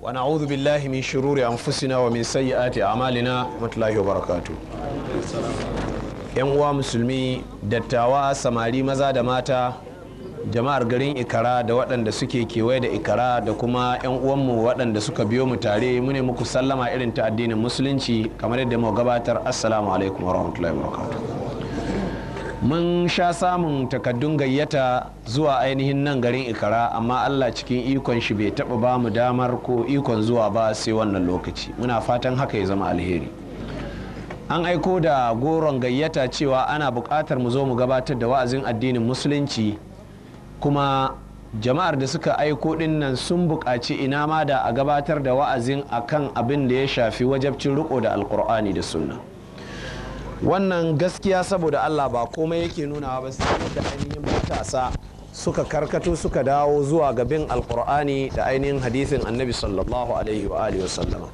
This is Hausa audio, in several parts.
ونعوذ بالله من شرور أنفسنا ومن سيئات أعمالنا الله وبركاته yan uwa musulmi dattawa samari maza da mata jama'ar garin ikara da waɗanda suke kewaye da ikara da kuma yan uwanmu waɗanda suka biyo mu tare mune muku sallama irin ta addinin musulunci kamar yadda mu gabatar assalamu alaikum wa wabarakatuh mun sha samun takaddun gayyata zuwa ainihin nan garin ikara amma allah cikin ikon shi bai taba ba mu damar ko ikon zuwa ba sai wannan lokaci muna fatan haka ya zama alheri an aiko da goron gayyata cewa ana bukatar mu zo mu gabatar da wa'azin addinin musulunci kuma jama'ar da suka aiko din nan sun bukaci ina ma da a gabatar da wa'azin akan abin da ya shafi wajabcin riko da alkur'ani da sunna wannan gaskiya saboda allah ba komai yake nunawa ba sai da ainihin matasa suka karkato suka dawo zuwa ga bin alkur'ani da ainihin hadisin annabi sallallahu alaihi wa alihi wasallama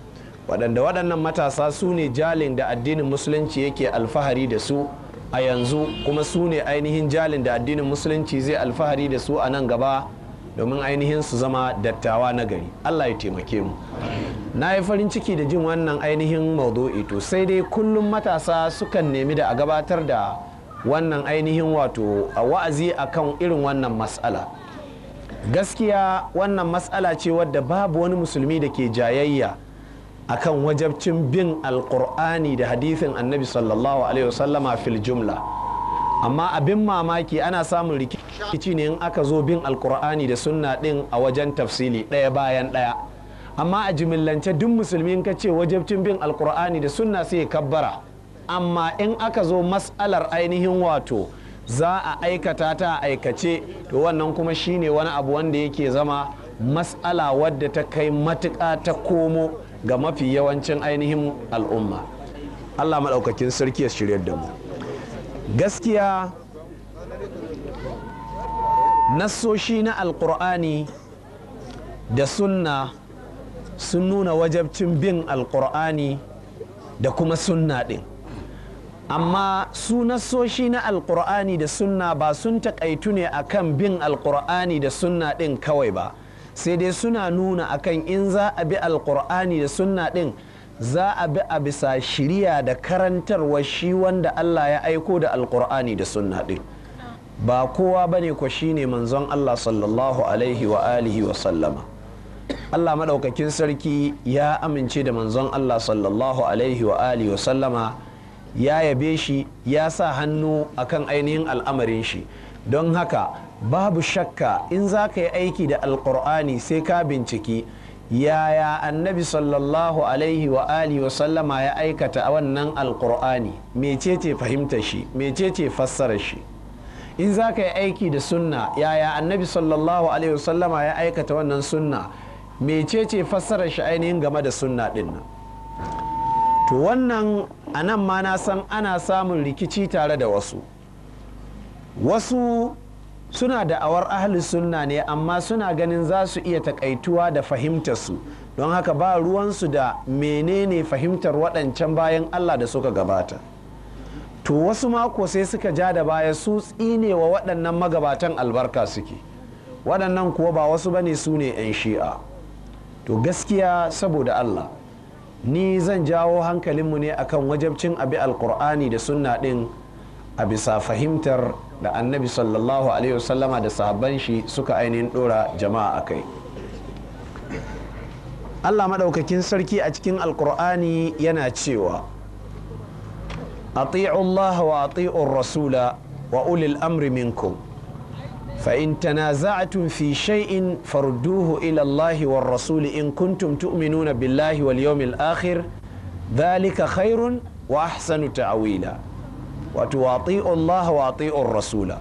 waɗanda waɗannan matasa su ne jalin da addinin musulunci yake alfahari da su a yanzu kuma su ne ainihin jalin da addinin musulunci zai alfahari da su a nan gaba domin ainihin su zama dattawa na gari allah ya taimake mu na yi farin ciki da jin wannan ainihin maudu'i to sai dai kullum matasa sukan nemi da a gabatar da wannan ainihin wato a wa'azi akan irin wannan matsala gaskiya wannan matsala ce wadda babu wani musulmi da ke jayayya akan wajabcin bin alkur'ani da hadithin annabi sallallahu alaihi wasallama fil jumla amma abin mamaki ana samun rikici ne in aka zo bin alkur'ani da sunna din a wajen tafsili ɗaya bayan ɗaya amma a jimillance duk musulmi in ka ce wajabcin bin alkur'ani da sunna sai kabbara amma in aka zo mas'alar ainihin wato za a aikata ta aikace to wannan kuma shine wani abu wanda yake zama mas'ala wadda ta kai matuka ta komo ga mafi yawancin ainihin al'umma allah maɗaukakin sarki ya shirya da mu gaskiya nasoshi na alkur'ani da sunna sun nuna wajabcin bin alkur'ani da kuma sunna ɗin amma su nassoshi na alkur'ani da sunna ba sun takaitu ne a kan bin alkur'ani da sunna ɗin kawai ba sai dai suna nuna akan in za a bi alkur'ani da sunna ɗin za a bi a bisa shiriya da karantarwa shi wanda Allah ya aiko da alkur'ani da sunna din ba kowa ba bane ko shine manzon Allah sallallahu alaihi wa alihi wa sallama Allah maɗaukakin sarki ya amince da manzon Allah sallallahu alaihi wa alihi wa sallama ya yabe shi ya sa hannu akan ainihin al'amarin shi don haka babu shakka in za ka yi aiki da alkur'ani sai ka binciki yaya annabi sallallahu alaihi wa alihi wa sallama ya aikata a wannan alkur'ani mecece fahimta shi mecece fassara shi in za ka yi aiki da sunna yaya annabi sallallahu alaihi wa sallama ya aikata wannan sunna mecece fassara shi ainihin game da sunna din nan to wannan a nan ma na san ana samun rikici tare da wasu wasu suna da'awar awar ahli sunna ne amma suna ganin za su iya takaituwa da fahimtarsu don haka ba ruwansu da menene fahimtar waɗancan bayan Allah da suka gabata to wasu mako sai suka ja da baya su tsine wa waɗannan magabatan albarka suke waɗannan kuwa ba wasu bane su ne 'yan shi'a to gaskiya saboda Allah ni zan jawo hankalinmu ne akan wajabcin abi alkur'ani da sunna ɗin a bisa fahimtar da annabi sallallahu alaihi wasallama da sahabban shi suka ainihin dora jama'a a kai allah maɗaukakin sarki a cikin alkur'ani yana cewa a Allah wa a rasula wa ulil amri minkum fa’in tanaza'atun fi shay'in farduhu ila Allah wa rasuli in kuntum tu'minuna billahi wal yawmil akhir dhalika khairun wa ahsanu ta'wila. ta'awila wato wa wati'ur rasula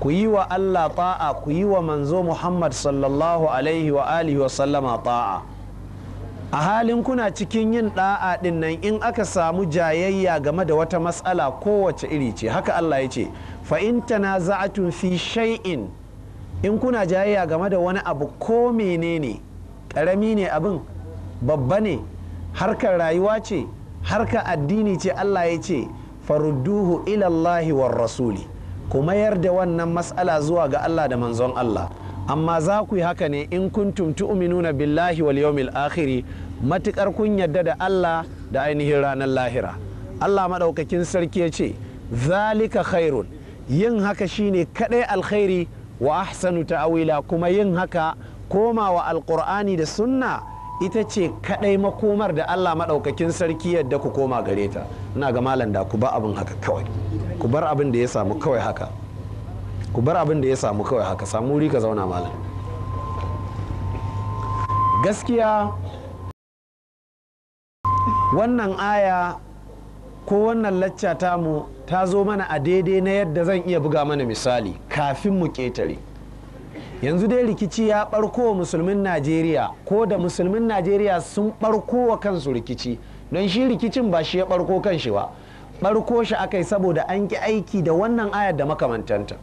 ku yi wa Allah ta'a ku yi wa manzo Muhammad sallallahu alaihi wa alihi wa sallama ta'a a halin kuna cikin yin da'a din nan in aka samu jayayya game da wata matsala kowace iri ce haka Allah ya ce fa in tanaza'atun fi shay'in in kuna jayayya game da wani abu ko menene karami ne abin babba ne harkar rayuwa ce harkar addini ce Allah ya ce farudduhu ila Allahi war rasuli ku mayar da wannan mas'ala zuwa ga Allah da manzon Allah amma za ku yi haka ne in kuntum tu'minuna billahi wal yawmil akhiri matukar kun yadda da Allah da ainihin ranar lahira Allah madaukakin sarki ya ce zalika khairun yin haka shine kadai alkhairi wa ahsanu ta'awila kuma yin haka komawa alqur'ani da sunna ita ce kadai makomar da Allah maɗaukakin sarki yadda ku koma gare ta ina ga malam da ku ba abin haka kawai ku bar abin da ya samu kawai haka ku bar abin da ya samu kawai haka samu wuri ka zauna malam gaskiya wannan aya ko wannan lacca tamu ta zo mana a daidai na yadda zan iya buga mana misali kafin mu ƙetare. yanzu dai rikici ya barko musulmin najeriya ko da musulmin najeriya sun barko wa kansu rikici don shi rikicin ba shi ya barko kan shi ba barko shi aka yi saboda an ki aiki da wannan ayar da makamantanta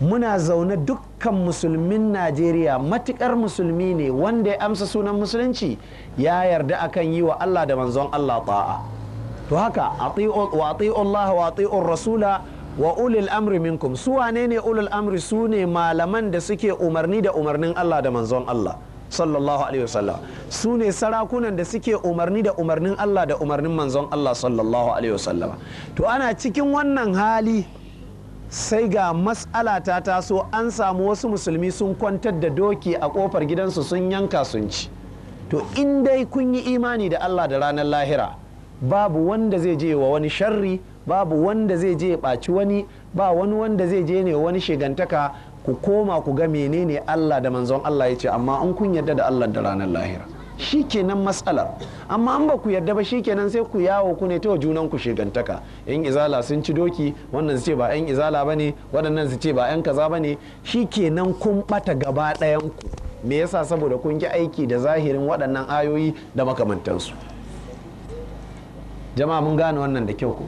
muna zaune dukkan musulmin najeriya matukar musulmi ne wanda ya amsa sunan musulunci ya yarda akan yi wa allah da manzon allah ta'a to haka wa Allah wa rasula wa ulil amri minkum su wane ne ulul amri su ne malaman da suke umarni da umarnin Allah da manzon Allah sallallahu alaihi wasallam su ne sarakunan da suke umarni da umarnin Allah da umarnin manzon Allah sallallahu alaihi wasallam to ana cikin wannan hali sai ga mas'alata ta taso an samu wasu musulmi sun kwantar da doki a kofar gidansu sun yanka sun ci to in dai kun yi imani da Allah da ranar lahira babu wanda zai je wa wani sharri babu wanda zai je ya ɓaci wani ba wani wanda zai je ne wani shigantaka ku koma ku ga menene Allah da manzon Allah ya ce amma an kun yarda da Allah da ranar lahira shikenan matsalar amma an ba ku yarda ba shikenan sai ku yawo ku ne ta junan ku shigantaka yan izala sun ci doki wannan su ce ba yan izala bane waɗannan su ce ba yan kaza bane shikenan kun ɓata gaba ɗayan ku me yasa saboda kun ki aiki da zahirin waɗannan ayoyi da makamantansu jama'a mun gane wannan da kyau ku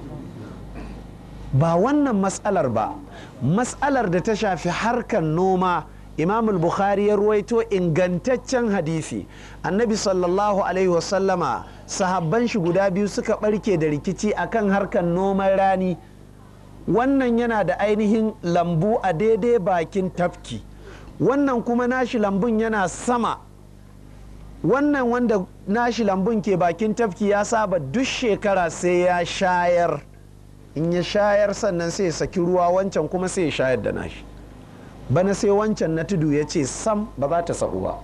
ba wannan matsalar ba matsalar da ta shafi harkar noma imam bukhari ya ruwaito ingantaccen hadisi annabi sallallahu alaihi wasallama sahabban shi guda biyu suka barke da rikici akan harkar noman rani wannan yana da ainihin lambu a daidai bakin tafki wannan kuma nashi lambun yana sama wannan wanda nashi lambun ke bakin tafki ya saba duk shekara sai ya shayar in ya shayar sannan sai ya saki ruwa wancan kuma sai ya shayar da nashi bana sai wancan na tudu ya ce sam ba za ta ba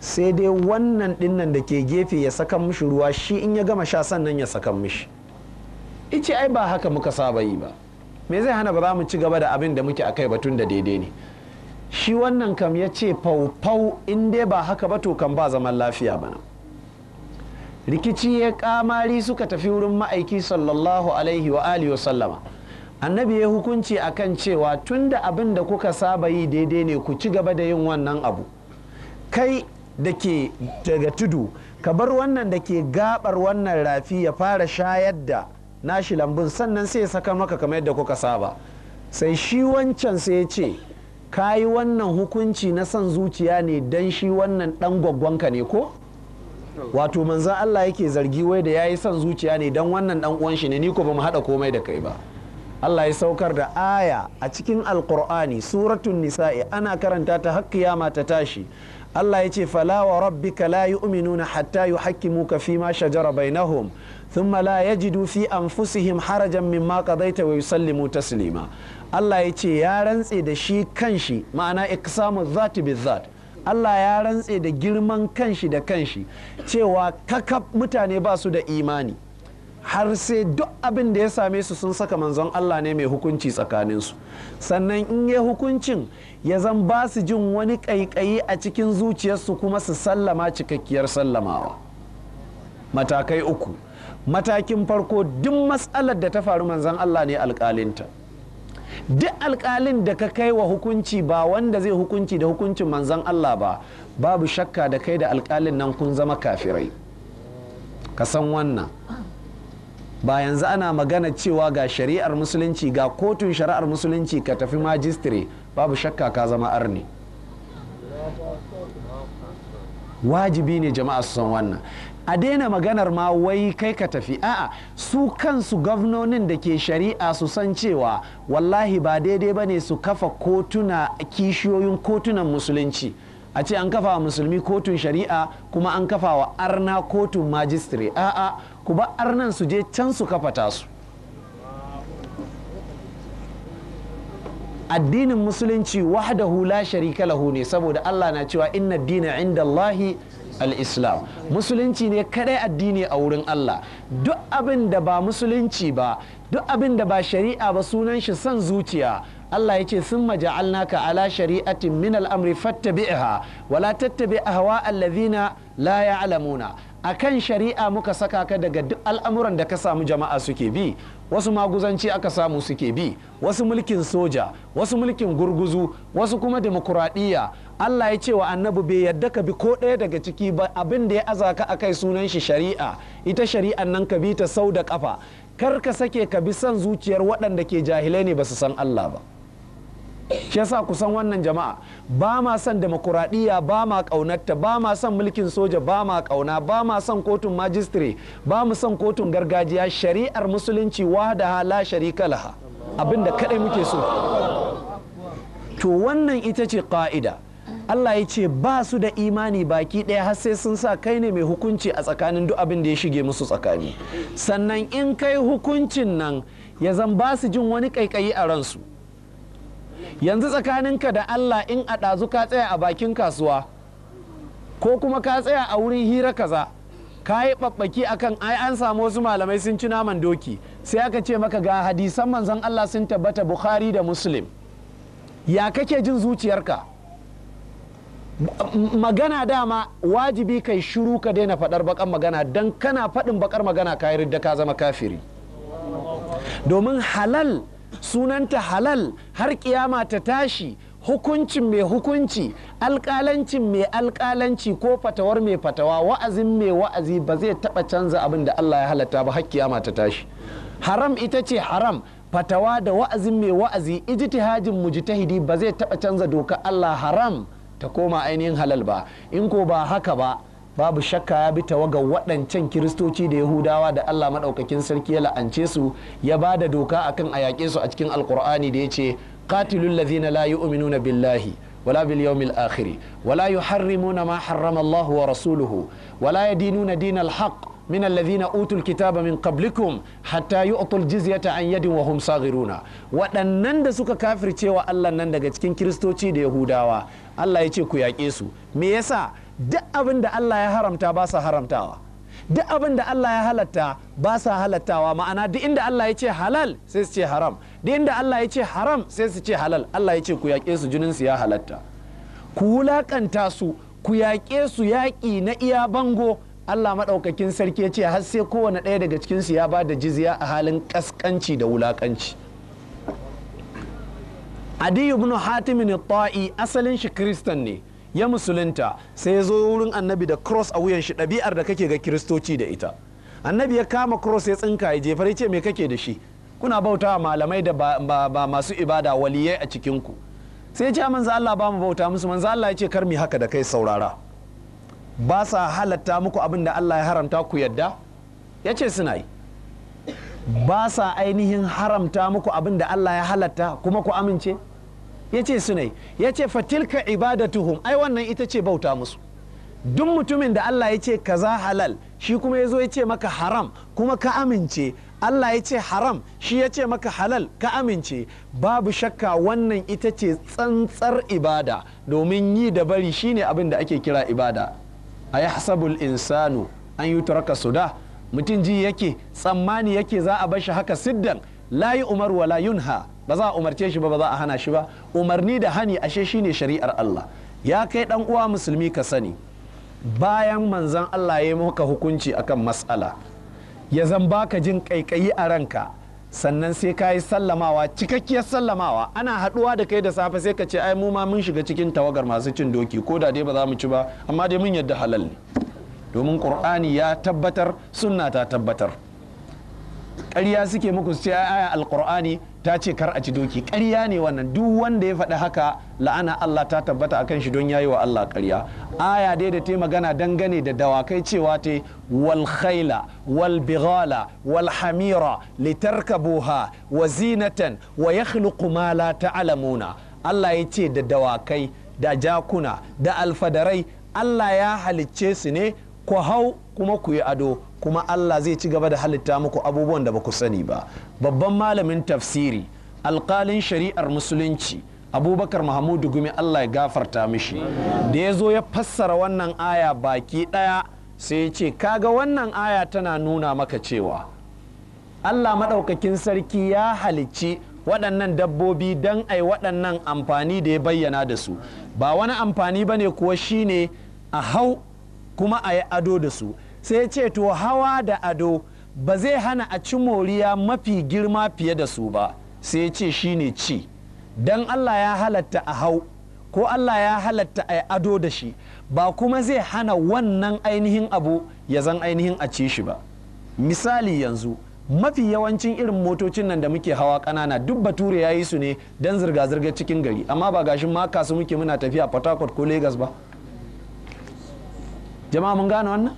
sai dai wannan dinnan da ke gefe ya saka mishi ruwa shi in ya gama sha sannan ya sakan mishi ice ai ba haka muka saba yi ba me zai hana ba za mu ci gaba da abin da muke akai tun da daidai ne shi wannan kam ya ce faufau in dai ba haka ba to kan ba zaman lafiya ba bana rikici ya kamari suka tafi wurin ma'aiki sallallahu alaihi wa alihi sallama annabi ya hukunci akan cewa tunda abin da kuka saba yi daidai ne ku ci gaba da yin wannan abu kai da ke daga tudu ka bar wannan da ke gabar wannan rafi ya fara shayar da nashi lambun sannan sai ya saka maka kamar yadda kuka saba sai shi wancan sai ya ce ka yi wannan hukunci na son zuciya ne don shi wannan dan gwaggwanka ne ko wato manzan Allah yake zargi wai da ya yi son zuciya ne dan wannan dan uwan shi ne ni ko bamu haɗa komai da kai ba Allah ya saukar da aya a cikin alkur'ani suratun nisa'i ana karanta ta har kiyama ta tashi Allah ya ce fala wa rabbika la yu'minuna hatta yuhakkimuka fi ma shajara bainahum thumma la yajidu fi anfusihim harajan mimma qadaita wa yusallimu taslima Allah ya ce ya rantse da shi kanshi ma'ana iqsamu dhati bizat Allah ya rantse da girman kanshi da kanshi cewa kakaf mutane ba su da imani har sai duk abin da ya same su sun saka manzon Allah ne mai hukunci tsakaninsu sannan in ya hukuncin ya zan ba su jin wani ƙaiƙayi a cikin zuciyarsu kuma su sallama cikakkiyar sallamawa matakai uku matakin farko duk matsalar da ta faru manzon Allah ne alkalinta. duk alkalin da ka kai wa hukunci ba wanda zai hukunci da hukuncin manzan Allah ba babu shakka da kai da alkalin nan kun zama kafirai ka san wannan ba yanzu ana magana cewa ga shari'ar musulunci ga kotun shari'ar musulunci ka tafi majistire babu shakka ka zama arni wajibi ne jama'a su san wannan a daina maganar ma wai kai ka tafi a'a su kansu gwamnonin da ke shari'a su san cewa wallahi ba daidai ba ne su kafa kotuna kishiyoyin kotunan musulunci a ce an kafa wa musulmi kotun shari'a kuma an kafa wa arna kotun majistire a'a ku ba arnan su je can su kafa tasu addinin musulunci wahdahu la sharika lahu ne saboda Allah na cewa inna dina inda Allahi al-islam musulunci ne kadai addini a wurin Allah duk abin da ba musulunci ba duk abin da ba shari'a ba sunan shi son zuciya Allah ya ce sun maja'alnaka ala shari'atin min al'amri fattabi'ha wala tattabi ahwa allazina la ya'lamuna kan shari'a muka saka ka daga duk al'amuran da ka samu jama'a suke bi wasu maguzanci aka samu suke bi wasu mulkin soja wasu mulkin gurguzu wasu kuma demokuraɗiyya Allah ya ce wa annabi bai yadda ka bi ko ɗaya daga ciki ba abin da ya aza ka kai sunan shi shari'a ita shari'an nan ka bi ta sau da kafa kar ka sake ka bi son zuciyar waɗanda ke jahilai ne ba su san Allah ba shi yasa ku san wannan jama'a ba ma son demokuraɗiyya ba ma ƙaunarta ba ma son mulkin soja ba ma ƙauna ba ma son kotun majistire ba mu son kotun gargajiya shari'ar musulunci wahdaha la sharika laha abinda kadai kaɗai muke so to wannan ita ce ƙa'ida Allah ya ce ba su da imani baki ɗaya har sai sun sa kai ne mai hukunci a tsakanin duk abin da ya shige musu tsakani sannan in kai hukuncin nan ya zan ba su jin wani ƙaiƙayi a ransu yanzu tsakaninka da Allah in a ɗazu ka tsaya a bakin kasuwa ko kuma ka tsaya a wurin hira kaza ka yi ɓaɓɓaki akan ai an samu wasu malamai sun ci naman doki sai aka ce maka ga hadisan manzon Allah sun tabbata Bukhari da Muslim ya kake jin zuciyarka magana dama wajibi kai shiru ka daina faɗar bakar magana don kana faɗin bakar magana ka yarda ka zama kafiri domin halal sunanta halal har kiyama ta tashi hukuncin mai hukunci alkalancin mai alkalanci ko fatawar mai fatawa wa'azin mai wa'azi ba zai taba canza abin da Allah ya halatta ba har kiyama ta tashi haram ita ce haram fatawa da wa'azin mai wa'azi ijtihadin mujtahidi ba zai taba canza doka Allah haram ta koma ainihin halal ba in ko ba haka ba babu shakka ya bi tawaga waɗancan kiristoci da yahudawa da allah maɗaukakin sarki ya la'ance su ya ba da doka akan a yaƙe su a cikin alkur'ani da ya ce qatilul ladhina la yu'minuna billahi ولا باليوم الآخر ولا يحرمون ما حرم الله ورسوله ولا يدينون دين الحق min allazina utul kitaba min qablikum hatta yu'tul jizyata an yadin wa hum saghiruna waɗannan da suka kafircewa Allah nan daga cikin kiristoci da yahudawa Allah yace ku su me yasa duk abin da Allah ya haramta ba sa haramtawa duk abin da Allah ya halatta ba sa halattawa ma'ana duk inda Allah yace halal sai su ce haram duk inda Allah yace haram sai su ce halal Allah yace ku yaƙe su jinin su ya halatta ku wulaƙanta su ku yaƙe su yaƙi na iya bango Allah maɗaukakin sarki ya ce har sai kowane ɗaya daga cikinsu ya ba da jizya a halin ƙasƙanci da wulaƙanci Adi ibn Hatim ta'i asalin shi Kiristan ne ya musulunta sai ya zo wurin annabi da cross a wuyan shi ɗabi'ar da kake ga kiristoci da ita annabi ya kama cross ya tsinka ya jefar ya ce me kake da shi kuna bautawa malamai da ba, masu ibada waliyai a cikinku sai ya ce manzo Allah ba mu bauta musu manzo Allah ya ce kar mi haka da kai saurara ba sa halatta muku abin da Allah ya haramta ku yadda ya ce suna yi ba sa ainihin haramta muku abin da Allah ya halatta kuma ku amince ya ce suna yi ya ce fatilka ibadatuhum ai wannan ita ce bauta musu duk mutumin da Allah ya ce kaza halal shi kuma ya zo ya ce maka haram kuma ka amince Allah ya ce haram shi ya ce maka halal ka amince babu shakka wannan ita ce tsantsar ibada domin yi da bari shine abin da ake kira ibada a yahsabul insanu an su suda mutum ji yake tsammani yake za a bashi haka siddan layi umar wala yunha ba za a umarce shi ba ba za a hana shi ba umarni da hani ashe shi ne shari'ar Allah ya kai dan uwa musulmi ka sani bayan manzan Allah ya yi maka hukunci akan mas'ala ya zan baka jin kaikayi a ranka sannan sai ka yi sallamawa cikakkiyar sallamawa ana haɗuwa da kai da safe sai ka ce ai mu ma mun shiga cikin tawagar masu cin doki ko da dai ba za mu ci ba amma dai mun yadda halal ne domin qur'ani ya tabbatar sunna ta tabbatar ƙarya suke muku su ce ai alqur'ani ta ce kar a ci doki karya ne wannan duk wanda ya faɗi haka la'ana Allah ta tabbata akan shi don yayi wa Allah karya. aya dai da ta magana dangane da dawakai cewa ta wal khaila wal bighala wal hamira litarkabuha wa zinatan wa yakhluqu ma la ta'lamuna Allah ya ce da dawakai da jakuna da alfadarai Allah ya halicce su ne ku hau kuma ku yi ado kuma Allah zai ci gaba da halitta muku abubuwan da ba ku sani ba babban malamin tafsiri alƙalin shari'ar musulunci abubakar mahamudu gumi Allah ya gafarta mishi da ya zo ya fassara wannan aya baki ɗaya sai ya ce kaga wannan aya tana nuna maka cewa Allah maɗaukakin sarki ya halicci waɗannan dabbobi don ai waɗannan amfani da ya bayyana da su ba wani amfani ba ne kuwa shine a hau kuma a yi ado da su sai ce to hawa da ado ba zai hana a ci moriya mafi girma fiye da su ba sai ce shine ci don Allah ya halatta a hau ko Allah ya halatta a ado da shi ba kuma zai hana wannan ainihin abu ya zan ainihin a ci shi ba misali yanzu mafi yawancin irin motocin nan da muke hawa kanana duk bature ya yi su ne don zirga-zirgar cikin gari amma ba gashin ma kasu muke muna tafiya port harcourt ko legas ba jama'a mun gane wannan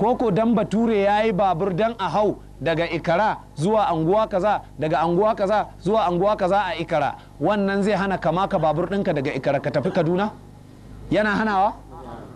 koko dan bature ya yi babur dan a hau daga ikara zuwa anguwa kaza daga anguwa kaza zuwa anguwa kaza a ikara wannan zai hana kama ka babur ɗinka daga ikara ka tafi kaduna yana hanawa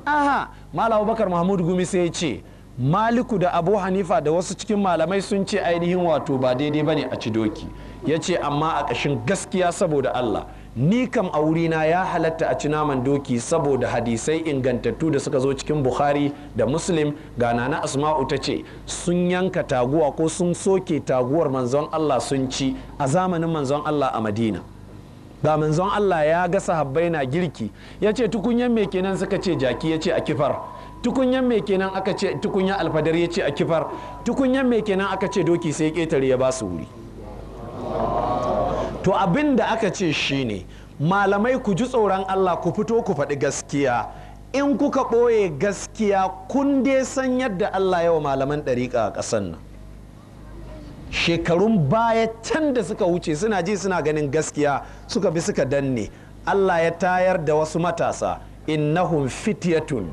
aha mala abubakar mahmud gumi sai ya ce maliku da abu hanifa da wasu cikin malamai sun ce ainihin wato ba daidai bane a ci doki ya ce amma a ƙashin gaskiya saboda allah ni kam a wurina ya halatta a ci naman doki saboda hadisai ingantattu da suka zo cikin bukhari da muslim ga nana asma'u ta ce sun yanka taguwa ko sun soke taguwar manzon allah sun ci a zamanin manzon allah a madina ga manzon allah ya ga sahabbai na girki ya ce tukunyan me kenan suka ce jaki ya ce a kifar tukunyan me kenan aka ce tukunyan alfadar ya ce a kifar tukunyan me kenan aka ce doki sai ketare ya ba su wuri to abin da aka ce shine malamai ku ji tsoron Allah ku fito ku faɗi gaskiya in kuka ɓoye gaskiya kun dai san yadda Allah yawa malaman ɗariƙa a ƙasar nan shekarun baya can da suka wuce suna ji suna ganin gaskiya suka bi suka danne Allah ya tayar da wasu matasa innahum fityatun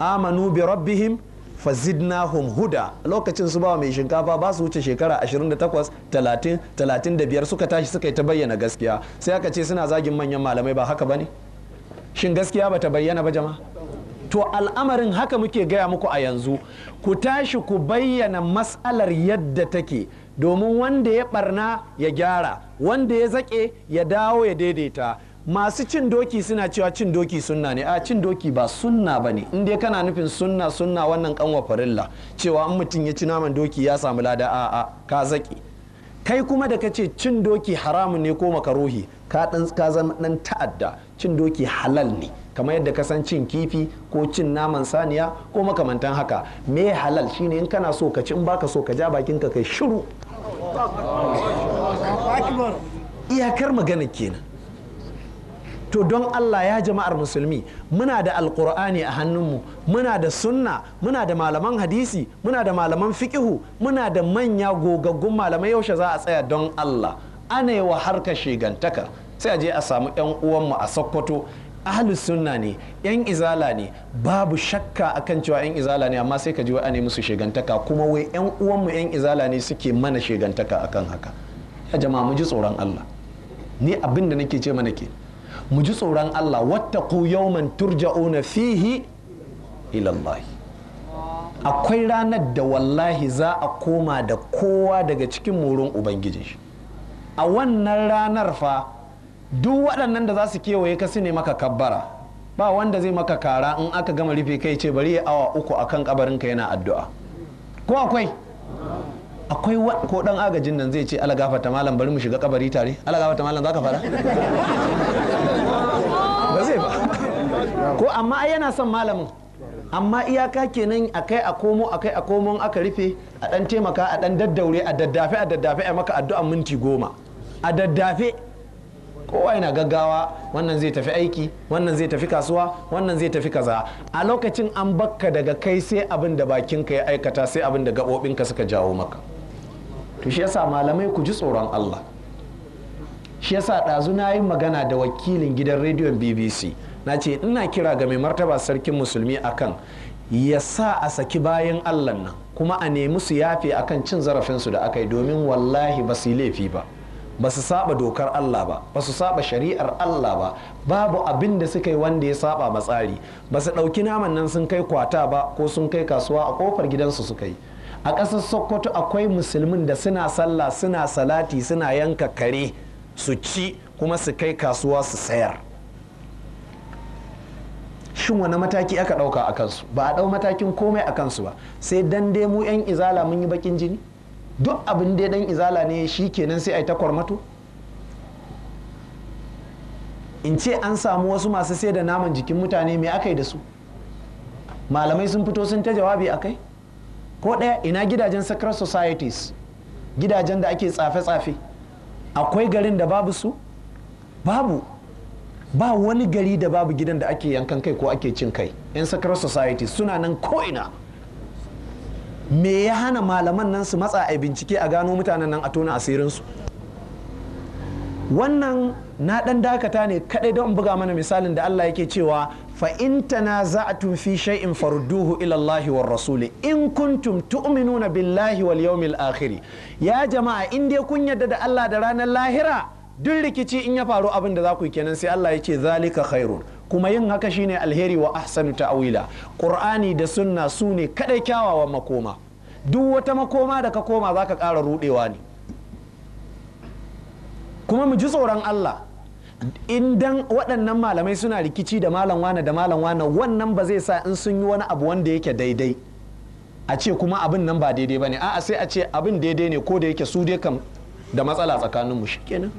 amanu bi rabbihim fazidnahum huda lokacin su ba mai shinkafa ba su wuce shekara 28 30 35 suka tashi suka yi ta bayyana gaskiya sai aka ce suna zagin manyan malamai ba haka bane shin gaskiya bata bayyana ba jama'a to al'amarin haka muke gaya muku a yanzu ku tashi ku bayyana matsalar yadda take domin wanda ya barna ya gyara wanda ya zaƙe ya dawo ya daidaita masu cin doki suna cewa cin doki sunna ne a cin doki ba sunna ba ne in dai kana nufin sunna sunna wannan kanwa farilla cewa an mutum ya ci naman doki ya samu lada a a ka zaki kai kuma da ka ce cin doki haramun ne ko makaruhi ka dan ka zama dan ta'adda cin doki halal ne kamar yadda ka san cin kifi ko cin naman saniya ko makamantan haka me halal shine in kana so ka ci in baka so ka ja bakin ka kai shiru iyakar magana kenan to don Allah ya jama'ar musulmi muna da alkur'ani a hannunmu muna da sunna muna da malaman hadisi muna da malaman fikihu muna da manya gogaggun malamai yaushe za a tsaya don Allah ana yi wa harkar shigantaka sai a je a samu 'yan uwanmu a sokoto ahlus sunna ne yan izala ne babu shakka akan cewa yan izala ne amma sai ka ji wa ne musu shigantaka kuma wai yan uwanmu yan izala ne suke mana shigantaka akan haka ya jama'a mu ji tsoron Allah ni abinda da nake ce mana ke mu ji tsoron Allah wattaqu yawman turja'una fihi ilallahi akwai ranar da wallahi za a koma da kowa daga cikin wurin ubangiji a wannan ranar fa duk waɗannan da za su kewaye ka su ne maka kabbara ba wanda zai maka kara in aka gama rufe kai ce bari ya awa uku akan kabarinka yana addu'a ko akwai akwai ko dan agajin nan zai ce ala gafata malam bari mu shiga kabari tare ala gafata malam ka fara ko amma ai yana son malamin amma iyaka kenan a kai a komo a kai a komo aka rufe a dan taimaka a dan daddaure a daddafe a daddafe a maka addu'an minti goma a daddafe kowa yana gaggawa wannan zai tafi aiki wannan zai tafi kasuwa wannan zai tafi kaza a lokacin an bakka daga kai sai abin da bakinka ya aikata sai abin da gaɓoɓinka suka jawo maka to shi yasa malamai ku ji tsoron Allah shi yasa ɗazu na yi magana da wakilin gidan rediyon BBC na ce ina kira ga mai martaba sarkin musulmi akan ya sa a saki bayan allah nan kuma a nemi su yafe akan cin zarafinsu da aka yi domin wallahi ba su yi laifi ba ba su saba dokar Allah ba ba su saba shari'ar Allah ba babu abin da suka yi wanda ya saba matsari ba su ɗauki naman nan sun kai kwata ba ko sun kai kasuwa a kofar gidansu suka yi a ƙasar sokoto akwai musulmin da suna sallah suna salati suna yanka kare su ci kuma su kai kasuwa su sayar shin wani mataki aka ɗauka a kansu ba a ɗau matakin komai a kansu ba sai dan dai mu 'yan izala mun yi bakin jini duk abin dai dan izala ne shi kenan sai a yi takwarmato in ce an samu wasu masu sai da naman jikin mutane mai aka yi da su malamai sun fito sun ta jawabi a kai ko ɗaya ina gidajen sacred societies gidajen da ake tsafe-tsafe akwai garin da babu su babu ba wani gari da babu gidan da ake yankan kai ko ake cin kai yan sakarar society suna nan ko'ina me ya hana malaman nan su matsa a bincike a gano mutanen nan a tona su? wannan na dan dakata ne kadai don buga mana misalin da Allah yake cewa fa in tanaza'tu fi shay'in farudduhu ila Allah war rasul in kuntum tu'minuna billahi wal yawmil akhir ya jama'a in dai kun yarda da Allah da ranar lahira duk rikici in ya faru abin da za ku yi kenan sai Allah ya ce zalika khairun kuma yin haka shine alheri wa ahsanu ta'wila qur'ani da sunna su ne kadai kyawawan makoma duk wata makoma da ka koma za ka ƙara rudewa ne kuma mu ji tsoron Allah idan waɗannan malamai suna rikici da malam wane da malam wane wannan ba zai sa in sun yi wani abu wanda yake daidai a ce kuma abin nan ba daidai ba ne a'a sai a ce abin daidai ne ko da yake su dai kam da matsala tsakaninmu shi kenan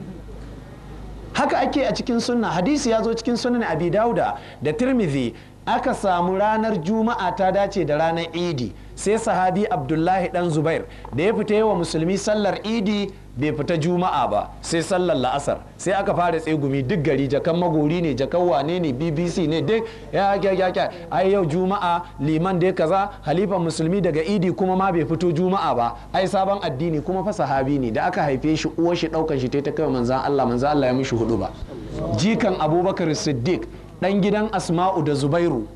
haka ake a cikin sunna hadisi ya zo cikin sunan abi dauda da tirmidhi aka samu ranar juma'a ta dace da ranar idi sai sahabi abdullahi dan zubair da ya fita wa musulmi sallar idi bai fita juma'a ba sai sallar la'asar sai aka fara tsegumi duk gari jakan magori ne jakan wane ne bbc ne duk ya ya ya ai yau juma'a liman dai kaza halifan musulmi daga idi kuma ma bai fito juma'a ba ai sabon addini kuma fa sahabi ne da aka haife shi uwar shi daukan shi ta kai manzan Allah manzan Allah ya mishi hudu ba jikan abubakar siddiq dan gidan asma'u da zubairu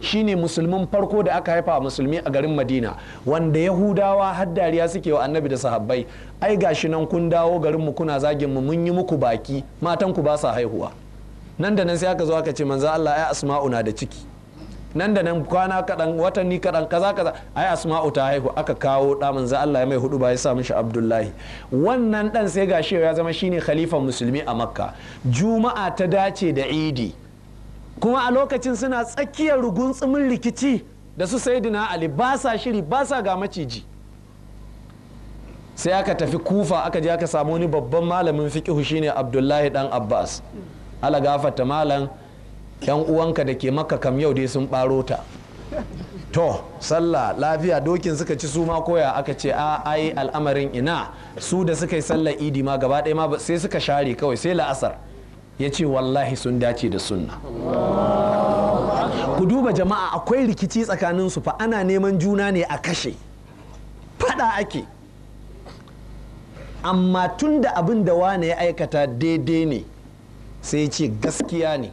shine musulmin farko da aka haifa musulmi a garin madina wanda yahudawa har dariya suke wa annabi da sahabbai ai gashi nan kun dawo garin mu kuna zagin mu mun yi muku baki matan ku ba sa haihuwa nan da nan sai aka zo aka ce manzo Allah ai asma'u na da ciki nan da nan kwana kadan watanni kadan kaza kaza ai asma'u ta haihu aka kawo da manzo Allah ya mai hudu ba ya sa mishi Abdullahi wannan dan sai gashi ya zama shine khalifan musulmi a Makka juma'a ta dace da Idi kuma a lokacin suna tsakiyar rugunsumin rikici da su sayidina ali ba sa shiri ba sa ga maciji sai aka tafi kufa aka je aka samu wani babban malamin fiqihu shine abdullahi dan abbas ala gafata malam yan uwanka da ke maka kam yau dai sun baro ta to sallah lafiya dokin suka ci su ma koya aka ce a ai al'amarin ina su da suka yi sallar idi ma gaba ɗaya ma sai suka share kawai sai la'asar ya ce wallahi sun dace da sunna ku duba jama'a akwai rikici tsakanin su fa ana neman juna ne a kashe fada ake amma tun da abin da wane ya aikata daidai ne sai ce gaskiya ne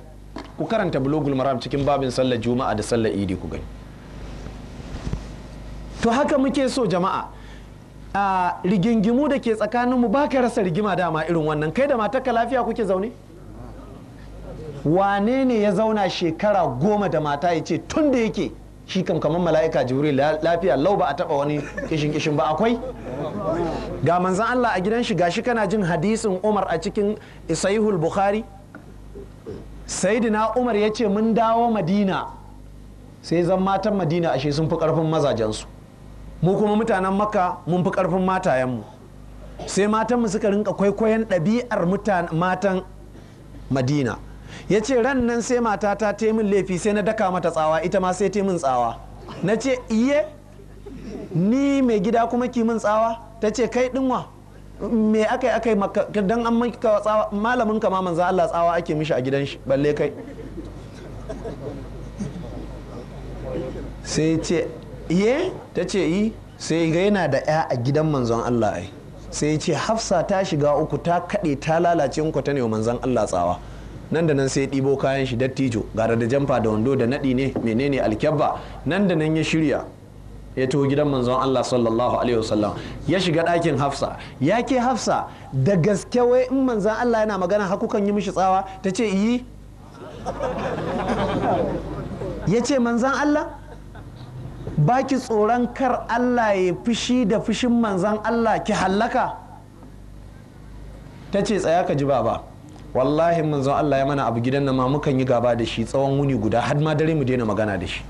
ku karanta bulogul maram cikin babin sallar juma'a da sallar idi ku gani to haka muke so jama'a a rigingimu da ke tsakaninmu ba ka rasa rigima dama irin wannan kai da matarka lafiya kuke zaune wane ne ya zauna shekara goma da mata ya ce tun da yake shi kam kamar mala'ika jibril lafiya lau ba a taba wani kishin kishin ba akwai ga manzan Allah a gidan shi gashi kana jin hadisin Umar a cikin Isaihul Bukhari Sayyidina Umar ya ce mun dawo Madina sai zan matan Madina ashe sun fi karfin mazajensu mu kuma mutanen Makka mun fi karfin matayenmu sai matan mu suka rinka kwaikwayon ɗabi'ar matan Madina ya ce ran nan sai matata ta min laifi sai na daka mata tsawa ita ma sai ta min tsawa na ce iye ni mai gida kuma ki min tsawa ta ce kai dinwa me aka yi aka yi don an maka tsawa malamin kama manza Allah tsawa ake mishi a gidan shi balle kai sai ce iye ta ce yi sai ga yana da ya a gidan manzon Allah ai sai ce hafsa ta shiga uku ta kaɗe ta lalace in ta ne manzon Allah tsawa nan da nan sai ɗibo kayan shi dattijo gara da jamfa da wando da naɗi ne menene alkyabba nan da nan ya shirya ya taho gidan manzon Allah sallallahu alaihi wasallam ya shiga ɗakin Hafsa ya ke Hafsa da gaske wai in manzon Allah yana magana hakukan yi mishi tsawa ta ce yi ya ce manzon Allah baki tsoron kar Allah ya fushi da fushin manzon Allah ki hallaka ta ce tsaya ka ji baba wallahi manzon Allah ya mana abu gidan nan ma mukan yi gaba da shi tsawon wuni guda har ma dare mu daina magana da shi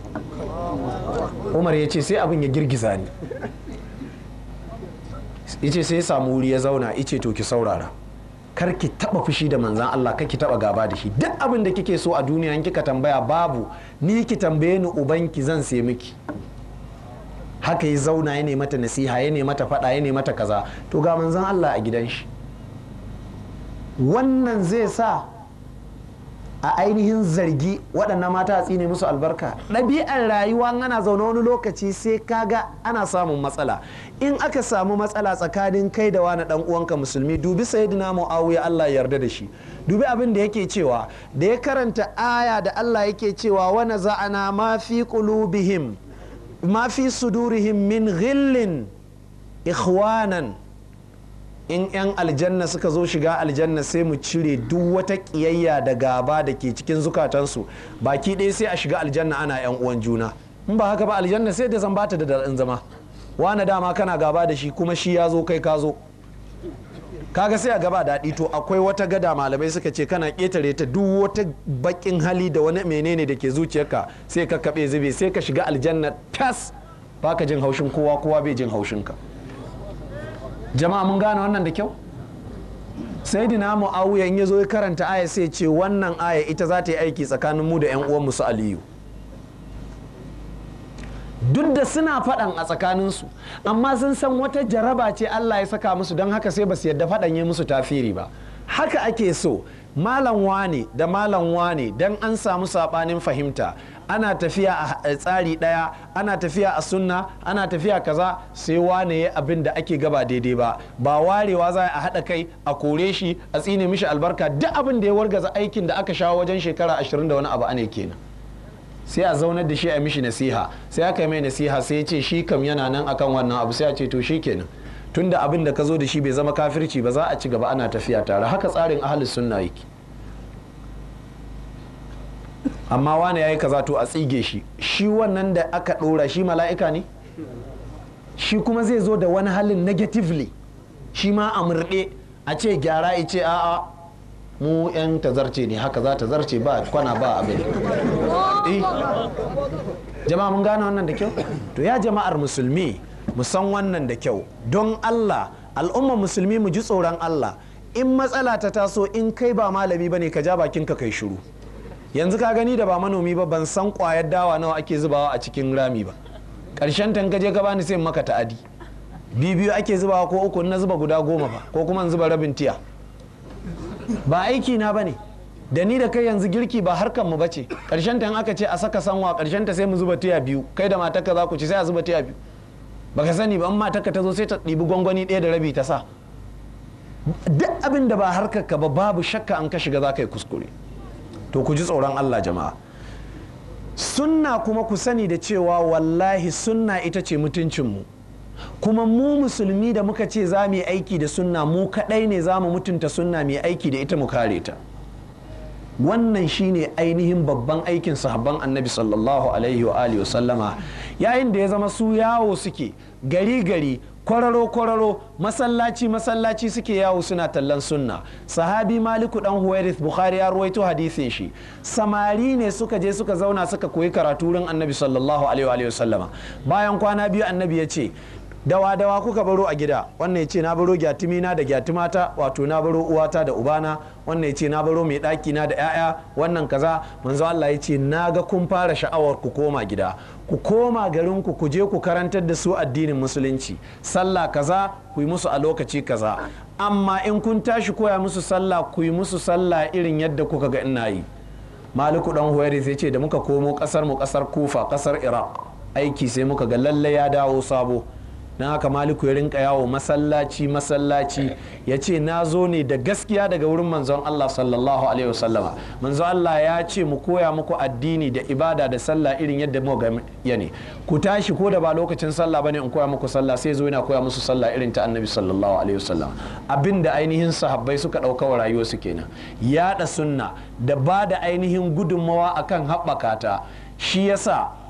Umar ya ce sai abin ya girgiza ni yace sai ya samu wuri ya zauna yace to ki saurara kar ki taba fushi da manzan Allah kar ki taba gaba da shi duk abin da kike so a duniya in kika tambaya babu ni ki tambaye ni uban ki zan sai miki haka ya zauna ya mata nasiha ya ne mata fada ya mata kaza to ga manzan Allah a gidan shi wannan zai sa a ainihin zargi waɗannan mata tsine musu albarka ɗabi'ar rayuwa ana zaune wani lokaci sai kaga ana samun matsala in aka samu matsala tsakanin kai da wani ɗan uwanka musulmi dubi sayyidina muawiya Allah yarda da shi dubi abin da yake cewa da ya karanta aya da Allah yake cewa wani za'ana ma fi qulubihim ma fi sudurihim min ghillin ikhwanan in 'yan aljanna suka zo shiga aljanna sai mu cire duk wata ƙiyayya da gaba da ke cikin zukatansu baki ɗaya sai a shiga aljanna ana 'yan uwan juna in ba haka ba aljanna sai da zan bata da dal'in zama wani dama kana gaba da shi kuma shi ya zo kai ka zo kaga sai a gaba daɗi to akwai wata gada malamai suka ce kana ƙetare ta duk wata baƙin hali da wani menene da ke zuciyarka sai ka kaɓe zube sai ka shiga aljanna tas baka jin haushin kowa kowa bai jin haushin ka. jama'a mun gane wannan da kyau sai dina mu'awiyan ya zo ya karanta aya sai ce wannan aya ita za ta yi aiki tsakanin mu da 'yan uwan su aliyu duk da suna faɗan a tsakaninsu amma sun san wata jaraba ce Allah ya saka musu don haka sai ba su yadda faɗan ya musu tafiri ba haka ake so malam wane da malam wane don an samu saɓanin fahimta ana tafiya a tsari ɗaya ana tafiya a sunna ana tafiya kaza sai wane ya abin da ake gaba daidai ba ba warewa za a haɗa kai a kore shi a tsine mishi albarka duk abin da ya wargaza aikin da aka shawo wajen shekara ashirin da wani abu ana kenan sai a zaunar da shi a mishi nasiha sai aka mai nasiha sai ya ce shi kam yana nan akan wannan abu sai a ce to shi kenan tunda abin da ka zo da shi bai zama kafirci ba za a ci gaba ana tafiya tare haka tsarin ahalus sunna yake amma wane ya yi kaza to a tsige shi shi wannan da aka ɗora shi mala'ika ne shi kuma zai zo da wani halin negatively shi ma a murɗe a ce gyara a ce a'a mu 'yan tazarce ne haka za ta zarce ba kwana ba abin eh. jama'a mun gane wannan da kyau to ya jama'ar musulmi mu san wannan da kyau don allah al'ummar musulmi mu ji tsoron allah in matsala ta taso in kai ba malami ba ne ka ja bakinka kai shiru yanzu ka gani da ba manomi ba ban san kwayar dawa nawa ake zubawa a cikin rami ba ƙarshen tankaje ka bani sai maka ta'adi biyu ake zubawa ko uku na zuba guda goma ba ko kuma zuba rabin tiya ba aiki na bane da ni da kai yanzu girki ba harkar mu bace ƙarshen ta aka ce a saka sanwa ƙarshen ta sai mu zuba tiya biyu kai da matarka za ku ci sai a zuba tiya biyu baka sani ba in matarka ta zo sai ta ɗibi gwangwani ɗaya da rabi ta sa duk abin da ba harkar ka ba babu shakka an ka shiga za ka yi kuskure to ku ji tsoron Allah jama'a sunna kuma ku sani da cewa wallahi sunna ita ce mutuncinmu kuma mu musulmi da muka ce za mu yi aiki da sunna mu kaɗai ne za mu mutunta sunna mu yi aiki da ita mu kare ta wannan shine ainihin babban aikin sahabban annabi sallallahu alaihi wa sallama yayin da ya zama su yawo suke gari gari kwararo kwararo masallaci masallaci suke yawo suna tallan sunna sahabi maliku dan huwairith bukhari ya ruwaito hadisin shi samari ne suka je suka zauna suka koyi karatu wurin annabi sallallahu alaihi wa sallama bayan kwana biyu annabi ya ce dawa dawa kuka baro a gida wannan ya ce na baro na da gyatumata wato na baro uwata da ubana wannan ya ce na baro mai na da 'ya'ya wannan kaza manzo Allah ya ce na ga kun fara sha'awar ku koma gida ku koma garinku ku je ku karantar da su addinin musulunci sallah kaza ku yi musu a lokaci kaza amma in kun tashi koya musu sallah ku yi musu sallah irin yadda kuka ga ina yi maliku dan huwairi sai ce da muka komo kasar mu kasar kufa kasar iraq aiki sai muka ga lallai ya dawo sabo don haka maliku ya rinka yawo masallaci masallaci ya ce na zo ne da gaskiya daga wurin manzon Allah sallallahu alaihi wasallama manzon Allah ya ce mu koya muku addini da ibada da sallah irin yadda mu ga yane. ku tashi ko da ba lokacin sallah bane in koya muku sallah sai zo yana koya musu sallah irin ta annabi sallallahu alaihi wasallama abin da ainihin sahabbai suka dauka wa rayuwar su kenan yada sunna da ba da ainihin gudunmawa akan haɓaka ta shi yasa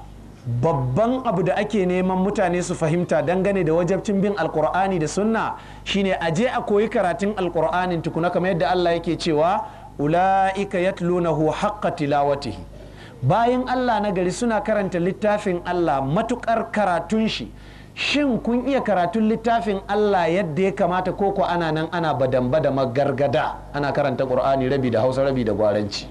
babban abu da ake neman mutane su fahimta dangane da wajabcin bin alkur'ani da sunna shine a je a koyi karatun alkur'anin tukuna kamar yadda Allah yake cewa ula'ika yatlunahu haqqa tilawatihi bayan Allah na gari suna karanta littafin Allah matukar karatun shi shin kun iya karatun littafin Allah yadda ya kamata ko ko ana nan ana badamba da magargada ana karanta Qur'ani rabi da Hausa rabi da Gwaranci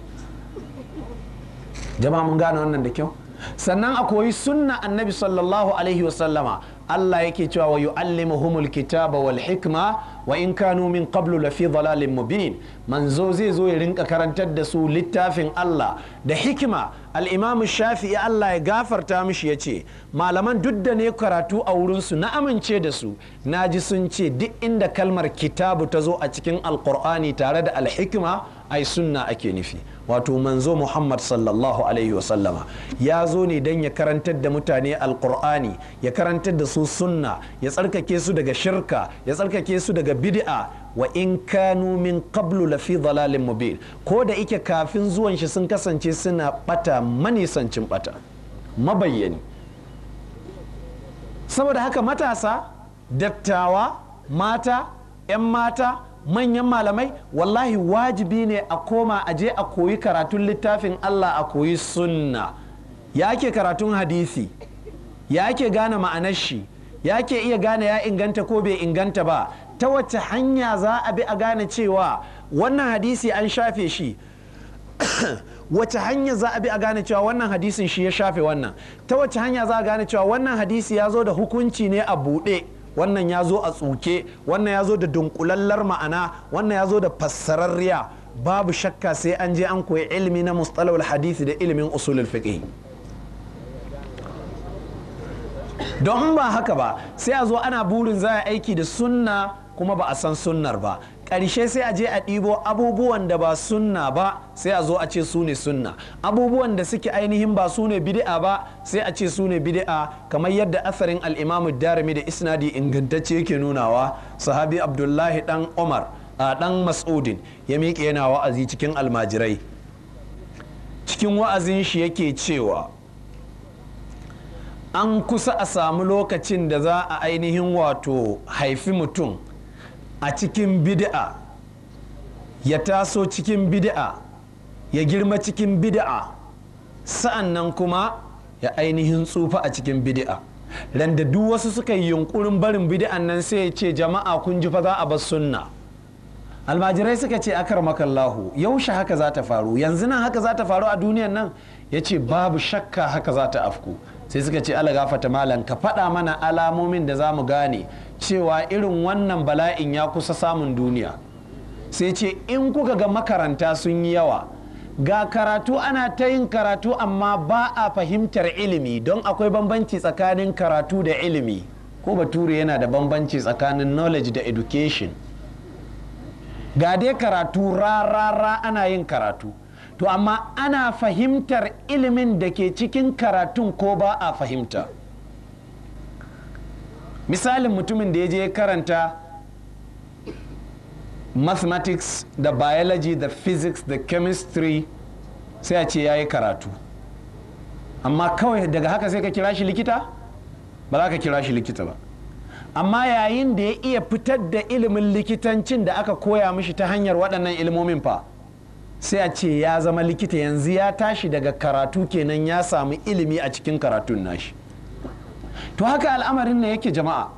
jama'a mun gane wannan da kyau sannan a koyi sunna annabi sallallahu alaihi wasallama Allah yake cewa wa yu'allimuhumul kitaba wal hikma wa in kanu min qablu la fi dhalalin mubin manzo zai zo ya rinka karantar da su littafin Allah da hikima al-Imam Shafi'i Allah ya gafarta mishi yace malaman duk da ne karatu a wurin su na amince da su naji sun ce duk inda kalmar kitabu ta zo a cikin alqur'ani tare da al-hikma ai sunna ake nufi wato manzo muhammad sallallahu alaihi wasallama ya zo ne don ya karantar da mutane alkur'ani ya karantar da su sunna ya tsarkake su daga shirka ya tsarkake su daga bid'a wa in kanu min qablu lafi dalalin mubin ko da ike kafin zuwan shi sun kasance suna bata manisancin bata mabayyani saboda haka matasa dattawa mata 'yan mata manyan malamai wallahi wajibi ne a koma a je a koyi karatun littafin Allah a koyi sunna ya ke karatun hadisi ya ke gane ma'anar shi ya ke iya gane ya inganta ko bai inganta ba ta wace hanya za a bi a gane cewa wannan hadisi an shafe shi wace hanya za a bi a gane cewa wannan hadisin shi ya shafe wannan ta wace hanya za a gane cewa wannan hadisi ya zo da hukunci ne a buɗe wannan ya zo a tsuke wannan ya zo da dunkulallar ma'ana wannan ya zo da fassararriya babu shakka sai an je an koyi ilimi na mustalawar hadisi da ilimin usulul fiqh don ba haka ba sai a zo ana burin za a aiki da sunna kuma ba a san sunnar ba karshe sai a je a ɗibo abubuwan da ba sunna ba sai a zo a ce su ne sunna abubuwan da suke ainihin ba su ne bid'a ba sai a ce su ne bid'a kamar yadda asarin al'imamu darimi da isnadi ingantacce yake nunawa sahabi abdullahi dan umar a dan mas'udin ya miƙe yana wa'azi cikin almajirai cikin wa'azin shi yake cewa an kusa a samu lokacin da za a ainihin wato haifi mutum a cikin bid'a ya taso cikin bid'a ya girma cikin bid'a sa'an nan kuma ya ainihin tsufa a cikin bid'a randa duk wasu suka yi yunkurin barin bid'an nan sai ya ce jama'a kun ji fa za a bar sunna almajirai suka ce akar makallahu yaushe haka za ta faru yanzu nan haka za ta faru a duniyan nan ya ce babu shakka haka za ta afku sai suka ce ala gafata malam ka faɗa mana alamomin da za mu gane cewa irin wannan bala'in ya kusa samun duniya sai ce in kuka ga makaranta sun yi yawa ga karatu ana ta yin karatu amma ba a fahimtar ilimi don akwai bambanci tsakanin karatu da ilimi ko bature yana da bambanci tsakanin knowledge da education ga dai karatu rarara ana yin karatu to amma ana fahimtar ilimin da ke cikin karatun ko ba a fahimta. misalin mutumin da ya je karanta mathematics da biology da physics da chemistry sai a ce ya yi karatu amma kawai daga haka sai ka kira shi likita ba za ka kira shi likita ba amma yayin da ya iya fitar da ilimin likitancin da aka koya mishi ta hanyar waɗannan ilimomin fa sai a ce ya zama likita yanzu ya tashi daga karatu kenan ya samu ilimi a cikin karatun nashi to haka al'amarin ne yake jama'a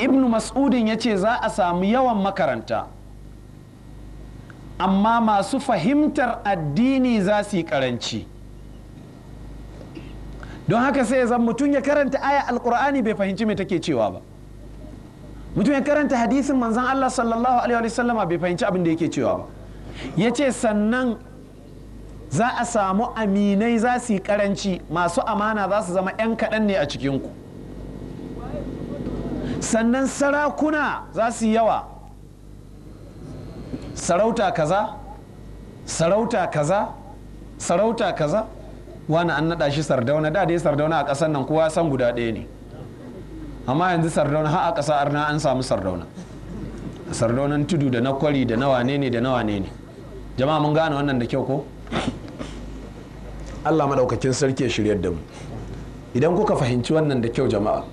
ibnu mas'udin ya ce za a samu yawan makaranta amma masu fahimtar addini za su yi karanci don haka sai ya mutum ya karanta aya alkur'ani bai fahimci me take cewa ba mutum ya karanta hadisin manzan allah sallallahu alaihi wasallama bai fahimci abin da yake cewa ba ya ce sannan za a samu aminai za su yi karanci masu amana za su zama 'yan kaɗan ne a cikinku sannan sarakuna za su yi yawa sarauta kaza sarauta kaza sarauta kaza wani an naɗa shi sardauna da dai sardauna a ƙasar nan kowa san guda ɗaya ne amma yanzu sardauna ha a ƙasa arna an samu sardauna sardaunan tudu da na kwari da na wane ne da na wane ne jama'a mun gane wannan da kyau ko allah maɗaukakin sarki ya shiryar da mu idan kuka fahimci wannan da kyau jama'a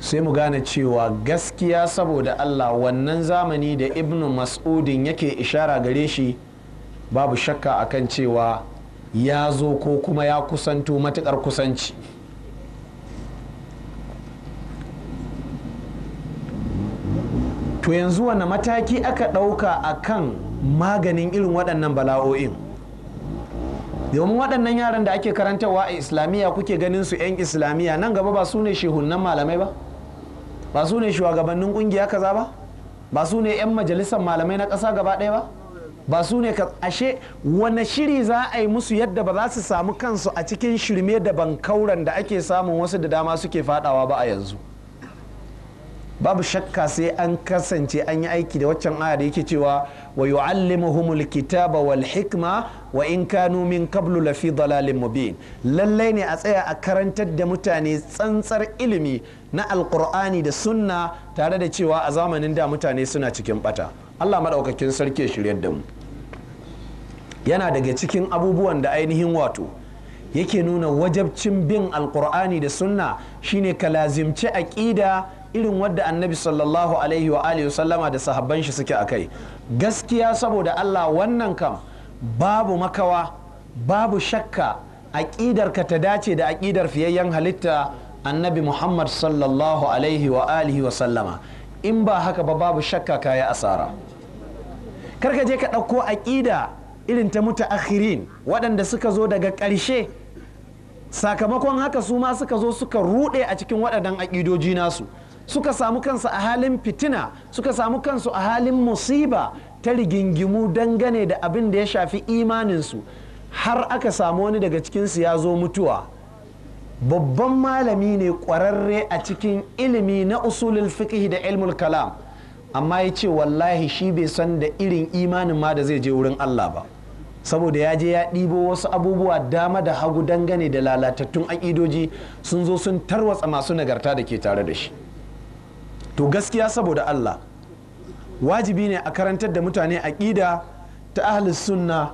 sai mu gane cewa gaskiya saboda allah wannan zamani da Ibn mas'udin yake ishara gare shi babu shakka akan cewa ya zo ko kuma ya kusanto matukar kusanci to yanzu wani mataki aka ɗauka akan maganin irin waɗannan bala'o'in domin waɗannan yaran da ake karantarwa a islamiyya kuke ganin su 'yan islamiyya nan gaba ba su ne shehunan malamai ba ba su ne shugabannin ƙungiya kaza ba ba su ne 'yan majalisar malamai na ƙasa gaba ɗaya ba ba su ne ka ashe wane shiri za a yi musu yadda ba za su samu kansu a cikin shirme da kauran da ake samun wasu da dama suke fadawa ba a yanzu babu shakka sai an kasance an yi aiki da waccan aya da yake cewa wa yu'allimuhumul kitaba wal hikma wa in kanu min qablu lafi dalalin mubin lallai ne a tsaya a karantar da mutane tsantsar ilimi na alqur'ani da sunna tare da cewa a zamanin da mutane suna cikin bata Allah madaukakin sarki shiryar da mu yana daga cikin abubuwan da ainihin wato yake nuna wajabcin bin alqur'ani da sunna shine ka lazimci aqida irin wadda annabi sallallahu alaihi wa alihi sallama da sahabban shi suke a kai gaskiya saboda Allah wannan kam babu makawa babu shakka aƙidar ka ta dace da aƙidar fiyayyen halitta annabi Muhammad sallallahu alaihi wa alihi wa sallama in ba haka ba babu shakka kayi asara Kar ka je ka ɗauko aƙida irin ta mutaakhirin waɗanda suka zo daga ƙarshe sakamakon haka su ma suka zo suka ruɗe a cikin waɗannan aƙidoji nasu suka samu kansu a halin fitina suka samu kansu a halin musiba ta rigingimu dangane da abin da ya shafi imaninsu har aka samu wani daga cikinsu ya zo mutuwa babban malami ne ƙwararre a cikin ilimi na usulul fiqh da ilmul kalam amma ya ce wallahi shi bai san da irin imanin ma da zai je wurin Allah ba saboda ya je ya ɗibo wasu abubuwa dama da hagu dangane da lalatattun aƙidoji sun zo sun tarwatsa masu nagarta da ke tare da shi to gaskiya saboda Allah wajibi ne a karantar da mutane aƙida ta ahlus sunna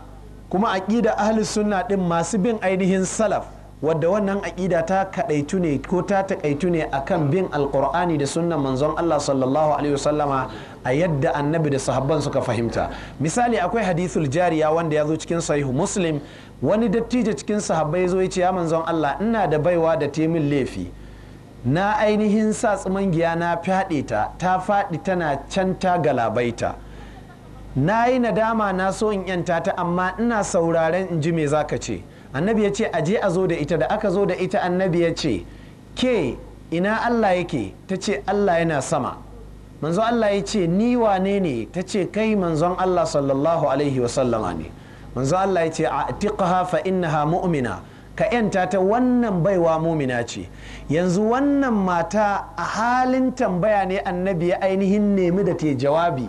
kuma aƙida ahlus sunna ɗin masu bin ainihin salaf wadda wannan aƙida ta kaɗaitu ne ko ta taƙaitu ne akan bin alƙur'ani da sunnan manzon Allah sallallahu alaihi wasallama a yadda annabi da sahabban suka fahimta misali akwai hadithul jariya wanda ya zo cikin sahihu muslim wani dattijo cikin sahabbai zo ya ce ya manzon Allah ina da baiwa da temin laifi na ainihin sa giya na fyaɗe ta ta faɗi tana can ta galabaita na yi nadama na so in yanta ta amma ina sauraren in ji me zaka ce annabi ya ce aje a zo da ita da aka zo da ita annabi ya ce ke ina allah yake ta ce allah yana sama manzon allah ya ce ni wane ne ta ce kai manzon allah sallallahu alaihi wasallama ne manzo allah ya ce a fa innaha mu'mina ka yanta ta wannan baiwa mumina ce yanzu wannan mata a halin tambaya ne annabi ya ainihin nemi da te jawabi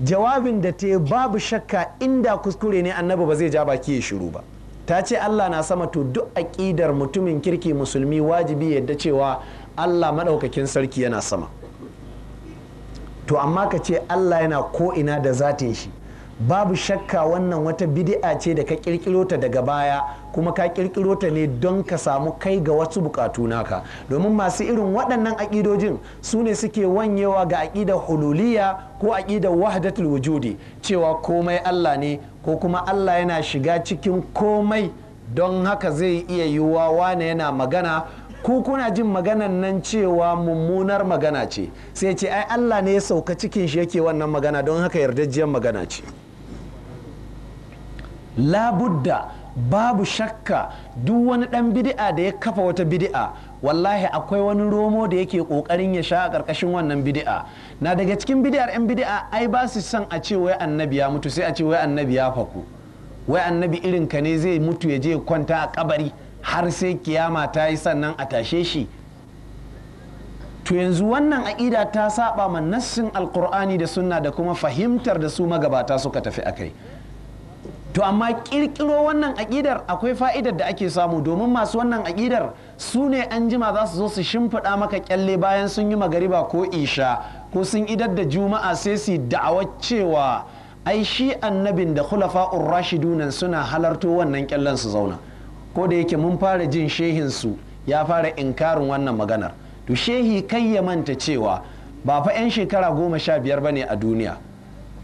jawabin da te babu shakka inda kuskure ne annabi ba zai ja baki ya shiru ba ta ce Allah na sama to duk aƙidar mutumin kirki musulmi wajibi yadda cewa Allah maɗaukakin sarki yana sama to amma ka ce Allah yana ko ina da zatin shi babu shakka wannan wata bidi'a ce da ka kirkiro ta daga baya kuma ka kirkiro ta ne don ka samu kai ga wasu bukatu naka domin masu irin waɗannan aƙidojin su ne suke wanyewa ga aƙidar hululiya ko aƙidar wahdatul wujudi cewa komai Allah ne ko kuma Allah yana shiga cikin komai don haka zai iya yiwuwa wane yana magana ku kuna jin maganan nan cewa mummunar magana ce sai ce ai Allah ne ya sauka cikin shi yake wannan magana don haka yardajiyar magana ce labudda babu shakka duk wani dan bidia da ya kafa wata bidia wallahi akwai wani romo da yake kokarin ya sha a karkashin wannan bidia na daga cikin bid'ar yan bid'a ai ba su son a ce wai annabi ya mutu sai a ce wai annabi ya faku wai annabi irin ka ne zai mutu ya je kwanta a kabari har sai kiyama ta yi sannan a tashe shi to yanzu wannan aƙida ta saba ma nassin alkur'ani da sunna da kuma fahimtar da su magabata suka tafi a kai to amma ƙirƙiro wannan aƙidar akwai fa'idar da ake samu domin masu wannan aƙidar su ne an jima za su zo su shimfiɗa maka kyalle bayan sun yi magariba ko isha ko sun idar da juma'a sai su da'awar cewa ai shi annabin da khulafa'ur rashidunan suna halarto wannan kyallen su zauna ko da yake mun fara jin shehin su ya fara inkarin wannan maganar to shehi kai ya manta cewa ba fa 'yan shekara goma sha biyar ba ne a duniya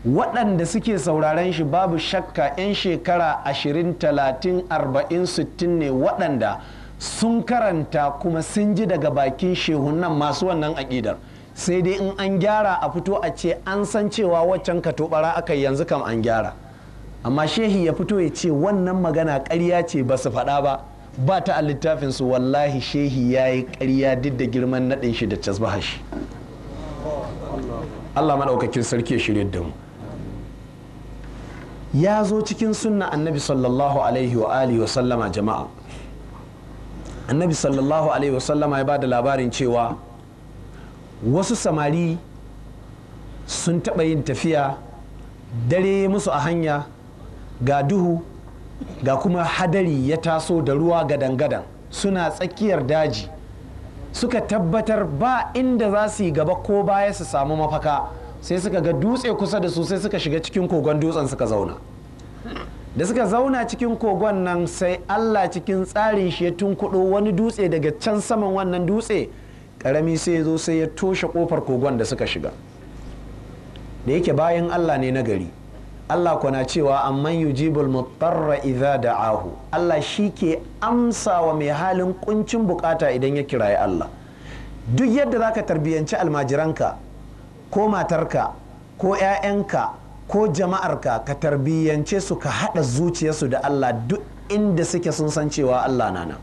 waɗanda suke sauraren shi babu shakka 'yan shekara ashirin talatin arba'in sittin ne waɗanda sun karanta kuma sun ji daga bakin shehun nan masu wannan aƙidar sai dai in an gyara a fito a ce an san cewa waccan katobara aka yanzu kam an gyara amma shehi ya fito ya ce wannan magana ƙarya ce ba su faɗa ba ba ta a littafin su wallahi shehi ya yi ƙarya duk da girman naɗin shi da casbaha shi Allah maɗaukakin sarki ya shirya da mu ya zo cikin sunna annabi sallallahu alaihi wa alihi wa sallama jama'a annabi sallallahu alaihi wa sallama ya ba da labarin cewa wasu samari sun taɓa yin tafiya dare musu a hanya ga duhu ga kuma hadari ya taso da ruwa gadan-gadan suna tsakiyar daji suka tabbatar ba inda za su yi gaba ko baya su samu mafaka sai suka ga dutse kusa da su sai suka shiga cikin kogon dutsen suka zauna da suka zauna cikin kogon nan sai allah cikin tsarin shi ya tunkuɗo wani dutse daga can saman wannan dutse ƙarami sai ya zo sai ya toshe kofar kogon da suka shiga da yake bayan allah ne na gari Allah kuna cewa amman yujibul mutarra da ahu. Allah shi ke amsa wa mai halin kuncin bukata idan ya kirayi Allah duk yadda zaka tarbiyanci almajiranka ko matarka ko 'ya'yanka ko jama'arka ka tarbiyyance su ka haɗa zuciyarsu da Allah duk inda suke sun san cewa Allah na nan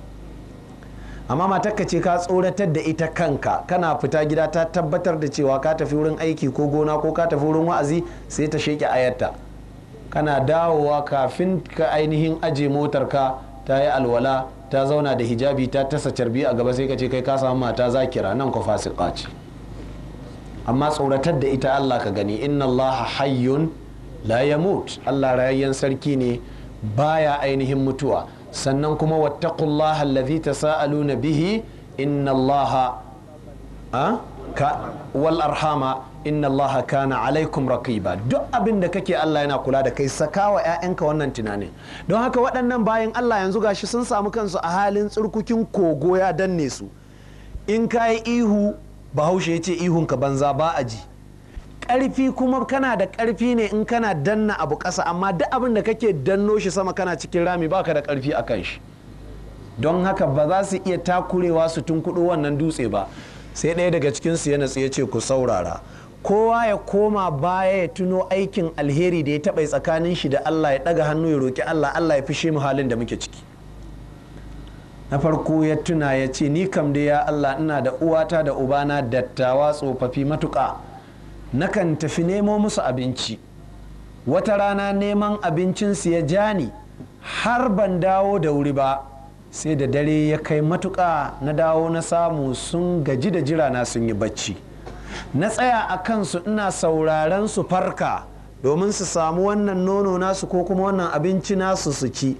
amma matarka ce ka tsoratar da ita kanka kana fita gida ta tabbatar da cewa ka tafi wurin aiki ko gona ko ka tafi wurin wa'azi sai ta sheke ayarta kana dawowa kafin ka ainihin aje motar ka ta yi alwala ta zauna da hijabi ta tasa carbi a gaba sai ka ce kai ka samu mata zakira nan ku fasika ce amma tsoratar da ita Allah ka gani inna Allah hayyun la yamut Allah rayayyen sarki ne baya ainihin mutuwa sannan kuma wattaqullaha allazi tasaaluna bihi inna Allah ah, ka wal arhama inna Allah kana alaikum raqiba duk abin da kake Allah yana kula da kai sakawa ƴaƴanka wannan tunanin don haka waɗannan bayan Allah yanzu gashi sun samu kansu a halin tsurkukin kogo ya danne su in ka yi ihu bahaushe ya ce ihunka banza ba a ji ƙarfi kuma kana da ƙarfi ne in kana danna abu ƙasa amma duk abin da kake danno shi sama kana cikin rami baka da ƙarfi a kan shi don haka ba za su iya takurewa su tunkuɗo wannan dutse ba sai ɗaya daga cikinsu ya natsu ya ce ku saurara kowa ya koma baya ya tuno aikin alheri da ya taɓa tsakanin shi da Allah ya ɗaga hannu ya roƙi Allah Allah ya fishe mu halin da muke ciki na farko ya tuna ya ce ni kam da ya Allah ina da uwata da ubana dattawa tsofaffi matuƙa nakan tafi nemo musu abinci wata rana neman abincinsu ya ja ni har ban dawo da wuri ba sai da dare ya kai matuƙa na dawo na samu sun gaji da jirana sun yi bacci na tsaya a kansu ina sauraren su farka domin su samu wannan nono nasu ko kuma wannan abinci nasu su ci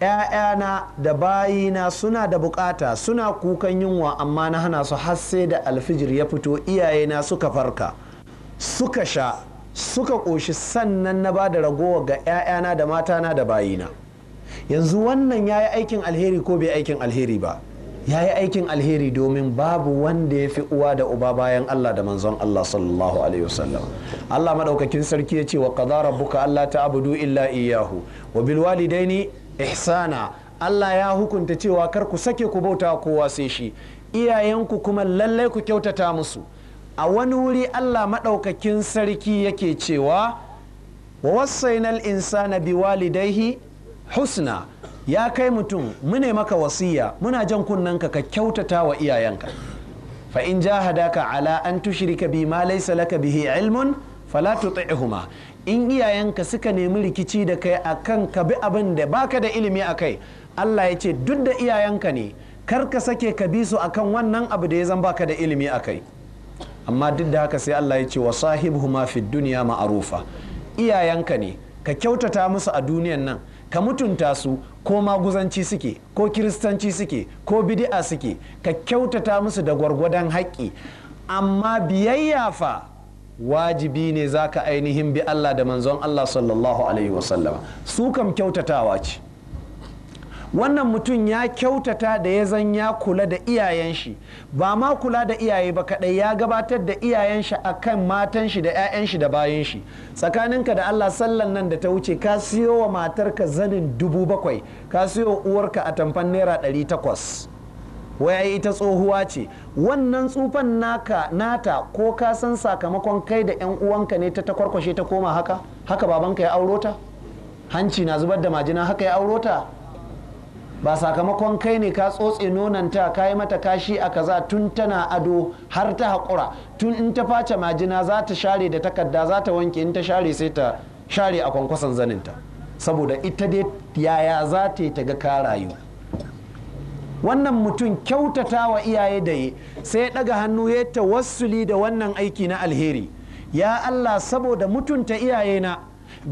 ‘ya'yana da bayina suna da bukata suna kukan yunwa amma na hana su har sai da alfijir ya fito iyayena suka farka suka sha suka ƙoshi sannan na ba da ragowa ga ‘ya'yana da matana da bayina yanzu wannan ya yi aikin alheri ko bai aikin alheri ba ya yi aikin alheri domin babu wanda ya fi uwa da uba bayan Allah da manzon Allah sallallahu alaihi wasallam Allah madaukakin sarki ya ce wa qadara rabbuka Allah ta'budu illa iyyahu wa bil walidaini ihsana Allah ya hukunta cewa kar ku sake ku bauta kowa sai shi iyayenku kuma lallai ku kyautata musu a wani wuri Allah maɗaukakin sarki yake cewa wa na insana walidaihi, husna ya kai mutum mune maka wasiya muna jan kunnanka ka kyautata wa iyayenka fa in ka ala an tushrika bi ma laysa laka bihi ilmun fala tuti'huma in iyayenka suka nemi rikici da kai akan ka bi abin da baka da ilimi akai Allah ya ce duk da iyayenka ne kar ka sake ka bi su akan wannan abu da ya zan baka da ilimi akai amma duk da haka sai Allah ya ce wa sahibhuma fid dunya ma'rufa iyayenka ne ka kyautata musu a duniyan nan ka mutunta su ko maguzanci suke ko kiristanci suke ko bidi'a suke ka kyautata musu da gwargwadon haƙƙi amma biyayya fa wajibi ne za ka ainihin bi Allah da manzon Allah sallallahu alaihi wasallama su kam kyautatawa ce wannan mutum ya kyautata da ya zan ya kula da iyayen shi ba ma kula da iyaye ba kadai ya gabatar da iyayen shi a kan matan shi da 'ya'yan shi da bayan shi tsakaninka da Allah sallan nan da ta wuce ka siyo wa matarka zanin dubu bakwai ka siyo uwarka a tamfan naira ɗari takwas waya ita tsohuwa ce wannan tsufan naka nata ko ka san sakamakon kai da 'yan uwanka ne ta takwarkwashe ta koma haka haka babanka ya auro hanci na zubar da majina haka ya auro ba sakamakon kai ne ka tsotse nonanta ka yi mata kashi a kaza tun tana ado har ta haƙura tun in ta face majina za ta share da takarda za ta wanke in ta share sai ta share a kwankwason zaninta saboda ita dai yaya za ta yi ta ga ka wannan mutum kyautata wa iyaye da yi sai ya ɗaga hannu ya wasuli da wannan aiki na alheri ya Allah saboda mutunta iyayena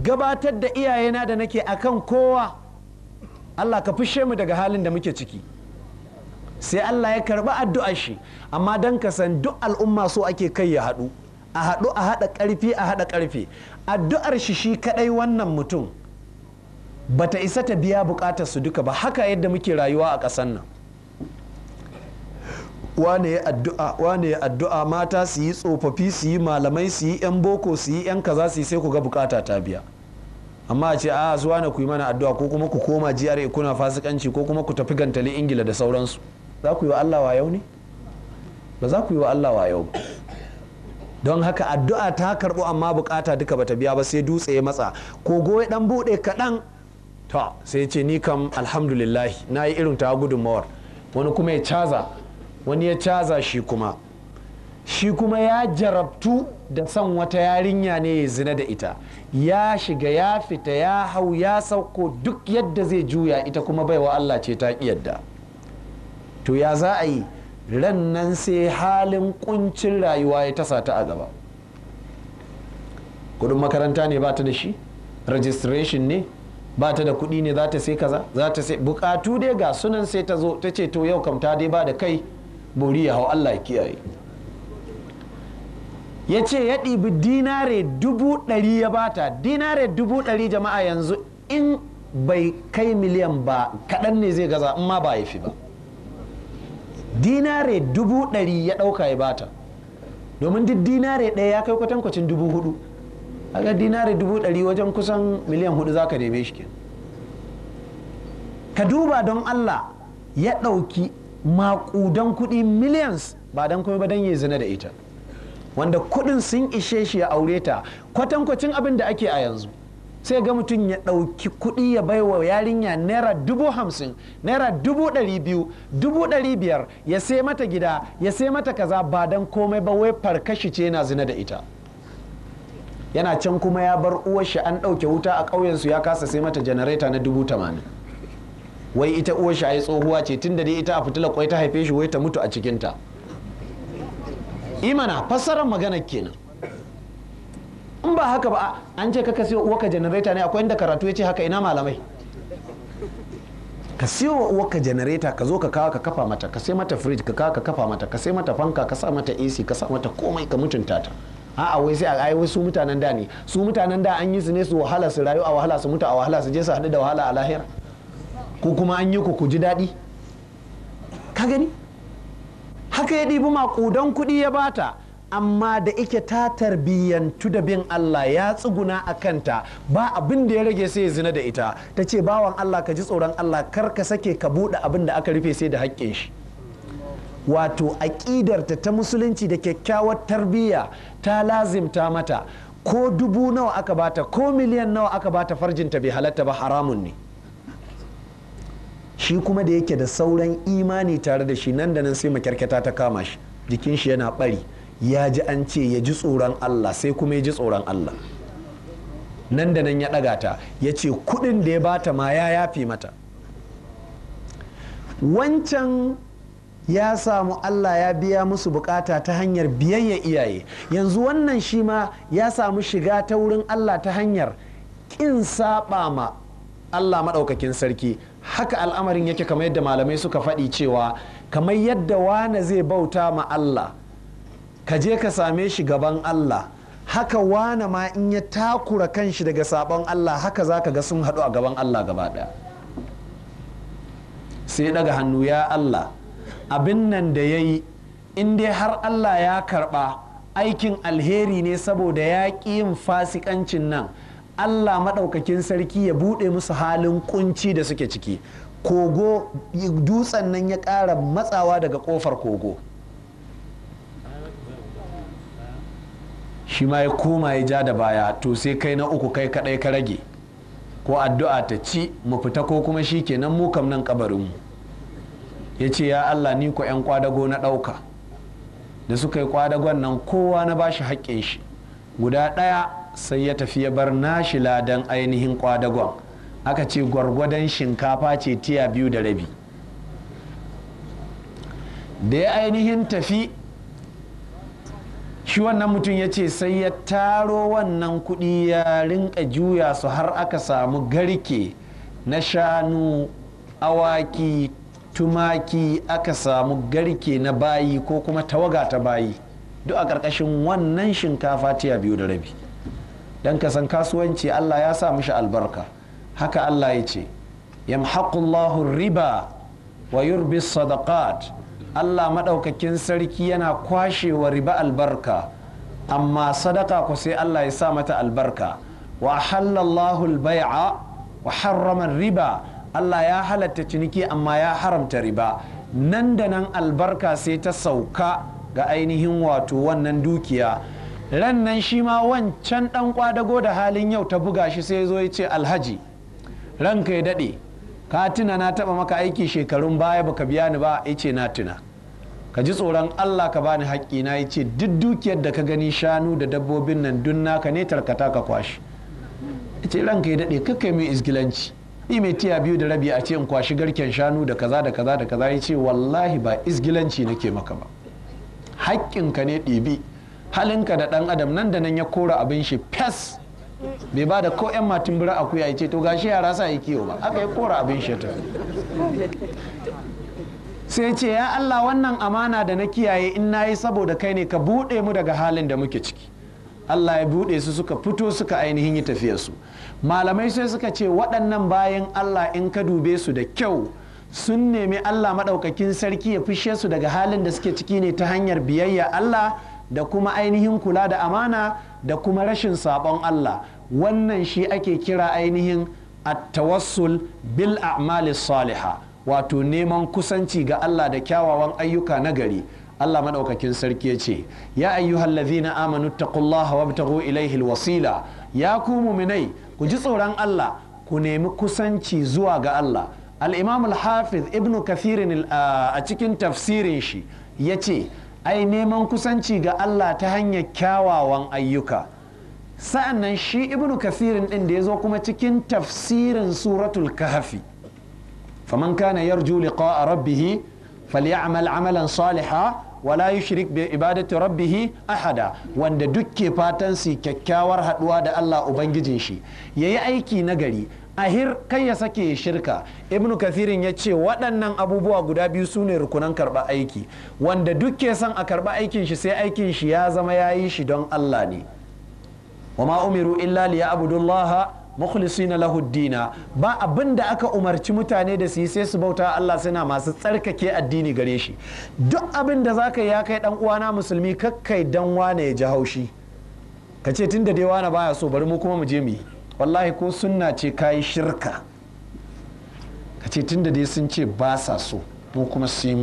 gabatar da iyayena da nake akan kowa Allah ka fishe mu daga halin da muke ciki sai Allah ya karɓi addu'ar shi amma dan ka san duk al'umma so ake kai ya haɗu a haɗu a haɗa ƙarfi a haɗa ƙarfi addu'ar shi shi kaɗai wannan mutum bata isa ta biya buƙatar su duka ba haka yadda muke rayuwa a ƙasar nan wane ya addu'a wane ya addu'a mata su yi tsofaffi su yi malamai su yi 'yan boko su yi 'yan kaza su yi sai ku ga bukata ta biya amma a ce a ah, zuwa na ku yi mana addu'a ko kuma ku koma GRA kuna fasikanci ko kuma ku tafi gantali Ingila da sauransu za ku yi wa Allah yau ne ba za ku yi wa Allah yau ba don haka addu'a ta karɓo amma bukata duka bata biya ba sai dutse ya matsa ko goye dan bude kaɗan ta sai ce ni kam alhamdulillah na yi irin ta gudunmawar wani kuma ya caza wani ya caza shi kuma shi kuma ya jarabtu da son wata yarinya ne ya zina da ita ya shiga ya fita ya hau ya sauko duk yadda zai juya ita kuma baiwa Allah ce ta yadda to ya za a yi ran nan sai halin kuncin rayuwa ya tasa ta a gaba kudin makaranta ne ba ta da shi registration ne ba ta da kuɗi ne za ta sai kaza za ta sai bukatu dai ga sunan sai ta zo ta ce to yau kamta dai ba da kai bori ya hau Allah ya kiyaye ya ce ya ɗibi dinare dubu ɗari ya bata dinare dubu ɗari jama'a yanzu in bai kai miliyan ba kaɗan ne zai gaza amma ba ya fi ba dinare dubu ɗari ya ɗauka ya bata domin duk dinare ɗaya ya kai kwatankwacin dubu hudu aga dinare dubu ɗari wajen kusan miliyan hudu za ka neme shi ka duba don allah ya ɗauki maƙudan kuɗi millions ba don kuma ba don ya zina da ita wanda kuɗin sun ishe shi ya aure ta kwatankwacin abin da ake a yanzu sai ga mutum ya ɗauki kuɗi ya baiwa yarinya naira dubu hamsin naira dubu ɗari biyu dubu ɗari biyar ya sai mata gida ya sai mata kaza ba don komai ba wai farkashi ce na zina da ita yana can kuma ya bar uwar shi an ɗauke wuta a ƙauyensu ya kasa sai mata janareta na dubu tamanin wai ita uwar shi a yi tsohuwa ce tun da dai ita a fitila kwai ta haife shi wai ta mutu a cikinta imana fassarar magana kenan in ba haka ba an ce kaka siyo uwaka janareta ne akwai inda karatu ya ce haka ina malamai ka siyo uwaka janareta ka zo ka kawo ka kafa mata ka sai mata fridge ka kawo ka kafa mata ka sai mata fanka ka sa mata AC ka sa mata komai ka mutunta ta a a wai sai ai wai su mutanen da ne su mutanen da an yi su ne su wahala su rayu a wahala su mutu a wahala su je su haɗu da wahala a lahira ko kuma an yi ku ku ji daɗi ka gani haka ya ɗibi maƙudan kuɗi ya bata amma da ike ta tarbiyyantu da bin Allah ya tsuguna a kanta ba abin da ya rage sai ya zina da ita ta ce bawan Allah ka ji tsoron Allah kar ka sake ka buɗe abin da aka rufe sai da haƙƙin shi wato aƙidarta ta musulunci da kyakkyawar tarbiyya ta lazimta mata ko dubu nawa aka bata ko miliyan nawa aka bata farjinta bai halatta ba haramun ne shi kuma da yake da sauran imani tare da shi nan da nan sai makyarketa ta kama shi jikin shi yana bari ya ji an ce ya ji tsoron Allah sai kuma ya ji tsoron Allah nan da nan ya ɗaga ta ya ce kuɗin da ya bata ma ya yafi mata wancan ya samu Allah ya biya musu bukata ta hanyar biyayya iyaye yanzu wannan shi ma ya samu shiga ta wurin Allah ta hanyar ƙin saɓa ma Allah maɗaukakin sarki haka al'amarin yake kamar yadda malamai suka faɗi cewa kamar yadda wane zai bauta ma Allah ka je ka same shi gaban Allah haka wane ma in ya takura kanshi daga sabon Allah haka za ka ga sun haɗu a gaban Allah gaba sai daga hannu ya Allah abin nan da ya yi in dai har Allah ya karɓa aikin alheri ne saboda ya ƙi yin fasikancin nan Allah maɗaukakin sarki ya buɗe musu halin kunci da suke ciki kogo dutsen nan ya ƙara matsawa daga ƙofar kogo shi ma ya koma ya ja da baya to sai kai na uku kai kaɗai ka rage ko addu'a ta ci mu fita ko kuma shi kenan mu kam nan kabarinmu ya ce ya Allah ni ko 'yan kwadago na ɗauka da suka yi kwadagon nan kowa na bashi haƙƙin shi guda ɗaya sai ya tafi ya bar nashi ladan ainihin kwadagon aka ce gwargwadon shinkafa ce tiya biyu da rabi da ya ainihin tafi shi wannan mutum ya ce sai ya taro wannan kudi ya rinka juya su har aka samu garke na shanu awaki tumaki aka samu garke na bayi ko kuma tawaga ta bayi duk a ƙarƙashin wannan shinkafa tiya biyu da rabi dan ka san kasuwanci Allah ya sa mishi albarka haka Allah ya ce yamhaqullahu riba wa yurbi sadaqat Allah madaukakin sarki yana wa riba albarka amma sadaka ku sai Allah ya sa mata albarka wa halallahu al wa harrama riba Allah ya halatta ciniki amma ya haramta riba nan da nan albarka sai ta sauka ga ainihin wato wannan dukiya Rannan shi ma wancan ɗan kwadago da halin yau ta buga shi sai zo ya ce alhaji ranka ya daɗe ka tuna na taba maka aiki shekarun baya baka biya ni ba ya ce na tuna ka ji tsoron allah ka bani haƙƙi na ya ce duk dukiyar da ka gani shanu da dabbobin nan dun naka ne tarkata ka kwashi ya ce ranka ya daɗe kakai mai izgilanci ni mai tiya biyu da rabi a ce in kwashi garken shanu da kaza da kaza da kaza ya ce wallahi ba izgilanci nake maka ba haƙƙinka ne ɗibi halinka da ɗan adam nan da nan ya kora abin shi fes bai ba da ko 'yan matin bura akuya ya ce to gashi yara sa yi kiyo ba aka yi kora abin shi ta sai ce ya Allah wannan amana da na kiyaye in na yi saboda kai ne ka buɗe mu daga halin da muke ciki Allah ya buɗe su suka fito suka ainihin yi tafiyarsu malamai sai suka ce waɗannan bayan Allah in ka dube su da kyau sun nemi Allah maɗaukakin sarki ya fishe su daga halin da suke ciki ne ta hanyar biyayya Allah da kuma ainihin kula da amana da kuma rashin saɓon Allah wannan shi ake kira ainihin at-tawassul bil a'mali saliha wato neman kusanci ga Allah da kyawawan ayyuka na gari Allah maɗaukakin sarki ya ce ya ayyuhallazina amanu taqullaha wabtaghu ilaihil wasila ya ku muminai ku ji tsoron Allah ku nemi kusanci zuwa ga Allah al-imam al-hafiz ibnu kathirin a cikin tafsirin shi ya ce ai neman kusanci ga Allah ta hanyar kyawawan ayyuka sa'annan shi ibnu kasirin ɗin da ya zo kuma cikin tafsirin suratul kahfi faman kana yarju liqa'a rabbih falyamal amalan saliha wala yushrik bi ibadati rabbih ahada wanda dukke fatan su kyakkyawar haduwa da Allah ubangijin shi yayi aiki nagari ahir kan ya sake shirka ibn kathirin ya ce waɗannan abubuwa guda biyu su ne rukunan karɓa aiki wanda duk ke son a karɓa aikin shi sai aikin shi ya zama ya yi shi don allah ne wa ma umiru illa liya abudullah mukhlisina lahuddina lahudina ba abin da aka umarci mutane da su yi sai su bauta Allah suna masu tsarkake addini gare shi duk abin da zaka yi ya kai dan uwana musulmi kakkai dan wane ya ji haushi kace tunda dai wane baya so bari mu kuma mu je mu yi wallahi ko sunna ce kayi shirka ka ce tun da dai sun ce ba sa so mu kuma sai yi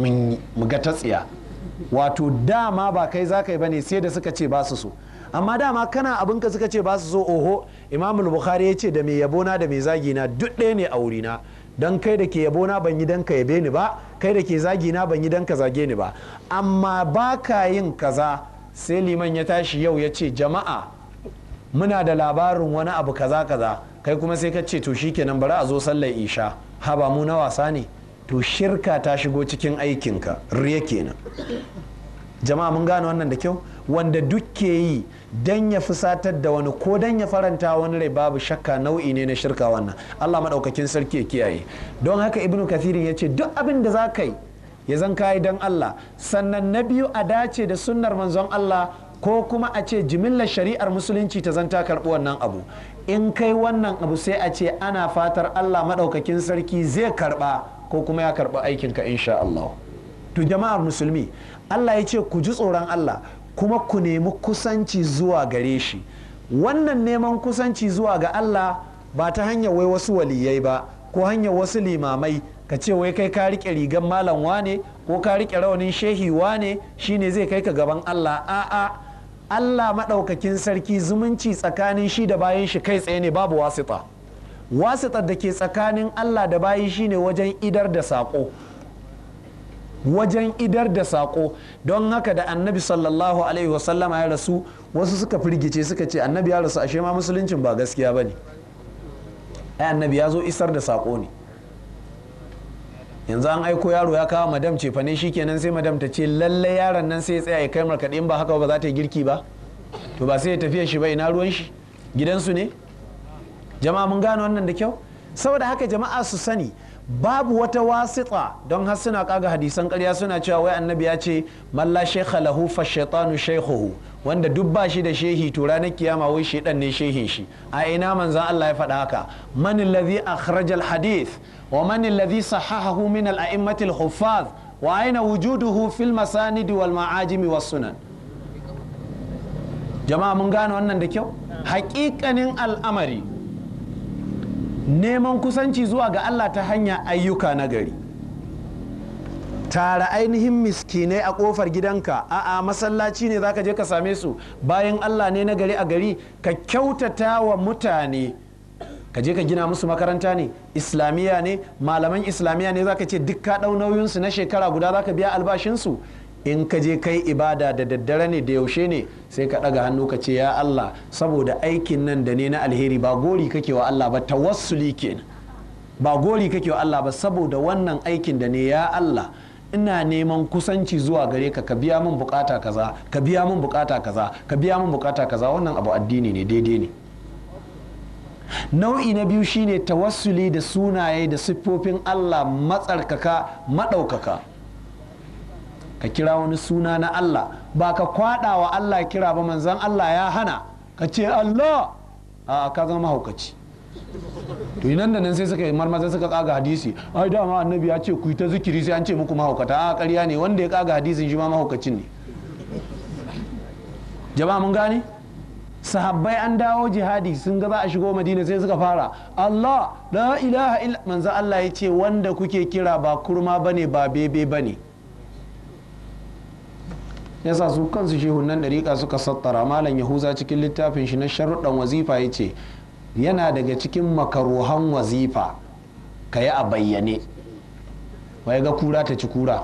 mu ga ta tsiya wato dama ba kai za ka yi ne sai da suka ce ba su so amma dama kana abinka suka ce ba su so oho imamul bukhari ya ce da mai yabona da mai zagina duk ɗaya ne a wurina don kai da ke yabona ban yi don ka yabe ni ba kai da ke zagina ban yi don ka zage ni ba amma ba ka yin kaza sai liman ya tashi yau ya ce jama'a muna da labarin wani abu kaza kaza kai kuma sai ka ce to shikenan bari a zo sallar isha haba mu na wasa ne to shirka ta shigo cikin aikinka riya kenan jama'a mun gane wannan da kyau wanda duk ke yi dan ya fusatar da wani ko dan ya faranta wani rai babu shakka nau'i ne na shirka wannan Allah maɗaukakin sarki ya kiyaye don haka ibnu kathirin ya ce duk abin da za ka yi ya zan kayi don Allah sannan na biyu a dace da sunnar manzon Allah ko kuma a ce jimillar shari'ar musulunci ta zanta karɓi wannan abu in kai wannan abu sai a ce ana fatar Allah maɗaukakin sarki zai karɓa ko kuma ya karɓi aikinka insha Allah to jama'ar musulmi Allah ya ce ku ji tsoron Allah kuma ku nemi kusanci zuwa gare shi wannan neman kusanci zuwa ga Allah ba ta hanyar wai wasu waliyai ba ko hanyar wasu limamai ka ce wai kai ka rike rigar malam wane ko ka rike rawanin shehi wane shine zai kai ka gaban Allah a'a Allah maɗaukakin sarki zumunci tsakanin shi da bayan shi kai tsaye ne babu wasita wasita da ke tsakanin Allah da bayi ne wajen idar da saƙo wajen idar da saƙo don haka da annabi sallallahu alaihi wasallama ya rasu wasu suka firgice suka ce annabi ya rasu ashe ma musuluncin ba gaskiya ba ne ai annabi ya zo isar da saƙo ne yanzu an aiko yaro ya kawo madam ce fane shi kenan sai madam ta ce lalle yaron nan sai ya tsaya ya kai markaɗe in ba haka ba za ta yi girki ba to ba sai ya tafiya shi ba ina ruwan shi gidansu ne jama'a mun gane wannan da kyau saboda haka jama'a su sani babu wata wasita don har suna kaga hadisan karya suna cewa wai annabi ya ce malla shekha lahu fa shaitanu shaykhuhu wanda duk ba shi da shehi to ranar kiyama wai shaidan ne shehin shi a ina manzon Allah ya faɗa haka man alladhi akhrajal hadith wa man alladhi sahahahu min al a'immatil huffaz wa aina wujuduhu fil masanid wal ma'ajimi was sunan jama'a mun gane wannan da kyau haƙiƙanin al'amari neman kusanci zuwa ga Allah ta hanyar ayyuka na gari tara ainihin miskinai a kofar gidanka a'a masallaci ne zaka je ka same su bayan Allah ne na gari a gari ka kyautata wa mutane ka je ka gina musu makaranta ne islamiyya ne malaman islamiyya ne zaka ce duk ka ɗau nauyinsu na shekara guda zaka biya albashinsu in ka je kai ibada da daddare ne da yaushe ne sai ka ɗaga hannu ka ce ya Allah saboda aikin nan da ne na alheri ba gori kake wa Allah ba tawassuli kenan ba gori kake wa Allah ba saboda wannan aikin da ne ya Allah ina neman kusanci zuwa gare ka ka biya min bukata kaza ka biya min bukata kaza ka biya min bukata kaza wannan abu addini ne daidai ne nau'i na biyu shine tawassuli da sunaye da siffofin Allah matsarkaka maɗaukaka ka kira wani suna na Allah ba ka kwada wa Allah kira ba manzan Allah ya hana ka ce Allah a ka zama haukaci to nan da nan sai suka marmaza suka kaga hadisi ai dama annabi ya ce ku yi ta zikiri sai an ce muku mahaukata a ƙarya ne wanda ya kaga hadisin shi ma mahaukacin ne jama'a mun gane sahabbai an dawo jihadi sun ga za a shigo madina sai suka fara Allah la ilaha illa manzo Allah ya ce wanda kuke kira ba kurma bane ba bebe bane yasa su kansu shehunan dariƙa suka sattara malam yahuza cikin littafin shi na sharuɗan wazifa ya ce yana daga cikin makarohan wazifa ka yi a bayyane wai ga kura ta ci kura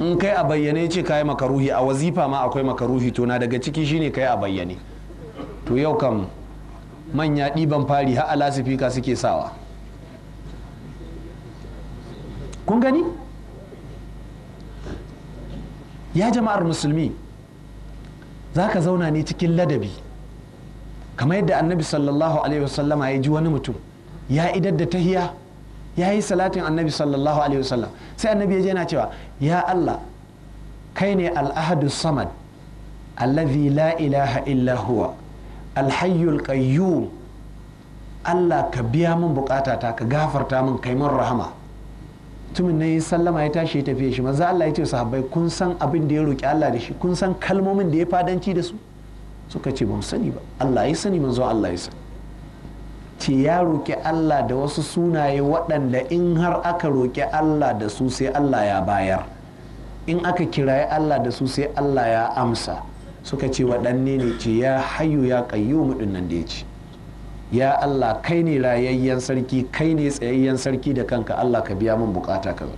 in kai a bayyane ce ka yi makaruhi a wazifa ma akwai makaruhi to na daga ciki shine ka yi a bayyane to yau kam manya ɗiban fari har lasifika suke sawa kun gani ya jama'ar musulmi za ka zauna ne cikin ladabi kamar yadda annabi sallallahu alaihi ya ji wani mutum ya idar da tahiya ya yi salatin annabi sallallahu alaihi wasallam sai annabi ya je yana cewa ya Allah kai ne al'ahadu samad allazi la ilaha illa huwa alhayyul qayyum Allah ka biya min bukatata ka gafarta min kai rahama mutumin na yi sallama ya tashi ya tafiye shi manzo Allah ya ce sahabbai kun san abin da ya roki Allah da shi kun san kalmomin da ya fadanci da su suka ce ba sani ba Allah ya sani manzo Allah ya sani ce ya roki Allah da wasu sunaye waɗanda in har aka roki Allah da su sai Allah ya bayar in aka kiraye Allah da su sai Allah ya amsa suka ce waɗanne ne ce ya hayu ya kayyo mudun nan da ya ce ya Allah kai ne rayayyen sarki kai ne tsayayyen sarki da kanka Allah ka biya min bukata kaza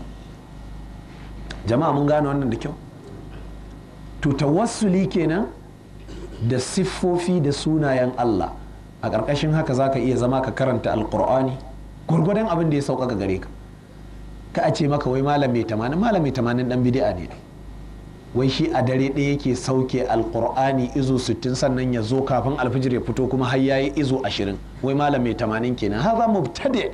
jama'a mun gane wannan da kyau to tawassuli kenan da siffofi da sunayen Allah a ƙarƙashin haka za ka iya zama ka karanta alƙur'ani gwargwadon abin da ya sauƙaƙa gare ka ka a ce maka wai malam mai tamanin malam mai tamanin ɗan bidi'a ne wai shi a dare ɗaya yake sauke alkur'ani izo 60 sannan ya zo kafin alfijir ya fito kuma har yayi izo 20 wai malam mai 80 kenan haza mubtadi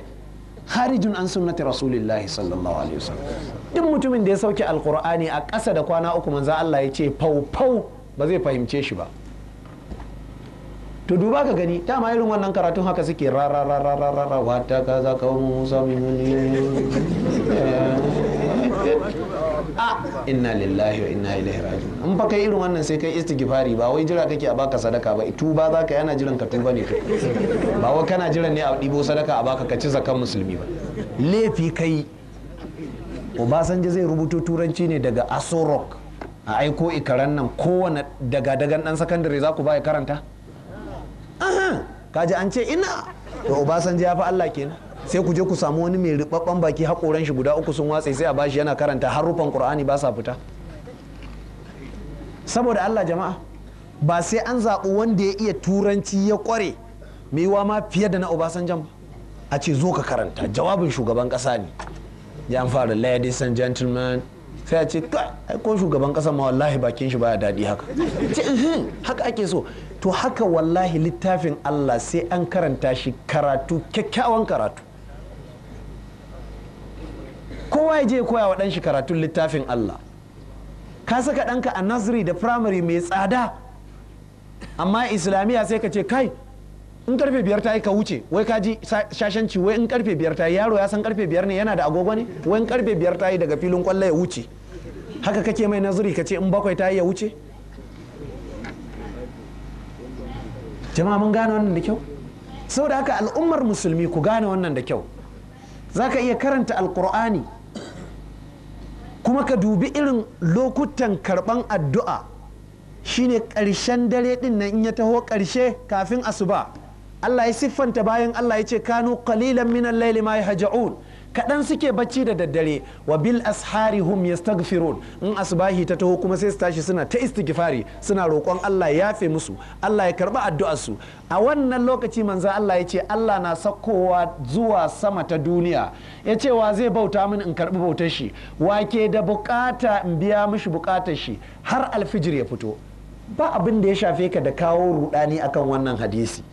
harijun an sunnati rasulullahi sallallahu alaihi wasallam duk mutumin da ya sauke alkur'ani a ƙasa da kwana uku manzo Allah ya ce fau fau ba zai fahimce shi ba to duba ka gani dama irin wannan karatun haka suke rarararararara wata kaza kawo musa min inna lillahi wa inna ilaihi raji'un in fa kai irin wannan sai kai istighfari ba wai jira kake a baka sadaka ba tuba za ka yana jiran ka tuba ne ba wai kana jiran ne a ɗibo sadaka a baka ka ci zakan musulmi ba laifi kai obasanjo zai rubuto turanci ne daga aso rock a aiko ikaran nan kowane daga dagan dan sakandare za ku ba ya karanta aha kaji an ce ina to obasanjo ya fi allah kenan sai ku je ku samu wani mai rubabban baki hakoran shi guda uku sun watse sai a bashi yana karanta har rufan qur'ani ba sa fita saboda Allah jama'a ba sai an zaɓi wanda ya iya turanci ya kware mai wa ma fiye da na Obasanjan ba a ce zo ka karanta jawabin shugaban ƙasa ne ya fara ladies and gentlemen sai a ce ko shugaban kasa ma wallahi bakin shi baya daɗi haka haka ake so to haka wallahi littafin allah sai an karanta shi karatu kyakkyawan karatu kowa ya je ya koya wa ɗanshi karatun littafin Allah ka saka ɗanka a nazari da firamare mai tsada amma islamiyya sai ka ce kai in karfe biyar ta yi ka wuce wai ka ji shashanci wai in karfe biyar ta yi yaro ya san karfe biyar ne yana da agogo ne wai in karfe biyar ta yi daga filin kwallo ya wuce haka kake mai nazari ka ce in bakwai ta yi ya wuce jama'a mun gane wannan da kyau saboda haka al'ummar musulmi ku gane wannan da kyau za ka iya karanta alkur'ani kuma ka dubi irin lokutan karban addu'a shine ƙarshen dare ɗin nan in ya taho ƙarshe kafin asuba Allah ya siffanta bayan Allah ya ce kanu qalilan minan laili ma yahja'un kaɗan suke bacci da daddare wa bil ashari hum yastaghfirun in asbahi ta taho kuma sai su tashi suna ta istighfari suna roƙon Allah ya yafe musu Allah ya karba addu'ar su a wannan lokaci manzo Allah ya ce Allah na sakkowa zuwa sama ta duniya ya ce wa zai bauta min in karbi bautar shi wake da bukata in biya mishi bukatar shi har alfijir ya fito ba abin da ya shafe ka da kawo rudani akan wannan hadisi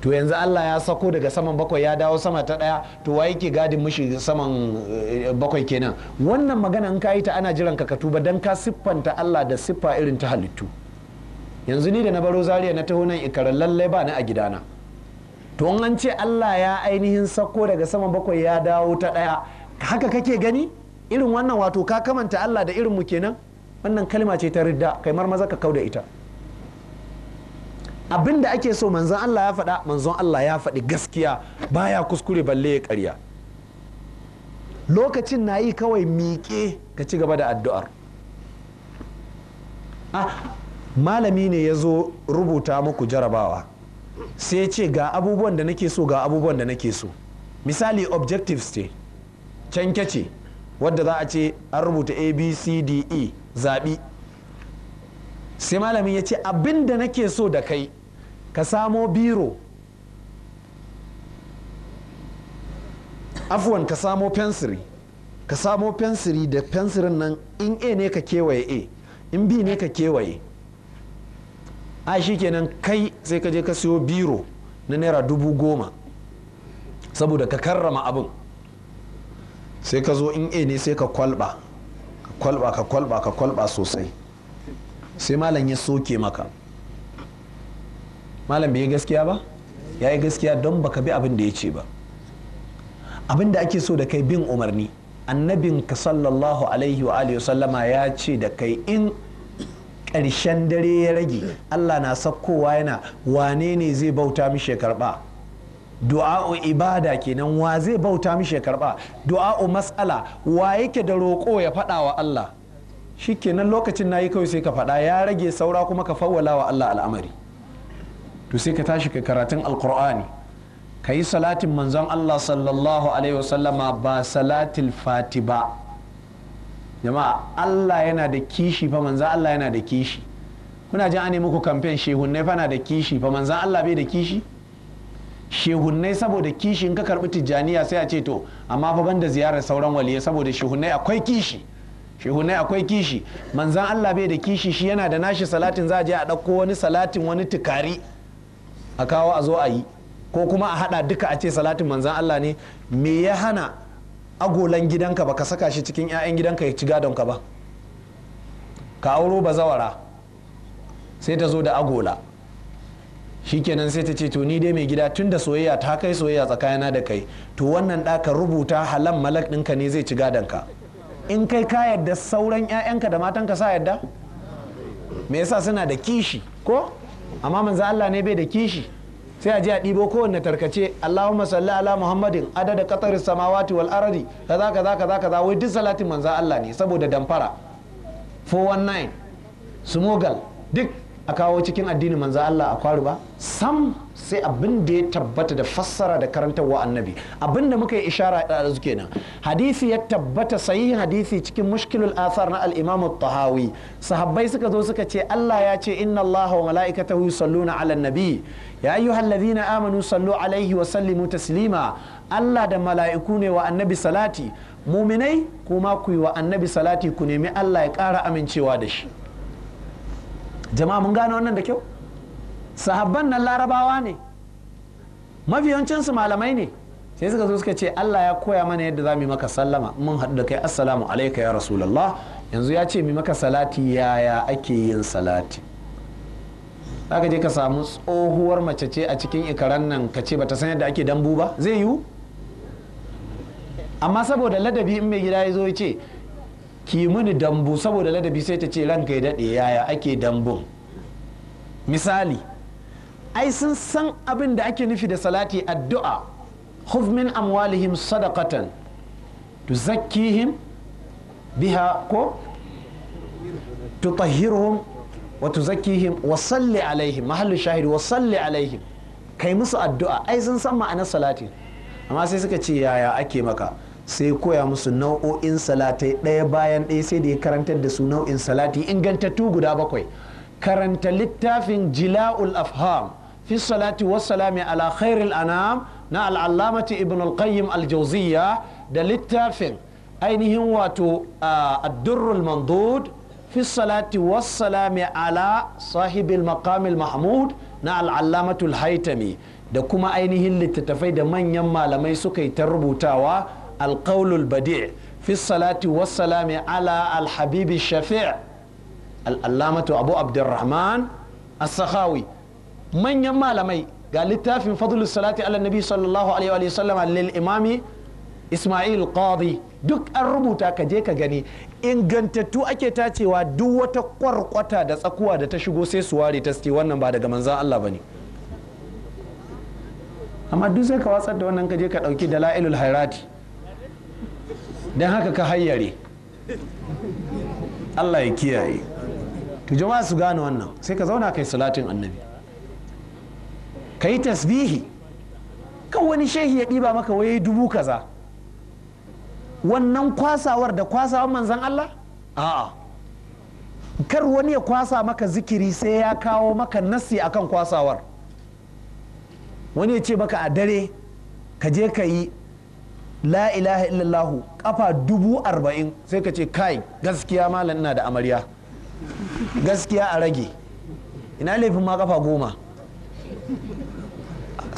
to yanzu Allah ya sako daga saman bakwai ya dawo sama ta daya to wa yake gadin mushi saman eh, bakwai kenan wannan magana in ka yi ta ana jiran ka ka tuba dan ka siffanta Allah da siffa irin ta halittu yanzu ni da na baro zaria na taho nan ikarar lallai ba ni a gidana to an ce Allah ya ainihin sako daga saman bakwai ya dawo ta daya haka kake gani irin wannan wato ka kamanta Allah da irin mu kenan wannan kalma ce ta ridda kai mar maza ka kau da ita abin da ake so manzon Allah ya faɗa manzon Allah ya faɗi gaskiya baya kuskure balle ya ƙarya lokacin na yi kawai miƙe ka ci gaba da addu'ar ah malami ne ya zo rubuta muku jarabawa sai ce ga abubuwan da nake so ga abubuwan da nake so misali objectives ce canke ce wadda za a ce an rubuta a b c d e zaɓi sai malamin ya ce abin da nake so da kai ka samo biro afuwan ka samo fensiri ka samo fensiri da fensirin nan in a ne ka kewaye a in b ne ka kewaye a shi kenan kai sai ka je ka siyo biro na naira dubu goma saboda ka karrama abin sai ka zo in a ne sai ka kwalba ka kwalba ka kwalba ka kwalba sosai sai malam ya soke maka malam bai yi gaskiya ba ya yi gaskiya don baka bi abin da ya ce ba abin da ake so da kai bin umarni annabinka sallallahu alaihi wa alihi sallama ya ce da kai in ƙarshen dare ya rage allah na sakkowa yana wane ne zai bauta mishi ya karba du'a'u ibada kenan wa zai bauta mishi ya karba du'a'u matsala wa yake da roƙo ya faɗa wa allah kenan lokacin na yi kawai sai ka faɗa ya rage saura kuma ka fawwala wa allah al'amari to sai ka tashi ka karatun alkur'ani ka yi salatin manzon allah sallallahu alaihi wasallama ba salatin fati ba jama'a allah yana da kishi fa manzon allah yana da kishi kuna ji ane muku kamfen shehunnai fa na da kishi fa manzon allah bai da kishi shehunnai saboda kishi in ka karbi tijjaniya sai a ce to amma fa banda ziyarar sauran waliya saboda shehunnai akwai kishi shehunai akwai kishi manzan allah bai da kishi shi yana da nashi salatin za a je a ɗauko wani salatin wani tukari a kawo a zo a yi ko kuma a hada duka a ce salatin manzan Allah ne me ya hana agolan gidanka baka saka shi cikin 'ya'yan gidanka ya ci gadonka ba ka auro bazawara sai ta zo da agola shi shikenan sai ta ce to ni dai mai gida tun da soyayya ta kai soyayya tsakanina da kai to wannan ɗaka rubuta halan malak ɗinka ne zai ci gadonka in kai ka yadda sauran 'ya'yanka da matanka sa yadda me yasa suna da kishi ko amma manzo Allah ne bai da kishi sai a je a ɗibo kowanne tarkace Allahumma salli ala Muhammadin adada qataris samawati wal ardi kaza kaza kaza kaza wai duk salatin manzo Allah ne saboda damfara 419 smogal duk a kawo cikin addinin manzo Allah a kwari ba sam sai abin da ya tabbata da fassara da karantarwa annabi abin da muka yi ishara da su kenan hadisi ya tabbata sayi hadisi cikin mushkilul asar na al-imam tahawi sahabbai suka zo suka ce Allah ya ce inna Allah wa mala'ikatahu yusalluna 'alan nabi ya ayyuhallazina amanu sallu alaihi wa sallimu taslima Allah da mala'iku ne wa annabi salati muminai kuma ku yi wa annabi salati ku nemi Allah ya ƙara amincewa da shi jama'a mun gane wannan da kyau sahabban nan larabawa ne mafiyancinsu malamai ne sai suka zo suka ce Allah ya koya mana yadda za mu yi maka sallama mun haɗu da kai assalamu alaika ya rasulallah yanzu ya ce mu maka salati yaya ake yin salati zaka je ka samu tsohuwar mace ce a cikin ikaran nan ka ce bata san yadda ake dambu ba zai yiwu amma saboda ladabi in mai gida ya zo ya ce ki muni dambu saboda ladabi sai ta ce ranka ya daɗe yaya ake dambun misali ai sun san abin da ake nufi da salati addu'a khudh min amwalihim sadaqatan tuzakkihim biha ko tutahhiruhum wa tuzakkihim wa salli alaihim mahallu shahidi wa salli alaihim kai musu addu'a ai sun san ma'anar salati amma sai suka ce yaya ake maka sai koya musu nau'o'in salatai ɗaya bayan ɗaya sai da ya karantar da su nau'in salati ingantattu guda bakwai karanta littafin jila'ul afham fi salati wassalami ala khairil anam na al'allamati ibn al-qayyim da littafin ainihin wato addurrul mandud fi salati wassalami ala sahibil maqamil mahmud na al'allamatul haitami da kuma ainihin littattafai da manyan malamai suka yi ta rubutawa alƙaulul badi' fi salati wassalami ala alhabibi shafi' al'allamatu abu abdurrahman as-sakhawi manyan malamai ga littafin fadlus salati ala nabi sallallahu alaihi wa sallama lil imami ismail qadi duk an rubuta ka je ka gani ingantattu ake tacewa duk wata kwarkwata da tsakuwa da ta shigo sai su ware ta wannan ba daga manzan Allah ne. amma duk sai ka watsar da wannan ka je ka ɗauki dalailul hairati don haka ka hayyare Allah ya kiyaye to jama'a su gane wannan sai ka zauna kai salatin annabi ka yi tasbihi kan wani shehi ya ɗiba maka waye dubu kaza wannan kwasawar da kwasawar manzan Allah a'a kar wani ya kwasa maka zikiri sai ya kawo maka nasi akan kwasawar wani ya ce maka a dare ka je ka yi la ilaha illallah kafa dubu arba'in sai ka ce kai gaskiya malam ina da amarya gaskiya a rage ina laifin ma kafa goma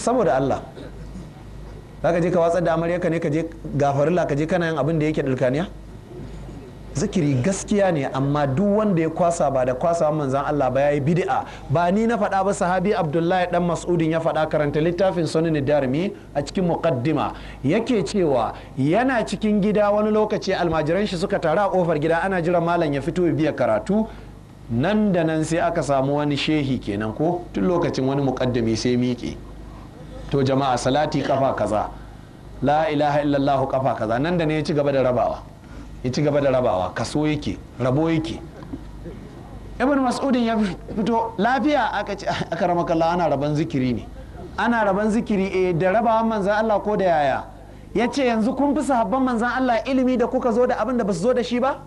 saboda Allah za ka je ka watsar da amaryarka ne ka je gafarilla ka je kana yin abin da yake dalkaniya zikiri gaskiya ne amma duk wanda ya kwasa ba da kwasa manzan Allah ba yayi bid'a ba ni na faɗa ba sahabi Abdullahi dan Mas'udin ya faɗa karanta littafin Sunan Darmi a cikin muqaddima yake cewa yana cikin gida wani lokaci almajiran shi suka taru a kofar gida ana jiran malam ya fito ya biya karatu nan da nan sai aka samu wani shehi kenan ko tun lokacin wani muqaddimi sai miƙe to jama'a salati kafa kaza la ilaha illallah kafa kaza nan da ne ya ci gaba da rabawa ya ci gaba da rabawa kaso yake rabo yake ibn mas'udin ya fito lafiya aka ce aka ramakalla ana raban zikiri ne ana raban zikiri eh da rabawan manzan Allah ko da yaya ya ce yanzu kun fi sahabban manzan Allah ilimi da kuka zo da abin da ba su zo da shi ba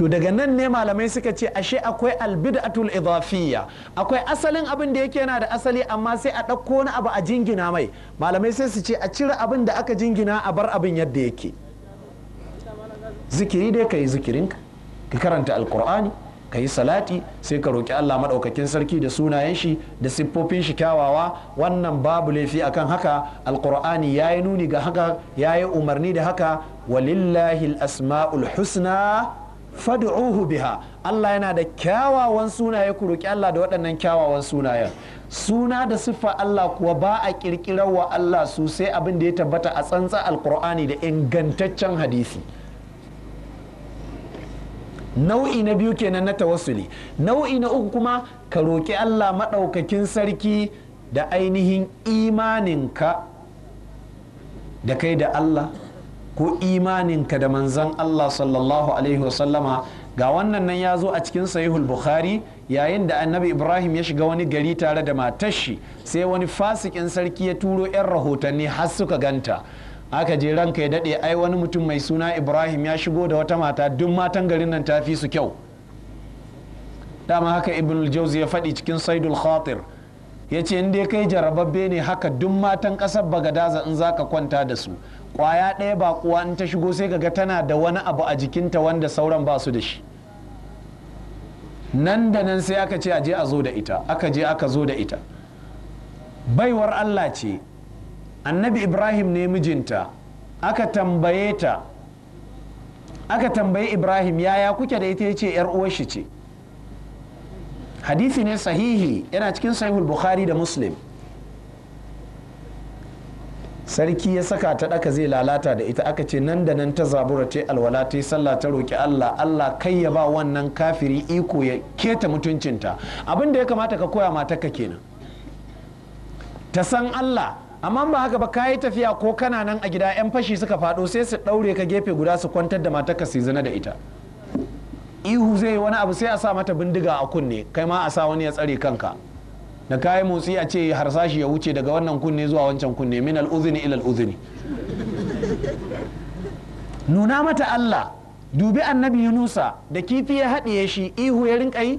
to daga nan ne malamai suka ce ashe akwai albid'atul idafiyya akwai asalin abin da yake yana da asali amma sai a ɗauko na abu a jingina mai malamai sai su ce a cire abin da aka jingina a bar abin yadda yake zikiri dai ka yi zikirinka ka karanta alkur'ani ka yi salati sai ka roƙi Allah maɗaukakin sarki da sunayen shi da siffofin shi kyawawa wannan babu laifi akan haka alkur'ani ya yi nuni ga haka ya yi umarni da haka walillahi asma'ul husna fad'uhu biha Allah yana da kyawawan sunaye ku roki Allah da waɗannan kyawawan sunayen suna da siffa Allah kuwa ba a kirkirar wa Allah su sai abin da ya tabbata a tsantsa alkur'ani da ingantaccen hadisi nau'i na biyu kenan na tawassuli nau'i na uku kuma ka roki Allah maɗaukakin sarki da ainihin imaninka da kai da Allah ko imaninka da manzan Allah sallallahu alaihi wasallama ga wannan nan ya zo a cikin sahihul bukhari yayin da annabi ibrahim ya shiga wani gari tare da matashi sai wani fasikin sarki ya turo 'yan rahotanni har suka ganta aka je ranka ya daɗe ai wani mutum mai suna ibrahim ya shigo da wata mata duk matan garin nan ta fi su kyau dama haka ibn jauzi ya faɗi cikin saidul khatir ya ce in dai kai jarababbe ne haka duk matan ƙasar bagadaza in zaka kwanta da su kwaya ɗaya ba kuwa in ta shigo sai ga tana da wani abu a jikinta wanda sauran ba su da shi nan da nan sai aka ce aje a zo da ita aka je aka zo da ita baiwar Allah ce annabi ibrahim ne mijinta aka tambaye ta aka tambaye ibrahim yaya kuke da ita yace yar uwar shi ce hadisi ne sahihi yana cikin sahihul bukhari da muslim sarki ya saka ta ɗaka zai lalata da ita aka ce nan da nan ta zabura ta alwala ta sallah ta roki Allah Allah kai ya ba wannan kafiri iko ya keta mutuncinta abin da ya kamata ka koya matarka kenan ta san Allah amma ba haka ba ka yi tafiya ko kana nan a gida 'yan fashi suka fado sai su ɗaure ka gefe guda su kwantar da matarka su zina da ita ihu zai wani abu sai a sa mata bindiga a kunne kai ma a sa wani ya tsare kanka da kayan motsi a ce harsashi ya wuce daga wannan kunne zuwa wancan kunne min al'uzini ila al'uzini nuna mata Allah dubi annabi Yunusa da kifi ya haɗiye shi ihu ya rinka yi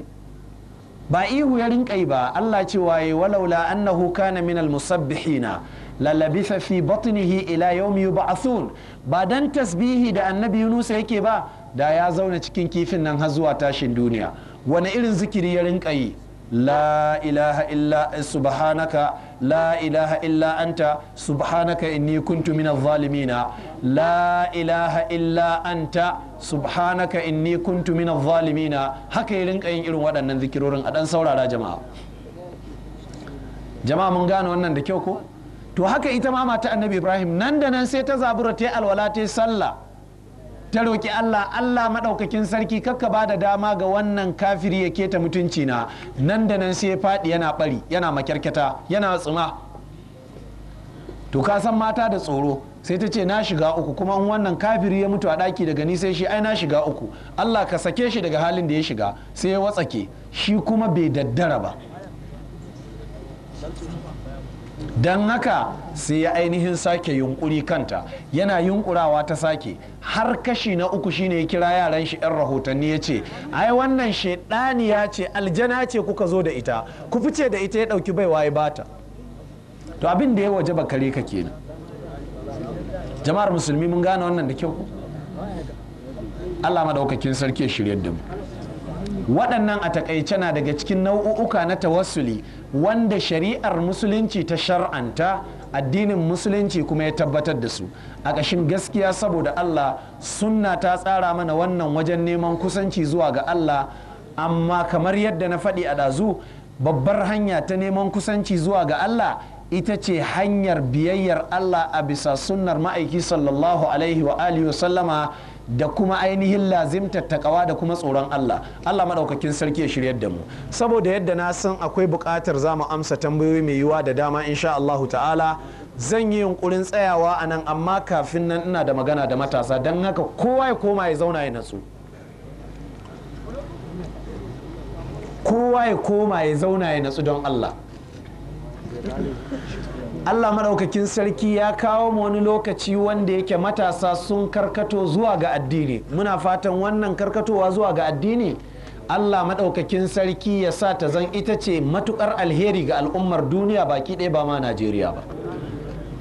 ba ihu ya rinka yi ba Allah ce waye walaula annahu kana min musabbihina lalabisa fi batnihi ila yawmi yub'athun ba dan tasbihi da annabi Yunusa yake ba da ya zauna cikin kifin nan har zuwa tashin duniya wani irin zikiri ya rinka yi la ilaha illa subhanaka la ilaha illa anta subhanaka inni kuntu minaz zalimina la ilaha illa anta subhanaka inni kuntu minaz zalimina haka ya rinka yin irin waɗannan zikirorin a dan saurara jama'a jama'a mun gane wannan da kyau ko to haka ita ma mata annabi ibrahim nan da nan sai ta zabura ta alwala ta sallah ta roƙi Allah Allah maɗaukakin sarki kakka ba da dama ga wannan kafiri ya keta mutunci na nan da nan sai ya faɗi yana ɓari yana makyarkyata yana tsuma to ka san mata da tsoro sai ta ce na shiga uku kuma in wannan kafiri ya mutu a ɗaki daga ni sai shi ai na shiga uku Allah ka sake shi daga halin da ya shiga sai ya watsake shi kuma bai daddara ba don haka sai ya ainihin sake yunkuri kanta yana yunkurawa ta sake har kashi na uku shine ya kira yaran shi yan rahotanni ya ce ai wannan ya ce aljana ce kuka zo da ita ku fice da ita ya dauki baiwa ya bata to abin da ya waje ba kare ka kenan jama'ar musulmi mun gane wannan da kyau Allah madaukakin sarki ya shirye da mu waɗannan a takaice na daga cikin nau'uka na tawassuli wanda shari'ar musulunci ta shar'anta addinin musulunci kuma ya tabbatar da su a ƙashin gaskiya saboda Allah sunna ta tsara mana wannan wajen neman kusanci zuwa ga Allah amma kamar yadda na faɗi a ɗazu babbar hanya ta neman kusanci zuwa ga Allah ita ce hanyar biyayyar Allah a bisa sunnar ma'aiki sallallahu alaihi wa alihi wa sallama da kuma ainihin lazimtar takawa da kuma tsoron Allah Allah madaukakin sarki ya shiryar da mu saboda yadda na san akwai buƙatar za mu amsa tambayoyi mai yiwa da dama insha Allahu ta'ala zan yi yunkurin tsayawa a nan amma kafin nan ina da magana da matasa don haka kowa ya koma ya zauna ya natsu kowa ya koma ya zauna ya natsu don Allah Allah maɗaukakin sarki ya kawo mu wani lokaci wanda yake matasa sun karkato zuwa ga addini muna fatan wannan karkatowa zuwa ga addini Allah maɗaukakin sarki ya sa ta zan ita ce matukar alheri ga al'ummar duniya baki ɗaya ba ma Najeriya ba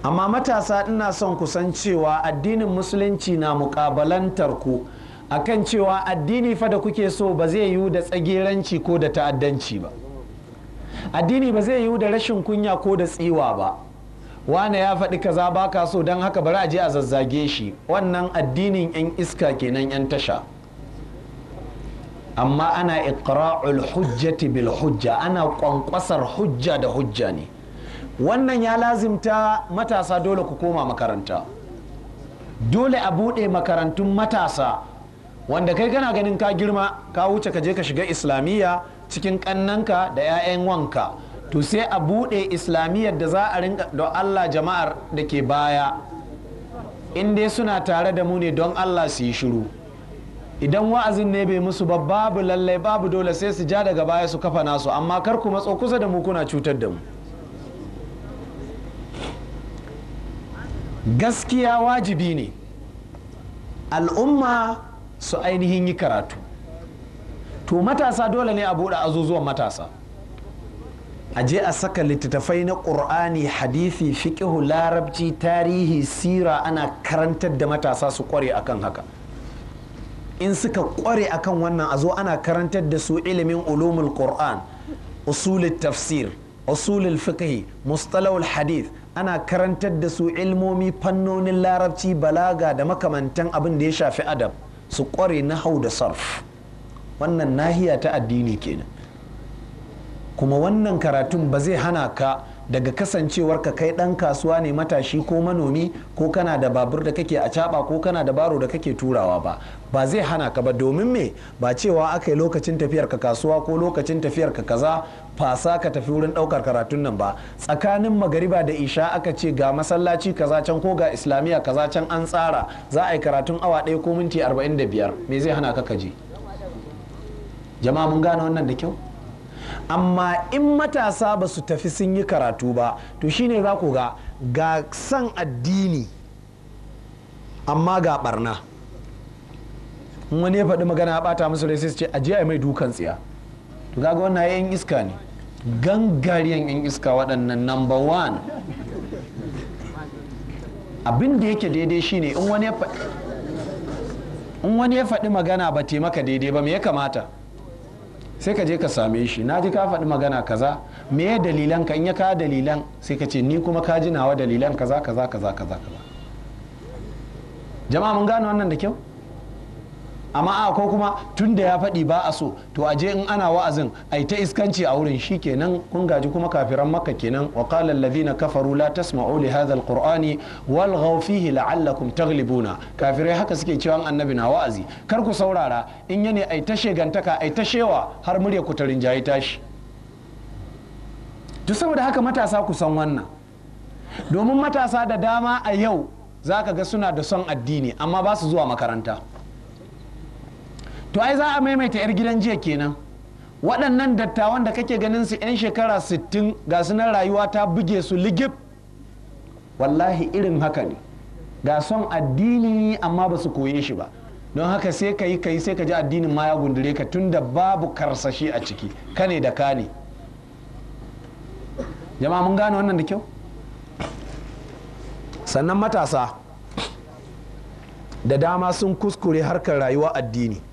amma matasa ina son kusan cewa addinin musulunci na muƙabalantar ku akan cewa addini fa da kuke so ba zai yiwu da tsageranci ko da ta'addanci ba addini ba zai yiwu da rashin kunya ko da tsiwa ba wane ya faɗi kaza ba ka so don haka bari a je a zazzage shi wannan addinin 'yan iska kenan 'yan tasha amma ana iqra'ul hujjati bil hujja ana kwankwasar hujja da hujja ne wannan ya lazimta matasa dole ku koma makaranta dole a buɗe makarantun matasa wanda kai kana ganin ka girma ka wuce ka je ka shiga islamiyya cikin ƙannanka da 'ya'yan wanka to sai a buɗe islamiyyar da za a rinka don Allah jama'ar da ke baya in dai suna tare da mu ne don Allah su yi shiru idan wa'azin ne bai musu ba babu lallai babu dole sai su ja daga baya su kafa nasu amma kar ku matso kusa da mu kuna cutar da mu gaskiya wajibi ne al'umma su ainihin yi karatu to matasa dole ne a buɗe azuzuwan matasa a je a saka littattafai na ƙur'ani hadisi fiƙihu larabci tarihi sira ana karantar da matasa su ƙware akan haka in suka ƙware akan wannan a zo ana karantar da su ilimin ulumul ƙur'an usulul tafsir usulul fiqh mustalahul hadith ana karantar da su ilmomi fannonin larabci balaga da makamantan abin da ya shafi adab su ƙware hau da sarf wannan nahiya ta addini kenan kuma wannan karatun ba zai hana ka daga kasancewar ka kai ɗan kasuwa ne matashi ko manomi ko kana da babur da kake a caɓa ko kana da baro da kake turawa ba ba zai hana ka ba domin me ba cewa aka yi lokacin tafiyar ka kasuwa ko lokacin tafiyar ka kaza fasa ka tafi wurin ɗaukar karatun nan ba tsakanin magariba da isha aka ce ga masallaci kaza can ko ga islamiyya kaza can an tsara za a yi karatun awa ɗaya ko minti arba'in da biyar me zai hana ka ka je jama'a mun gane wannan da kyau amma in matasa ba su tafi sun yi karatu ba to shine za ku ga ga san addini amma ga barna wani ya faɗi magana ya ɓata musu sai su ce ajiye a mai dukan tsiya to kaga wannan yan iska ne gangariyan yan iska waɗannan number one abin da yake daidai shine in wani ya faɗi magana ba taimaka daidai ba me ya kamata sai ka je ka same shi na ji ka faɗi magana kaza me ya dalilan ka in ya kawo dalilan sai ka ce ni kuma ka ji nawa dalilan kaza kaza kaza kaza kaza jama'a mun gano wannan da kyau amma a ko kuma tun da ya faɗi ba a so to aje in ana wa'azin a ta iskanci a wurin shi kenan kun gaji kuma kafiran makka kenan wa qala na kafaru la tasma'u li hadha alqur'ani wal fihi la'allakum taghlibuna kafirai haka suke cewa annabi na wa'azi kar ku saurara in yane a ta shegantaka A ta shewa har murya ku ta rinjayi tashi duk saboda haka matasa ku san wannan domin matasa da dama a yau zaka ga suna da son addini amma ba su zuwa makaranta to ai za a maimaita 'yar gidan jiya kenan waɗannan dattawan da kake ganin su 'yan shekara 60 ga sunan rayuwa ta buge su ligib wallahi irin haka ne ga son addini amma ba su koye shi ba don haka sai ka yi ka yi sai ka ji addinin ma ya gundure ka tun da babu karsashi a ciki kane da kane jama'a mun gane wannan da kyau sannan matasa da dama sun kuskure harkar rayuwa addini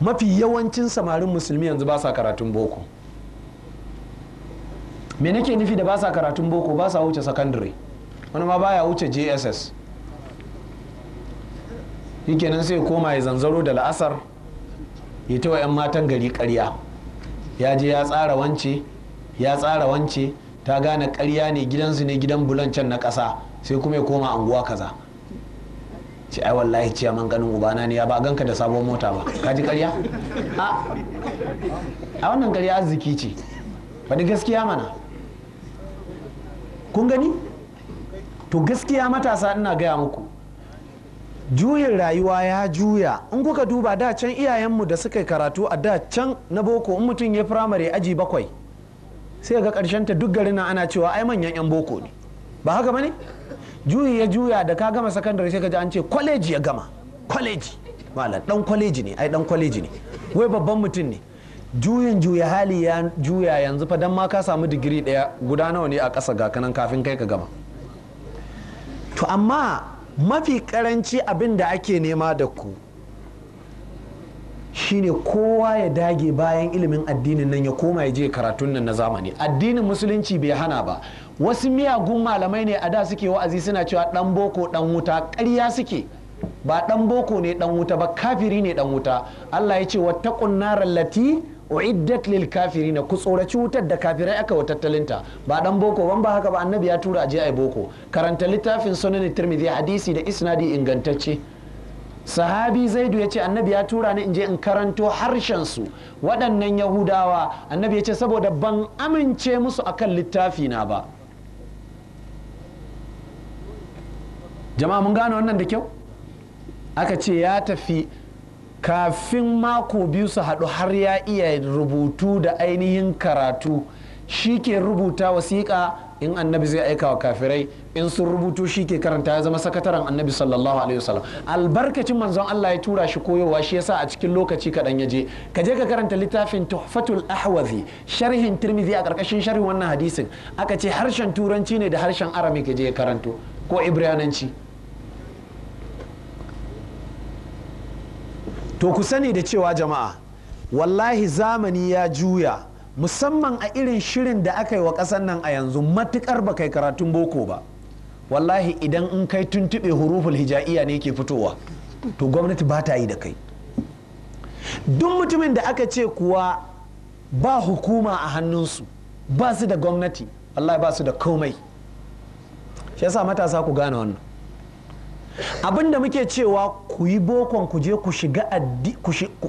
mafi yawancin samarin musulmi yanzu ba sa karatun boko me nake nufi da ba sa karatun boko ba sa wuce sakandare wani ma baya wuce jss kenan sai koma ya zanzaro da la'asar ya ta wa 'yan matan gari karya ya je ya tsara wance ya tsara wance ta gane karya ne gidansu ne gidan bulancan na ƙasa sai kuma ya koma anguwa kaza ce ai wallahi ce man ganin ubana ne ya ba ganka da sabon mota ba ka ji karya a wannan karya arziki ce faɗi gaskiya mana kun gani to gaskiya matasa ina gaya muku juyin rayuwa ya juya in kuka duba da can iyayenmu da suka karatu a da can na boko in mutum ya firamare aji bakwai sai ga karshen ta duk garin ana cewa ai manyan 'yan boko ne ba haka ba ne juyi ya juya da ka gama sakandare sai ka ji an ce kwaleji ya gama kwaleji malam dan kwaleji ne ai dan kwaleji ne wai babban mutum ne juyin juya hali ya juya yanzu fa dan ma ka samu digiri daya guda nawa ne a kasa ga kanan kafin kai ka gama to amma mafi karanci abin da ake nema da ku shine kowa ya dage bayan ilimin addinin nan ya koma ya je karatun nan na zamani addinin musulunci bai hana ba wasu miyagun malamai ne a da suke wa'azi suna cewa dan boko dan wuta ƙarya suke ba dan boko ne dan wuta ba kafiri ne dan wuta Allah ya ce wata naral lati uiddat lil na ku tsoraci wutar da kafirai aka wa tattalinta ba dan boko ban ba haka ba annabi ya tura aje ai boko karanta littafin sunan tirmidhi hadisi da isnadi ingantacce sahabi zaidu ya ce annabi ya tura ni in je in karanto harshen su waɗannan yahudawa annabi ya ce saboda ban amince musu akan littafi na ba jama'a mun gane wannan da kyau aka ce ya tafi kafin mako biyu su haɗu har ya iya rubutu da ainihin karatu shi ke rubuta wasiƙa in annabi zai aika wa kafirai in sun rubutu shi ke karanta ya zama sakataren annabi sallallahu alaihi wasallam albarkacin manzon Allah ya tura shi koyowa shi yasa a cikin lokaci kaɗan ya je ka je ka karanta littafin tuhfatul ahwazi sharhin tirmidhi a ƙarƙashin sharhin wannan hadisin aka ce harshen turanci ne da harshen arami ka je ya karanto ko ibrananci to ku sani da cewa jama'a wallahi zamani ya juya musamman a irin shirin da aka yi wa ƙasar nan a yanzu matukar ba kai karatun boko ba wallahi idan in kai tuntuɓe huruful hija'iya ne ke fitowa to gwamnati ba ta yi da kai duk mutumin da aka ce kuwa ba hukuma a hannunsu ba su da gwamnati wallahi ba su da komai shi yasa matasa ku gane wannan abinda muke cewa ku yi bokon ku je ku shiga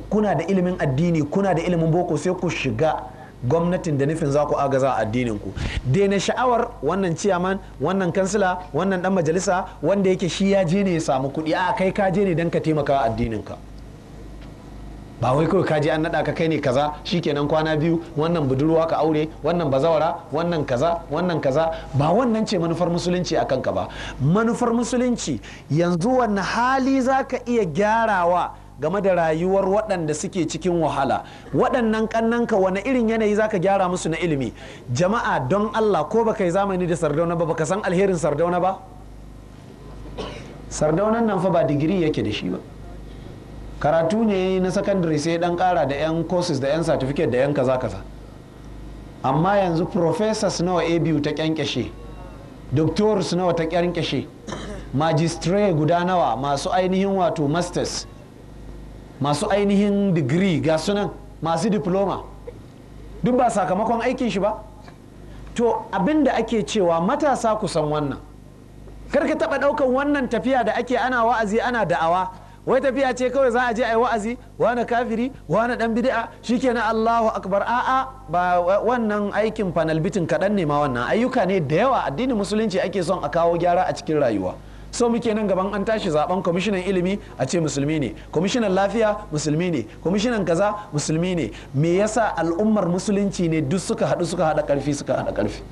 kuna da ilimin addini kuna da ilimin boko sai ku shiga gwamnatin da nufin za ku agaza a addinin ku daina sha'awar wannan ciyaman wannan kansila wannan dan majalisa wanda yake shi ya je ne ya samu kuɗi a kai ka je ne don ka taimaka addinin ka ba wai kawai kaji an naɗa ka kai ne kaza shi shikenan kwana biyu wannan budurwa ka aure wannan bazawara wannan kaza wannan kaza ba wannan ce manufar musulunci a kanka ba manufar musulunci yanzu wannan hali za ka iya gyarawa game da rayuwar waɗanda suke cikin wahala waɗannan ƙannanka wani irin yanayi zaka gyara musu na ilimi jama'a don Allah ko baka yi zamani da sardauna ba baka san alherin sardauna ba sardaunan nan fa ba digiri yake da shi ba karatu ne na secondary sai dan kara da yan courses da yan certificate da yan kaza kaza amma yanzu professors nawa A biyu ta kyankyashe doctors nawa ta kyankyashe magistrate guda nawa masu ainihin wato masters masu ainihin digiri ga sunan masu diploma duk ba sakamakon aikin shi ba to abinda ake cewa matasa ku san wannan karka taba daukan wannan tafiya da ake ana wa'azi ana da'awa wai tafiya ce kawai za a je a yi wa'azi wani kafiri wani dan bid'a shikenan Allahu akbar a'a ba wannan aikin panel bitin kaɗan ne ma wannan ayyuka ne da yawa addinin musulunci ake son a kawo gyara a cikin rayuwa so muke nan gaban an tashi zaben kwamishinan ilimi a ce musulmi ne kwamishinan lafiya musulmi ne kwamishinan kaza musulmi ne me yasa al'ummar musulunci ne duk suka haɗu suka haɗa ƙarfi suka haɗa ƙarfi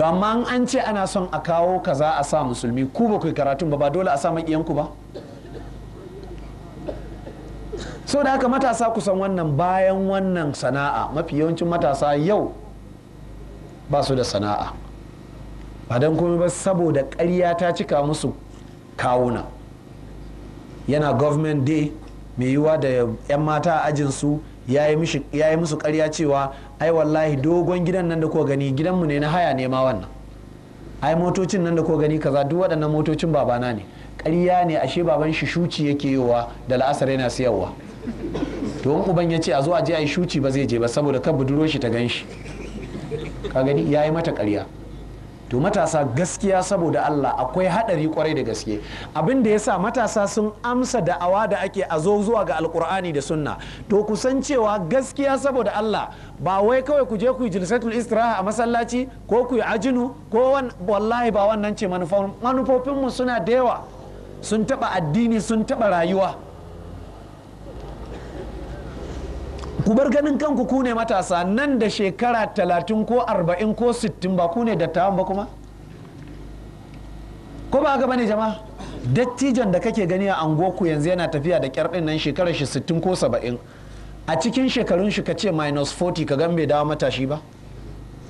to amma an ce ana son a kawo kaza a sa musulmi ku ba kai karatun ba ba dole a sa maƙiyanku ba so da haka matasa ku san wannan bayan wannan sana'a mafi yawancin matasa yau ba su da sana'a ba don kuma ba saboda ƙarya ta cika musu kawuna yana government day mai yiwa da 'yan mata ajinsu ya yi musu karya cewa ai wallahi dogon gidan nan da ko gani gidanmu ne na haya ne ma wannan ai motocin nan da ko gani kaza duk waɗannan motocin babana ne karya ne ashe baban shi shuci yake yowa da la'asar yana siyarwa in uban ya ce a zo a je a yi shuci ba zai je ba saboda kan budurwar shi ta gan shi ka gani ya yi mata karya. to matasa gaskiya saboda Allah akwai hadari kwarai da gaske abin da yasa matasa sun amsa da'awa da ake a zo zuwa ga alkur'ani da sunna to kusan cewa gaskiya saboda Allah ba wai kawai ku je ku yi jilsatul istiraha a masallaci ko ku yi ajinu ko wallahi ba wannan ce manufofin mu suna da yawa sun taba addini sun taba rayuwa ku bar ganin kanku ku ne matasa nan da shekara talatin ko arba'in ko sittin ba ku ne dattawan ba kuma ko ba ga bane jama'a dattijon da kake gani a angoku yanzu yana tafiya da kyar din nan shekarar shi sittin ko saba'in a cikin shekarun shi ka ce minus 40 ka gan bai dawo matashi ba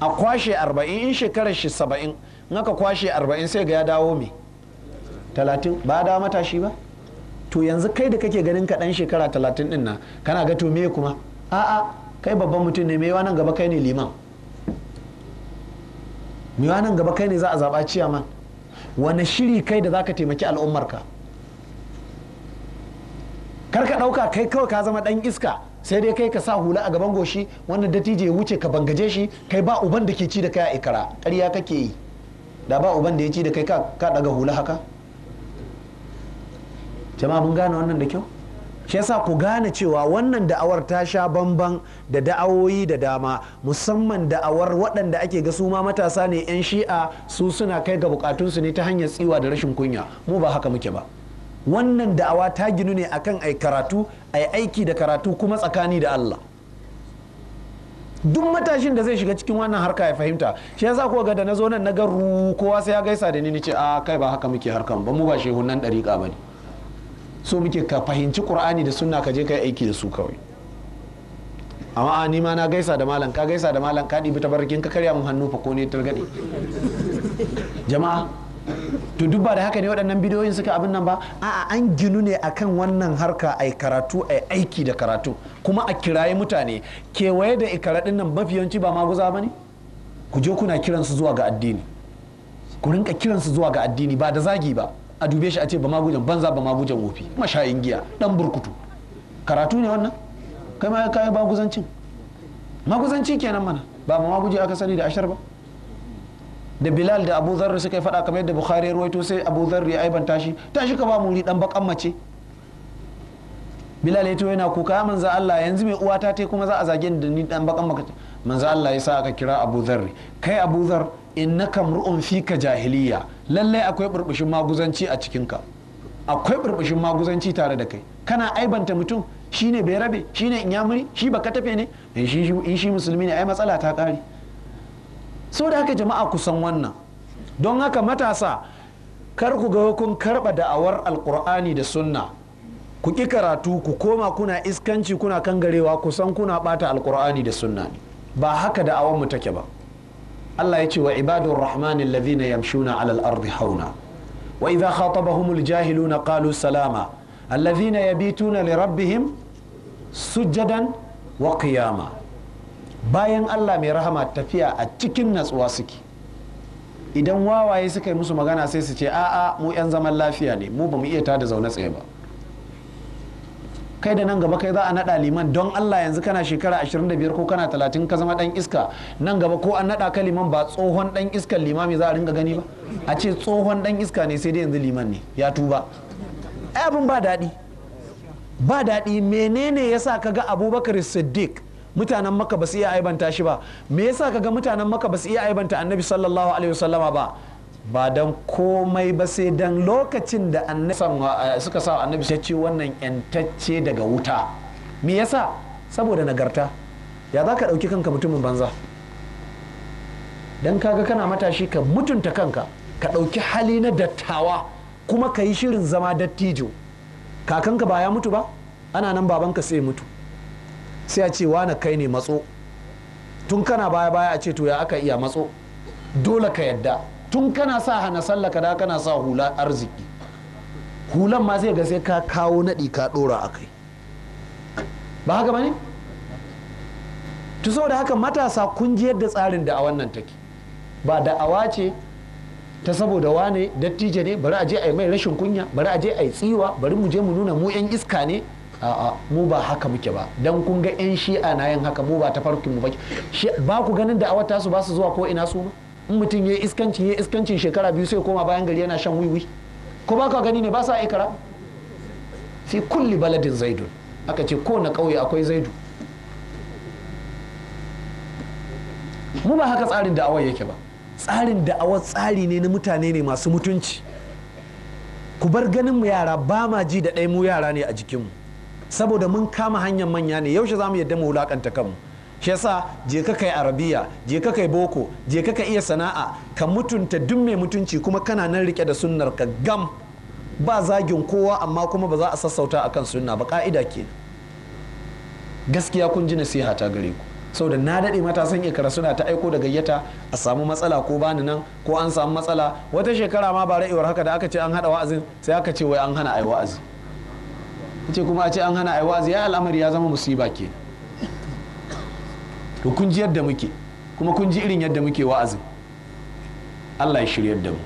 a kwashe arba'in in shekarar shi saba'in in aka kwashe arba'in sai ga ya dawo me talatin ba dawo matashi ba to yanzu kai da kake ganin ka dan shekara talatin din nan kana ga to me kuma a'a kai babban mutum ne mai nan gaba kai ne liman mai nan gaba kai ne za a zaɓa ciyaman wani shiri kai da za ka taimaki al'ummarka kar ka ɗauka kai kawai ka zama ɗan iska sai dai kai ka sa hula a gaban goshi wannan dattijo ya wuce ka bangaje shi kai ba uban da ke ci da kai a ikara ƙarya kake yi da ba uban da ya ci da kai ka ɗaga hula haka jama'a mun gane wannan da kyau shi yasa ku gane cewa wannan da'awar ta sha bamban da da'awoyi da dama musamman da'awar waɗanda ake ga su ma matasa ne 'yan shi'a su suna kai ga bukatunsu ne ta hanyar tsiwa da rashin kunya mu ba haka muke ba wannan da'awa ta ginu ne akan ai karatu ai aiki da karatu kuma tsakani da Allah duk matashin da zai shiga cikin wannan harka ya fahimta shi yasa ko ga da nazo nan na ga kowa sai ya gaisa da ni ni ce a ah, kai ba haka muke harkan ba mu ba shehunan dariƙa bane so muke ka fahimci qur'ani da sunna ka je kai aiki da su kawai amma a nima na gaisa da malam ka gaisa da malam ka ɗibi tabarkin ka karya mun hannu fa ko ne targaɗe jama'a to duk ba da haka ne waɗannan bidiyoyin suka abin nan ba a'a an ginu ne akan wannan harka ai karatu ai aiki da karatu kuma a kirayi mutane kewaye da ikaraɗin nan mafiyanci ba maguza ba ne ku je kuna kiransu zuwa ga addini ku rinka kiransu zuwa ga addini ba da zagi ba a dube shi a ce ba magujan banza ba magujan wofi mashayin giya dan burkutu karatu ne wannan kai ma ya kayi maguzancin maguzanci kenan mana ba ma maguje aka sani da ashar ba da bilal da abu zarri suka yi faɗa kamar yadda bukhari ya ruwaito sai abu zarri ya aibanta shi tashi ka ba muri dan bakan mace bilal ya to yana kuka ya manza Allah yanzu mai uwata ta kuma za a zage ni da ni dan bakan mace manza Allah ya sa aka kira Abu zarri kai Abu zarri innaka mru'un fika jahiliya lallai akwai burbushin maguzanci a cikinka akwai burbushin maguzanci tare da kai kana aibanta mutum shine bai rabe shine yamuri shi baka tafe ne eh, in shi musulmi ne ai matsala ta kare so da haka jama'a kusan wannan don haka matasa kar ku ga hukun karba da'awar alkur'ani da sunna ku ki karatu ku koma kuna iskanci kuna kangarewa kusan kuna bata alkur'ani da sunna ne ba haka da'awar mu take ba Allah ya ce wa ibadur rahmanin lazina yamshuna alal ardi hauna wa idza khatabahumul jahiluna qalu salama allazina yabituna li rabbihim sujjadan wa qiyama bayan Allah mai rahama tafiya a cikin natsuwa suke idan wawaye suka yi musu magana sai su ce a'a mu 'yan zaman lafiya ne mu ba mu iya tada zaune tsaye ba kai da nan gaba kai za a naɗa liman don Allah yanzu kana shekara 25 ko kana 30 ka zama ɗan iska nan gaba ko an nada ka liman ba tsohon ɗan iskan limami za a ringa gani ba a ce tsohon dan iska ne sai dai yanzu liman ne ya tuba abin ba daɗi ba daɗi menene yasa ka ga abubakar siddiq mutanen maka ba su iya aibanta shi ba me yasa ka ga mutanen maka ba su iya aibanta annabi sallallahu alaihi wasallama ba ba don komai ba sai don lokacin da eh, suka sa annabi ya ce wannan yantacce daga wuta me yasa saboda nagarta ya za ka ɗauki kanka mutumin banza don kaga kana matashi ka mutunta kanka ka ɗauki hali na dattawa kuma ka yi shirin zama dattijo kakanka ba ya mutu ba ana nan babanka sai mutu sai a ce na kai ne matso tun kana baya baya a ce to ya aka iya matso dole ka yadda tun kana sa hana sallah kada kana sa hula arziki hulan ma zai ga sai ka kawo naɗi ka ɗora a kai ba haka ba ne? to saboda haka matasa kun ji yadda tsarin da a wannan take ba da'awa ce ta saboda wane dattijo ne bari a je a yi mai rashin kunya bari a je a yi tsiwa bari mu je mu nuna mu 'yan iska ne a'a mu ba haka muke ba dan kun ga 'yan shi'a na yin haka mu ba ta farkin mu ba ku ganin da'awar tasu ba su zuwa ko ina su ba in mutum ya iskancin ya iskancin shekara biyu sai koma bayan gari yana shan wiwi ko ba ka gani ne ba sa fi kulli baladin zaidu aka ce ko na ƙauye akwai zaidu mu ba haka tsarin da'awar yake ba tsarin da'awar tsari ne na mutane ne masu mutunci ku bar ganin mu yara ba ma ji da ɗaya mu yara ne a jikinmu saboda mun kama hanyar manya ne yaushe za mu yadda mu wulakanta kanmu shi yasa je ka kai arabiya je ka kai boko je ka kai iya sana'a ka mutunta duk mai mutunci kuma kana nan rike da sunnar ka gam ba zagin kowa amma kuma ba za a sassauta akan sunna ba ka'ida ke gaskiya kun ji nasiha ta gare ku saboda na daɗe matasan ikara suna ta aiko da gayyata a samu matsala ko bani nan ko an samu matsala wata shekara ma ba ra'iwar haka da aka ce an hada wa'azin sai aka ce wai an hana ai wa'azi ce kuma a ce an hana ai wa'azi ya al'amari ya zama musiba kenan to kun ji yadda muke kuma kun ji irin yadda muke wa'azin Allah ya shiryar da mu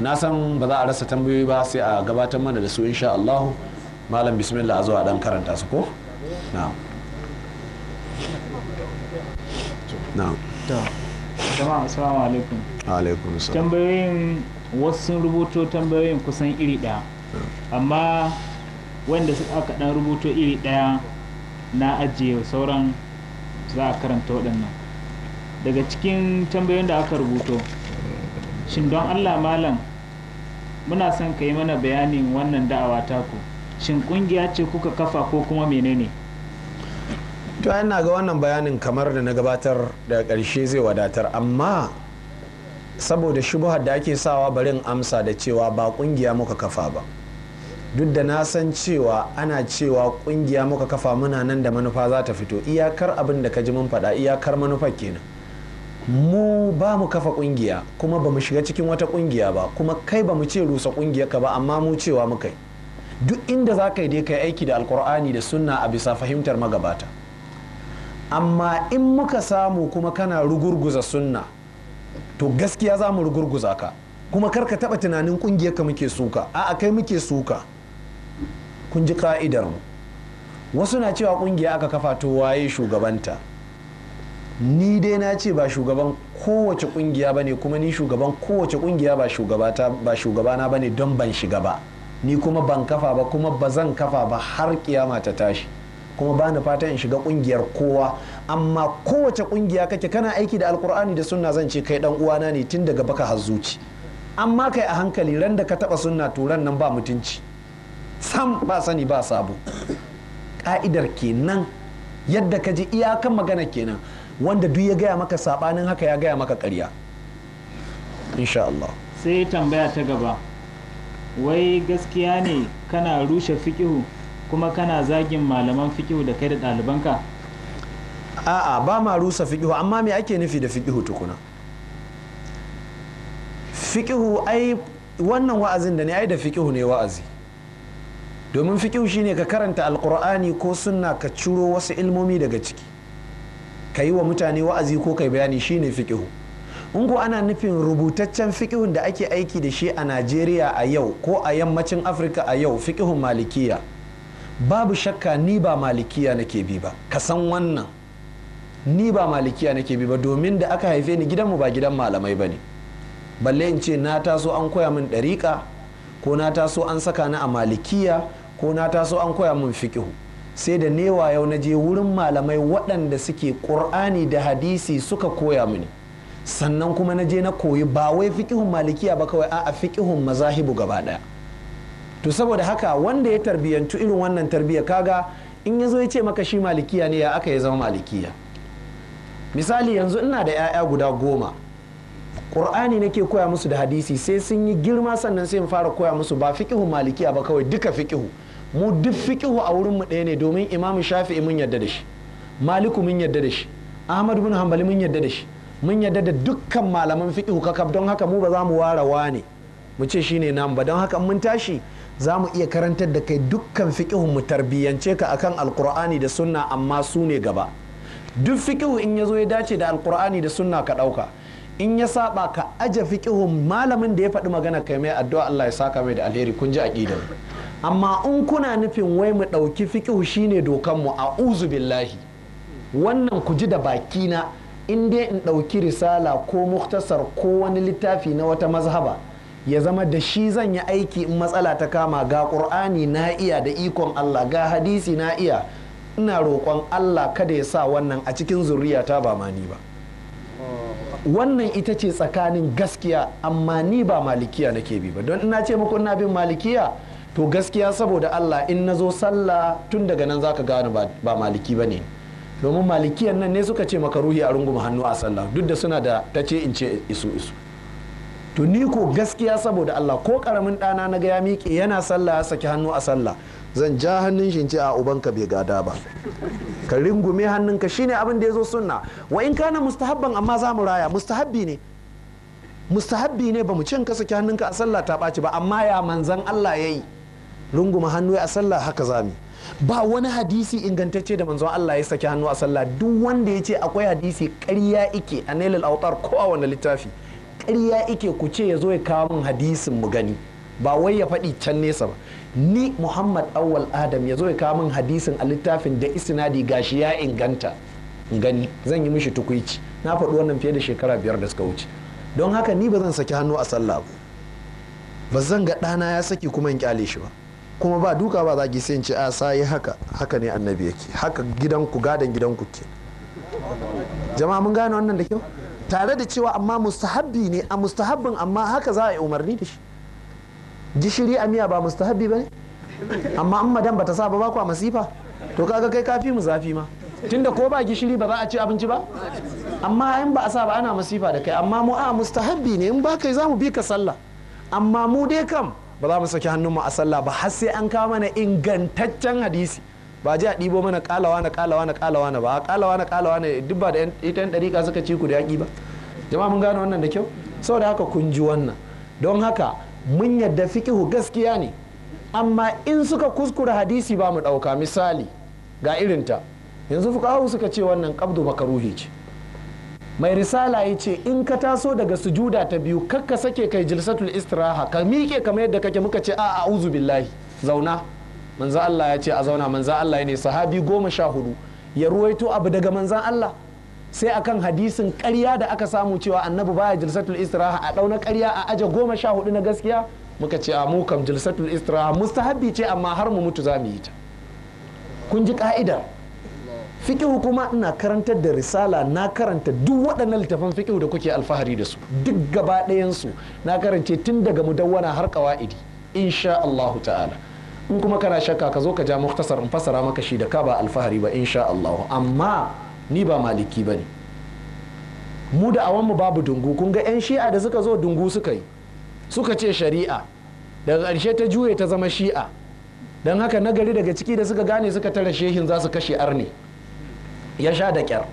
na san ba za a rasa tambayoyi ba sai a gabatar mana da su insha Allah malam bismillah a zuwa dan karanta su ko na'am na'am jama'a assalamu alaikum wa alaikum tambayoyin wasu sun rubuto tambayoyin kusan iri ɗaya amma wanda suka aka ɗan rubuto iri ɗaya na ajiye sauran za a karanta waɗannan daga cikin tambayoyin da aka rubuto shin don allah malam muna son ka yi mana bayanin wannan da'awa taku shin ƙungiya ce kuka kafa ko kuma menene to ina ga wannan bayanin kamar da na gabatar daga ƙarshe zai wadatar amma saboda shubuhar da ake sawa barin amsa da cewa ba ƙungiya muka kafa ba duk da na san cewa ana cewa kungiya muka kafa muna nan da manufa za ta fito iyakar abin da ka ji mun faɗa iyakar manufar kenan mu ba mu kafa kungiya kuma ba mu shiga cikin wata kungiya ba kuma kai ba mu ce rusa kungiyarka ka ba amma mu cewa mu yi duk inda za ka yi dai kai aiki da alkur'ani da sunna a bisa fahimtar magabata amma in muka samu kuma kana rugurguza sunna to gaskiya za mu rugurguza ka kuma karka ka taɓa tunanin ƙungiyar ka muke suka a'a kai muke suka kun ji ka'idar mu wasu na cewa kungiya aka kafa to waye shugabanta ni dai na ce ba shugaban kowace kungiya bane kuma ni shugaban kowace kungiya ba shugabata ba shugabana bane don ban shiga ba ni kuma ban kafa ba kuma ba zan kafa ba har kiyama ta tashi kuma ba ni fata in shiga kungiyar kowa amma kowace kungiya kake kana aiki da alkur'ani da sunna zan ce kai dan uwana ne tun daga baka har zuci amma kai a hankali ran da ka taba sunna to ran nan ba mutunci sam ba sani ba sabo ka'idar kenan yadda ka ji iyakan magana kenan wanda duk ya gaya maka sabanin haka ya gaya maka karya insha Allah sai tambaya ta gaba wai gaskiya ne kana rushe fikihu kuma kana zagin malaman fikihu da kai da ɗalibanka a'a ba ma rusa fikihu amma me ake nufi da fikihu tukuna fikihu ai wannan wa'azin da ne ai da fikihu ne wa'azi domin fiƙihu ne ka karanta alƙur'ani ko sunna ka ciro wasu ilmomi daga ciki ka yi wa mutane wa'azi ko kai bayani shine fiƙihu in ko ana nufin rubutaccen fiƙihun da ake aiki da shi a najeriya a yau ko a yammacin afirka a yau fiƙihun malikiya babu shakka ni ba malikiya nake bi ba ka san wannan ni ba malikiya nake bi ba domin da aka haife ni gidanmu ba gidan malamai ba ne balle in ce na taso an koya min ɗariƙa ko na taso an saka ni a malikiya ko na taso an koya min fikihu sai da newa yau na je wurin malamai waɗanda suke ƙur'ani da hadisi suka koya mini sannan kuma na je na koyi ba wai fikihun malikiya ba kawai a'a fiƙihun mazahibu gaba ɗaya to saboda haka wanda ya tarbiyantu irin wannan tarbiyya kaga in ya zo ya ce maka shi malikiya ne ya aka ya zama malikiya misali yanzu ina da 'ya'ya guda goma ƙur'ani nake koya musu da hadisi sai sun yi girma sannan sai in fara koya musu ba fikihun malikiya ba kawai duka fikihu. mu duk fiƙihu a wurin mu ɗaya ne domin imamu shafi mun yadda da shi maliku mun yadda da shi ahmad bin hanbali mun yadda da shi mun yadda da dukkan malaman fiqihu kakaf don haka mu ba za mu ware ne mu ce shine namu ba don haka mun tashi za mu iya karantar da kai dukkan fiƙihu mu tarbiyyance ka akan alqur'ani da sunna amma su ne gaba duk fiƙihu in ya zo ya dace da alqur'ani da sunna ka ɗauka in ya saba ka aje fiƙihun malamin da ya faɗi magana kai mai addu'a Allah ya saka mai da alheri kun ji aqidar amma in kuna nufin wai mu ɗauki fiƙihu shine dokanmu a uzu billahi wannan ku ji da na in dai in ɗauki risala ko muktasar ko wani littafi na wata mazhaba ya zama da shi zan yi aiki in matsala ta kama ga ƙur'ani na iya da ikon Allah ga hadisi na iya ina roƙon Allah kada ya sa wannan a cikin zuriyata ba mani ba wannan ita ce tsakanin gaskiya amma ni ba malikiya nake bi ba don ina ce muku ina bin malikiya to gaskiya saboda Allah in na zo sallah tun daga nan zaka gane ba maliki ba ne domin malikiyan nan ne suka ce maka ruhi a rungu hannu a sallah duk da suna da ta ce in ce isu isu to ni ko gaskiya saboda Allah ko karamin ɗana na ga ya miƙe yana sallah ya saki hannu a sallah zan ja hannun shi ce a ubanka bai gada ba ka ringume hannunka shine abin da ya zo sunna wa in kana mustahabban amma za mu raya mustahabbi ne mustahabbi ne ba mu cin ka saki hannunka a sallah ta ɓaci ba amma ya manzan Allah ya yi runguma hannu a sallah haka zami ba wani hadisi ingantacce da manzon Allah ya saki hannu a sallah duk wanda ya ce akwai hadisi ƙarya ike a nailal autar ko a wani littafi ƙarya ike ku ce ya zo ya kawo min hadisin mu gani ba wai ya faɗi can nesa ba ni muhammad awwal adam ya zo ya kawo min hadisin a littafin da isnadi gashi ya inganta gani zan yi mishi tukuici na faɗi wannan fiye da shekara biyar da suka wuce don haka ni ba zan saki hannu a sallah ba ba zan ga ɗana ya saki kuma in kyale shi ba kuma ba duka ba ki sai in ce a sai haka haka ne annabi yake haka gidanku gadan gidanku ke jama'a mun gane wannan da kyau tare da cewa amma mustahabbi ne a mustahabbin amma haka za a yi umarni da shi gishiri a miya ba mustahabbi ba ne amma an madan ta sa ba ba ku a masifa to kaga kai kafi mu zafi ma tunda ko ba gishiri ba za a ci abinci ba amma in ba a sa ba ana masifa da kai amma mu a mustahabbi ne in ba kai za mu bi ka sallah amma mu dai kam ba za mu saki mu a sallah ba har sai an kawo mana ingantaccen hadisi ba ji a ɗibo mana kalawa na kalawa na kalawa na ba kalawa na kalawa na duk ba da ita yan ɗariƙa suka ci ku da yaƙi ba jama'a mun gane wannan da kyau saboda haka kun ji wannan don haka mun yadda fiqihu gaskiya ne amma in suka kuskura hadisi ba mu ɗauka misali ga irinta yanzu fuka suka ce wannan ƙabdu makaruhi ce mai risala ya ce in ka taso daga sujuda ta biyu kakka sake kai jilsatul istiraha ka miƙe kamar yadda kake muka ce a uzu billahi zauna manzan Allah ya ce a zauna manzan Allah ne sahabi goma sha hudu ya ruwaito abu daga manzan Allah sai akan hadisin karya da aka samu cewa annabi baya jilsatul istiraha a ɗauna karya a aje goma sha hudu na gaskiya muka ce a mu jilsatul istiraha Mustahabi ce amma har mu mutu za mu yi ta kun ji ka'idar fiƙihu kuma ina karantar da risala na karanta duk waɗannan littafan fiƙihu da kuke alfahari da su duk gaba ɗayansu na karance tun daga mudawwana har ƙawa'idi insha Allah ta'ala in kuma kana shakka ka zo ka ja muktasar in fasara maka shi da ka ba alfahari ba insha Allah amma ni ba maliki bane mu da awan mu babu dungu kun ga yan shi'a da suka zo dungu suka yi suka ce shari'a daga ƙarshe ta juye ta zama shi'a don haka nagari daga ciki da suka gane suka tara shehin za su kashe arne ya sha da kyar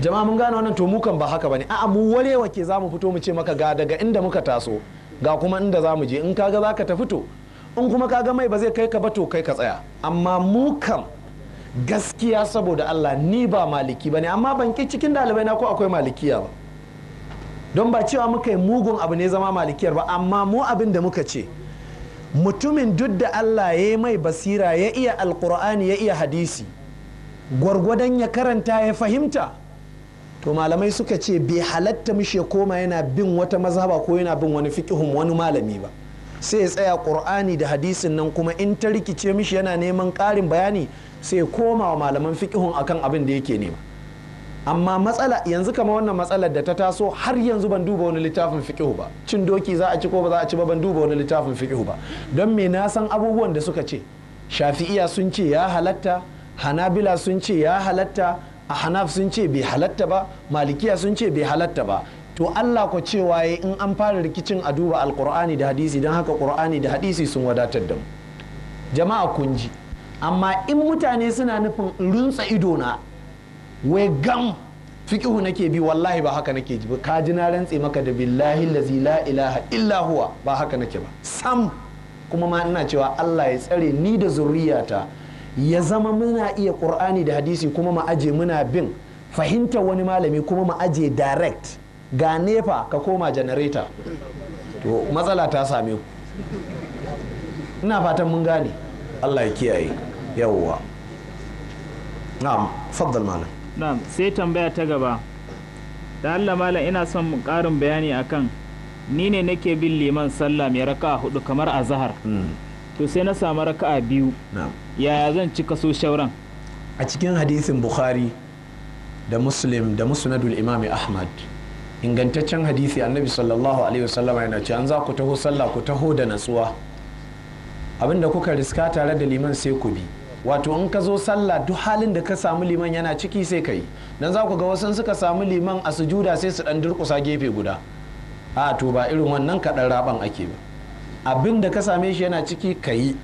jama'a mun gane wannan to mu kan ba haka bane a'a mu warewa ke zamu fito mu ce maka ga daga inda muka taso ga kuma inda zamu je in kaga zaka ta fito in kuma kaga mai ba zai kai ka ba to kai ka tsaya amma mu kan gaskiya saboda Allah ni ba maliki bane amma ban ki cikin dalibai na ko akwai malikiya ba don ba cewa muka yi mugun abu ne zama malikiyar ba amma mu abin da muka ce mutumin duk da Allah ya yi mai basira ya iya alkur'ani ya iya hadisi gwargwadon ya karanta ya fahimta to malamai suka ce bai halatta mishi ya koma yana bin wata mazhaba ko yana bin wani fiqihun wani malami ba sai ya tsaya qur'ani da hadisin nan kuma in ta rikice mishi yana neman ƙarin bayani sai koma wa malaman fiqihun akan abin da yake nema amma matsala yanzu kama wannan matsalar da ta taso har yanzu ban duba wani littafin fiqihu ba cin doki za a ci ko ba za a ci ba ban duba wani littafin fiqihu ba don me na san abubuwan da suka ce shafi'iya sun ce ya halatta hanabila sun ce ya halatta a hanaf sun ce bai halatta ba malikiya sun ce bai halatta ba to Allah ku cewa ya in an fara rikicin a duba alkur'ani da hadisi don haka kur'ani da hadisi sun wadatar da mu jama'a kun ji amma in mutane suna nufin runtsa ido na wai gam fiqihu nake bi wallahi ba haka nake ji ka ji na rantse maka da billahi lazi la ilaha illa ba haka nake ba sam kuma ma ina cewa Allah ya tsare ni da zurriyata ya zama muna iya ƙur'ani da hadisi kuma mu aje muna bin fahimtar wani malami kuma mu aje direct ga nefa ka koma janareta to matsala ta same ku ina fatan mun gane allah ya kiyaye yawwa na'am faddal malam na'am sai tambaya ta gaba da allah malam ina son karin bayani akan ni ne nake bin liman sallah mai raka hudu kamar a mm. to sai na samu raka'a biyu yaya zan ci kaso shauran a cikin hadisin bukhari da muslim da musnadul imami ahmad ingantaccen hadisi annabi sallallahu alaihi wasallam yana ce an za ku taho sallah ku taho da natsuwa abinda kuka riska tare da liman sai ku bi wato in ka zo sallah duk halin da ka samu liman yana ciki sai ka yi dan za ku ga wasu suka samu liman a sujuda sai su dan durkusa gefe guda a to ba irin wannan kaɗan raban ake ba abin da ka same shi yana ciki ka yi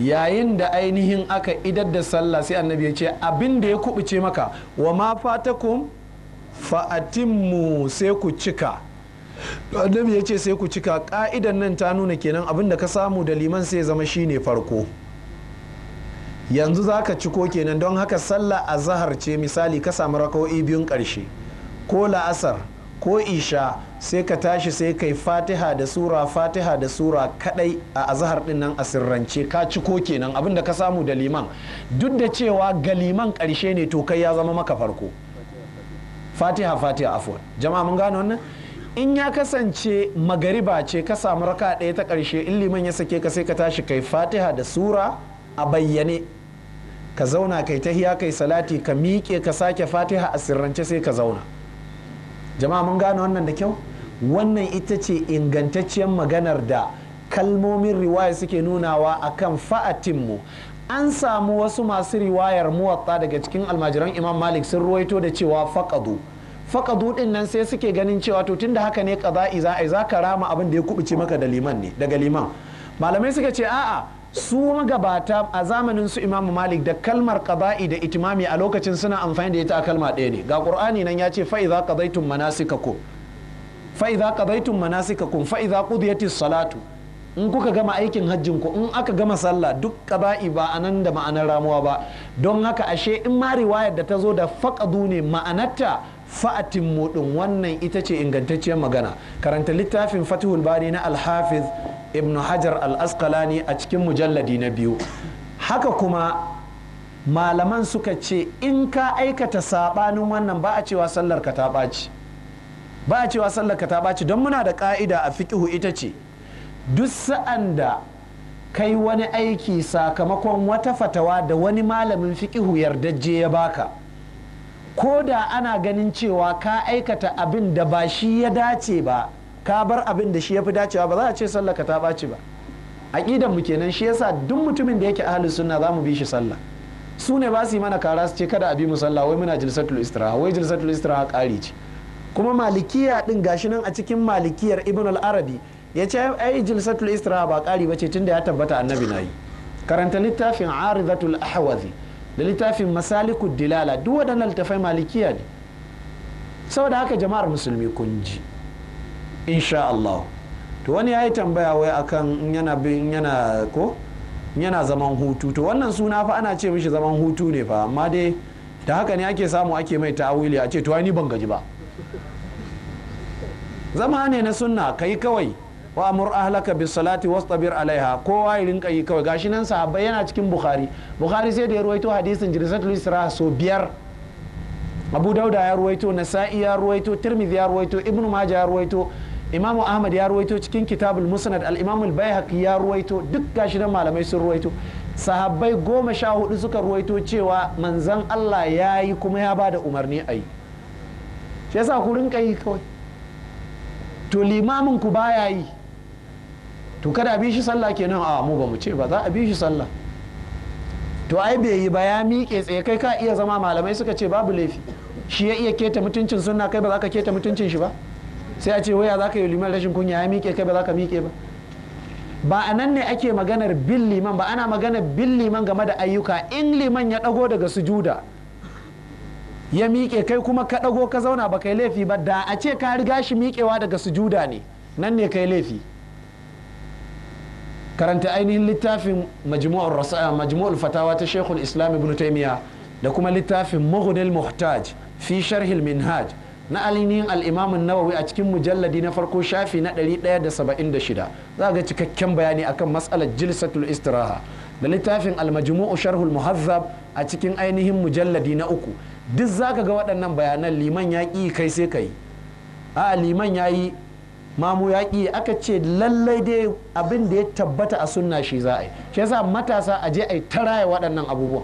yayin da ainihin aka idar da sallah sai annabi ya ce abin da ya kubuce maka wa ma fatakum fa'atimmu sai ku cika annabi ya ce sai ku cika ka'idan nan ta nuna kenan abin da ka samu da liman sai zama shine farko yanzu za ka ciko kenan don haka sallah a zahar ce misali ka samu raka'o'i biyun ƙarshe ko la'asar ko isha sai ka tashi sai kai fatiha da sura fatiha da sura kadai a azahar din nan a sirrance ka ciko kenan abin da ka samu da liman duk da cewa ga liman karshe ne to kai ya zama maka farko fatiha fatiha afuwa jama'a mun gano wannan in ya kasance magariba ce ka samu raka ɗaya ta ƙarshe in liman ya sake ka sai ka tashi kai fatiha da sura a bayyane ka zauna kai ta tahiya kai salati ka miƙe ka sake fatiha a sirrance sai ka zauna jama'a mun gano wannan da kyau wannan ita ce ingantacciyar maganar da kalmomin riwaya suke nunawa a akan fa'atinmu an samu wasu masu riwayar muwatta daga cikin almajiran imam malik sun ruwaito da cewa faƙadu faƙadu ɗin nan sai suke ganin cewa to tunda haka ne ƙaza'i za a yi za ka rama abin da ya kubuce maka da liman ne daga liman malamai suka ce a'a su magabata a zamanin su imam malik da kalmar ƙaza'i da itimami a lokacin suna amfani da ita a kalma ɗaya ne ga ƙur'ani nan ya ce fa idza qadaytum manasikakum faiza idza qadaytum manasikakum fa salatu in kuka gama aikin hajjin ku in aka gama sallah duk qada'i ba anan da ma'anar ramuwa ba don haka ashe in ma riwayar da ta zo da faqadu ne ma'anarta fa'atin mudin wannan ita ce ingantacciyar magana karanta littafin fatihul bari na alhafiz ibnu hajar al-asqalani a cikin mujalladi na biyu haka kuma malaman suka ce in ka aikata sabanin wannan ba a cewa sallar ka ta ɓaci ba a cewa sallaka ta ɓaci don muna da ƙa'ida a fiƙihu ita ce duk sa'an da kai wani aiki sakamakon wata fatawa da wani malamin fiƙihu yardajje ya baka ko da ana ganin cewa ka aikata abin da ba shi ya dace ba ka bar abin da shi ya fi dacewa ba za a ce sallaka ta ɓaci ba aƙidan mu kenan shi yasa duk mutumin da yake ahalin sunna za mu bi shi sallah su ne ba su yi mana kara su ce kada a bi mu sallah wai muna jilsatul istiraha wai jilsatul istiraha ƙari ce kuma malikiya din gashi nan a cikin malikiyar ibn al-arabi ya ce ai jilsatul isra ba kari ba ce tunda ya tabbata annabi na yi karanta littafin aridatul ahwazi da littafin masalikud dilala duk waɗannan littafai malikiya ne saboda haka jama'ar musulmi kun ji insha Allah to wani yayi tambaya wai akan in yana bin yana ko yana zaman hutu to wannan suna fa ana ce mishi zaman hutu ne fa amma dai da haka ne ake samu ake mai ta'awili a ce to ni ban gaji ba zama ne na sunna yi kawai wa amur ahlaka bis salati wastabir alaiha kowa ya rinka yi kawai gashi nan sahabbai yana cikin bukhari bukhari sai da ya ruwaito hadisin jirsatul isra so biyar abu dauda ya ruwaito nasa'i ya ruwaito tirmidhi ya ruwaito ibnu maja ya ruwaito imamu ahmad ya ruwaito cikin kitabul musnad al imam al ya ruwaito duk gashi nan malamai sun ruwaito sahabbai goma sha hudu suka ruwaito cewa manzan allah ya yi kuma ya bada umarni a yi shi yasa ku rinka yi kawai to limamin ku baya yi to kada a bi shi sallah kenan a mu ba mu ce ba za a bi shi sallah to ai bai yi ba ya miƙe tsaye kai ka iya zama malamai suka ce babu laifi shi ya iya keta mutuncin sunna kai ba za ka keta mutuncin shi ba sai a ce waya za ka yi liman rashin kunya ya miƙe kai ba za ka miƙe ba ba a nan ne ake maganar bin liman ba ana maganar bin liman game da ayyuka in liman ya ɗago daga sujuda ya miƙe kai kuma ka ɗago ka zauna ba kai laifi ba da a ce ka riga shi miƙewa daga sujuda ne nan ne kai laifi karanta ainihin littafin majmu'ul fatawa ta shekul islam ibn taimiya da kuma littafin mughnil muhtaj fi sharhil minhaj na ainihin al'imamin nawawi a cikin mujalladi na farko shafi na 176 za ga cikakken bayani akan matsalar jilsatul istiraha da littafin almajmu'u sharhul muhazzab a cikin ainihin mujalladi na uku duk zaka ga waɗannan bayanan liman ya ƙi kai sai kai a liman ya yi mamu ya ƙi aka ce lallai dai abin da ya tabbata a sunna shi za a yi shi yasa matasa a je a yi taraya waɗannan abubuwa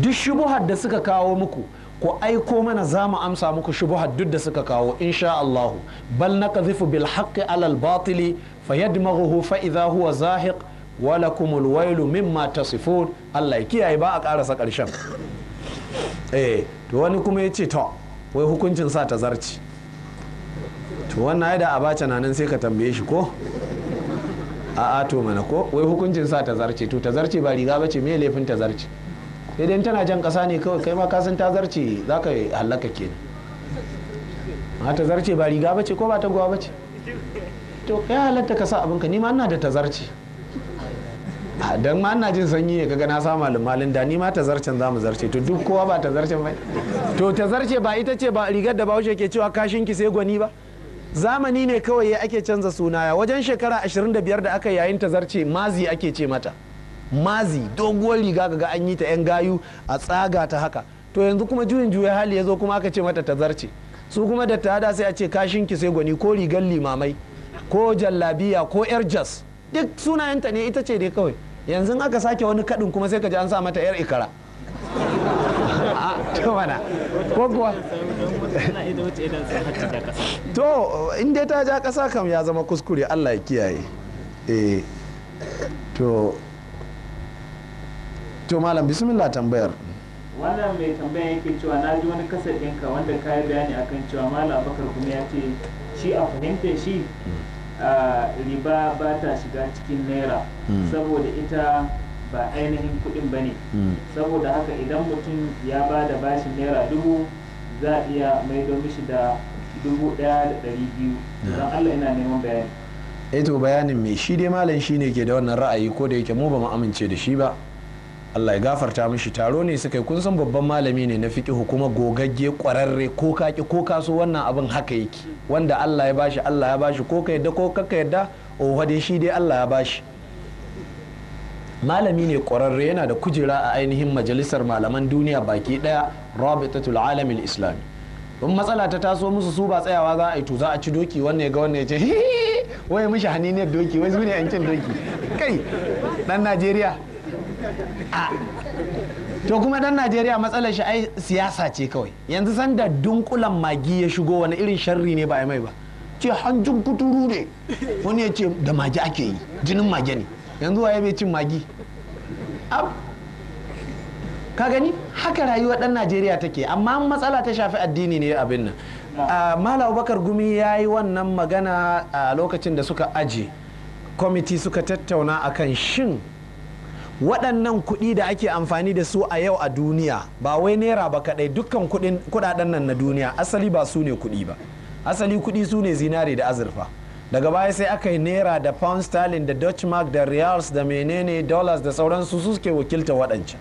duk shubuhar da suka kawo muku ku aiko mana za mu amsa muku shubuhar duk da suka kawo insha Allah bal na kazifu bil haqqi alal batili fayadmaghuhu fa idha huwa zahiq wa lakumul wailu mimma tasifun Allah ya kiyaye ba a karasa ƙarshen eh to wani kuma ya ce to wai hukuncin sa ta zarci to wannan ai da abacha na nan sai ka tambaye shi ko a a to mana ko wai hukuncin sa ta zarce to ta zarce ba riga bace me laifin ta zarce sai dai tana jan kasa ne kawai kai ma ka san ta zarce zaka halaka ne ma ta zarce ba riga bace ko ba ta ba bace to ya halatta ka sa abinka ni ma ina da ta zarce don ma ina jin sanyi ne kaga na sama malin da ni ma ta zarcen za mu zarce to duk kowa ba ta zarcen ba to ta zarce ba ita ce ba rigar da bahaushe ke cewa kashin ki sai gwani ba zamani ne kawai ya ake canza sunaya wajen shekara 25 da aka yayin ta zarce mazi ake ce mata mazi doguwar riga kaga an yi ta yan gayu a tsaga ta haka to yanzu kuma juyin juya hali ya zo kuma aka ce mata ta zarce su kuma da ta da sai a ce kashin ki sai gwani ko rigar limamai ko jallabiya ko yar jas duk sunayenta ne ita ce dai kawai yanzu aka sake wani kadin kuma sai ka ji an sa mata 'yar ikara ah, to in dai ta ja kasa kam ya zama kuskure allah ya kiyaye eh to to malam bismillah tambayar wannan mai tambayar yake cewa na ji wani kasar ɗinka wanda ka yi bayani akan cewa malam bakar kuma ya ce shi a fahimtar shi riba ba ta shiga cikin naira hmm. saboda ita ba ainihin kudin ba ne hmm. saboda haka idan mutum ya ba da bashin naira dubu za a iya maido mishi da dubu ɗaya da ɗari biyu don allah ina neman bayani eto eh bayanin mai shi dai malam shi ne ke da wannan ra'ayi ko da yake mu ba mu amince da shi ba Allah ya gafarta mishi taro ne suka yi kun san babban malami ne na fiƙi kuma gogagge ƙwararre ko kaki ko kaso wannan abin haka yake wanda Allah ya bashi Allah ya bashi ko ka yadda ko kaka yadda owa dai shi dai Allah ya bashi malami ne kwararre yana da kujera a ainihin majalisar malaman duniya baki ɗaya rabitatul alamin islami in matsala ta taso musu su ba tsayawa za a yi to za a ci doki wannan ya ga wannan ya ce mushi mishi haniniyar doki wai su ne yankin doki kai dan najeriya to kuma dan najeriya matsalar shi ai siyasa ce kawai yanzu sanda dunkulan magi ya shigo wani irin sharri ne ba a mai ba ce hanjin kuturu ne wani ya ce da magi ake yi jinin magi ne yanzu waye bai cin magi ka gani haka rayuwa dan najeriya take amma matsala ta shafi addini ne abin nan ah. Ah, Malam bakar gumi ya yi wannan magana a lokacin da suka aje kwamiti suka tattauna akan shin waɗannan kuɗi da ake amfani da su a yau a duniya ba wai naira ba kaɗai dukkan kuɗaɗen nan na duniya asali ba su ne kuɗi ba asali kuɗi su ne zinare da azurfa daga baya sai aka yi naira da pound sterling da dutch mark da reals da menene dollars da sauransu su suke wakilta waɗancan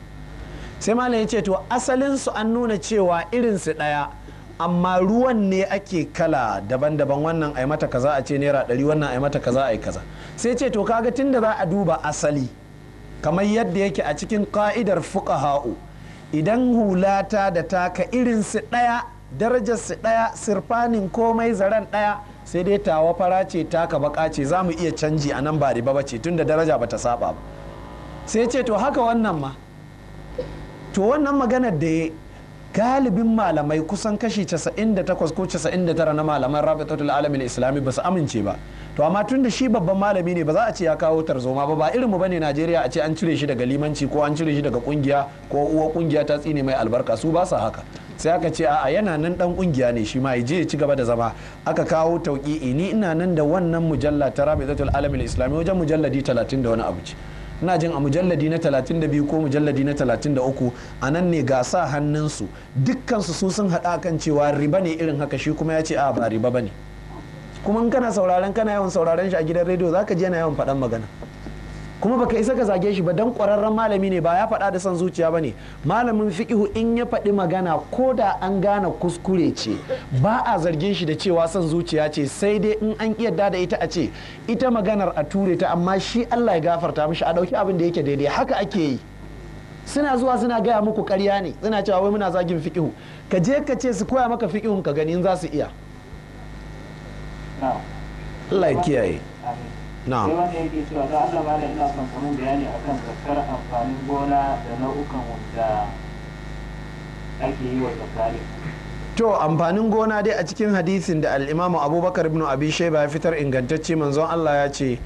sai malam ya ce to asalinsu an nuna cewa irinsu ɗaya amma ruwan ne ake kala daban-daban wannan ai mata kaza a ce naira ɗari wannan ai mata kaza ai kaza sai ce to kaga tun da za a duba asali kamar yadda yake a cikin ka'idar fuka ha'u idan hulata da taka irin su ɗaya su ɗaya sirfanin komai zaren ɗaya sai dai tawa fara ce taka baka ce za mu iya canji a nan ba riba ba ce tunda daraja ba ta saba ba sai ce to haka wannan ma to wannan maganar da ya. galibin malamai kusan kashi 98 ko 99 na malaman rabitatul alamin islami ba su amince ba to amma tun da shi babban malami ne ba za a ce ya kawo tarzoma ba ba irin mu ne Najeriya a ce an cire shi daga limanci ko an cire shi daga kungiya ko uwa kungiya ta tsine mai albarka su ba su haka sai aka ce a yana nan dan kungiya ne shi ma ya je ya ci gaba da zama aka kawo tauki ni ina nan da wannan mujalla ta rabitatul alamin islami wajen mujalladi 30 da wani abu ce ina jin a mujalladi na 32 ko mujalladi na 33 a nan ne ga sa hannunsu dukkansu su sun haɗa kan cewa riba ne irin haka shi kuma ya ce a ba riba ba ne kuma in kana sauraron kana yawan sauraron shi a gidan rediyo za ka je na yawan faɗan magana kuma baka isa ka zage shi ba dan kwararren malami ne ba ya faɗa da son zuciya ba ne malamin fiƙihu in ya faɗi magana ko da an gane kuskure ce ba a zargin shi da cewa son zuciya ce sai dai in an yarda da ita a ce ita maganar a ture ta amma shi Allah ya gafarta mishi a ɗauki abin da yake daidai haka ake yi suna zuwa suna gaya muku karya ne suna cewa wai muna zagin fiƙihu ka je ka ce su koya maka fiƙihun ka gani in za su iya Allah ya kiyaye. sai wanda yake cewa da Allah ina son bayani akan amfanin gona da nau'ukan wanda ake yi wa zakari to amfanin gona dai a cikin hadisin da al'imamu abubakar ibn abi shaiba ya fitar ingantacce manzon allah ya ce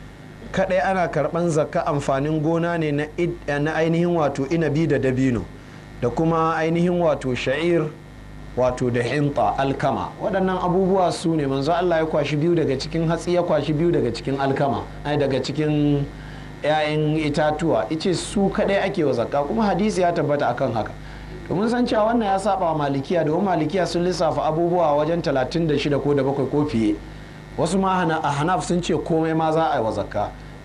kadai ana karban zakka amfanin gona ne na ainihin wato inabi da dabino da kuma ainihin wato sha'ir wato da hinta alkama waɗannan abubuwa su ne manzo Allah ya kwashi biyu daga cikin hatsi ya kwashi biyu daga cikin alkama ai daga cikin 'ya'yan itatuwa ice su kadai ake wa kuma hadisi ya tabbata akan haka domin san cewa wannan ya saba wa malikiya domin malikiya sun lissafa abubuwa wajen 36 ko da bakwai ko fiye wasu ma a hanaf sun ce komai ma za a yi wa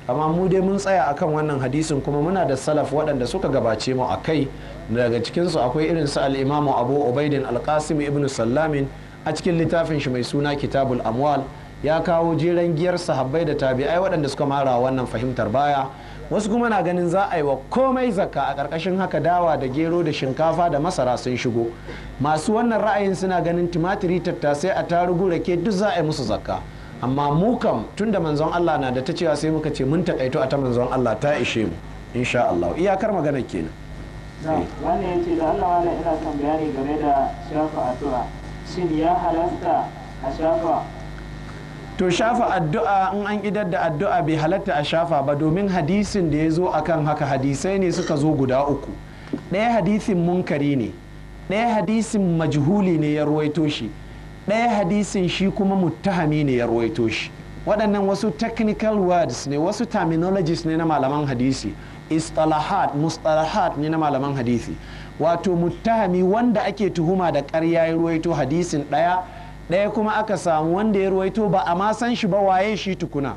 amma mu dai mun tsaya akan wannan hadisin kuma muna da salaf waɗanda suka gabace mu a kai daga cikinsu akwai irin su al'imamu abu obaidin alkasim ibn sallamin a cikin littafin shi mai suna kitabul amwal ya kawo jeren giyar sahabbai da tabi'ai waɗanda suka mara wannan fahimtar baya wasu kuma na ganin za a yi wa komai zakka a ƙarƙashin haka dawa da gero da shinkafa da masara sun shigo masu wannan ra'ayin suna ganin tumatiri tattasai a tarugu rake duk za a yi musu zakka amma mu kam tunda manzon Allah na da ta cewa sai muka ce mun takaito a ta manzon Allah ta ishe mu insha Allah iyakar magana kenan wannan yace da Allah wala ina kan bayani game da shafa addu'a shin ya halasta a shafa to shafa addu'a in an idar da addu'a bai halatta a shafa ba domin hadisin da ya zo akan haka hadisai ne suka zo guda uku ɗaya hadisin munkari ne ɗaya hadisin majhuli ne ya ruwaito shi ɗaya hadisin shi kuma muttahami ne ya ruwaito shi waɗannan wasu technical words ne wasu terminologies ne na malaman hadisi istalahat mustalahat ne na malaman hadisi wato muttahami wanda ake tuhuma da ƙarya ya ruwaito hadisin ɗaya ɗaya kuma aka samu wanda ya ruwaito ba a ma san shi ba waye shi tukuna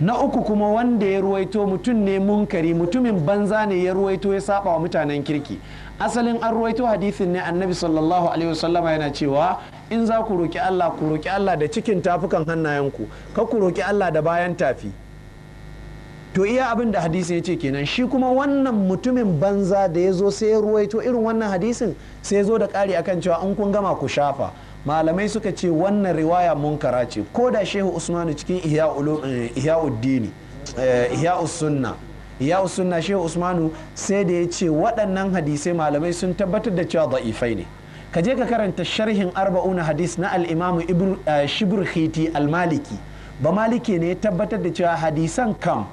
na uku kuma wanda ya ruwaito mutum ne munkari mutumin banza ne ya ruwaito ya saba wa mutanen kirki asalin an ruwaito hadisin ne annabi sallallahu alaihi wasallama yana cewa in za ku roƙi Allah ku roƙi Allah da cikin tafukan hannayenku ka ku roƙi Allah da bayan tafi to iya abin da hadisi ya ce kenan shi kuma wannan mutumin banza da ya zo sai ya ruwaito irin wannan hadisin sai ya zo da ƙari akan cewa in kun gama ku shafa malamai suka ce wannan riwaya munkara ce ko da shehu usmanu cikin ihya'uddini eh, eh, sunna ihya'us shehu usmanu sai da ya ce waɗannan hadisai malamai sun tabbatar da cewa da'ifai ne ka je ka karanta sharhin arba'una hadis na al'imamu eh, shibr khiti al-maliki ba maliki ne ya tabbatar da cewa hadisan kam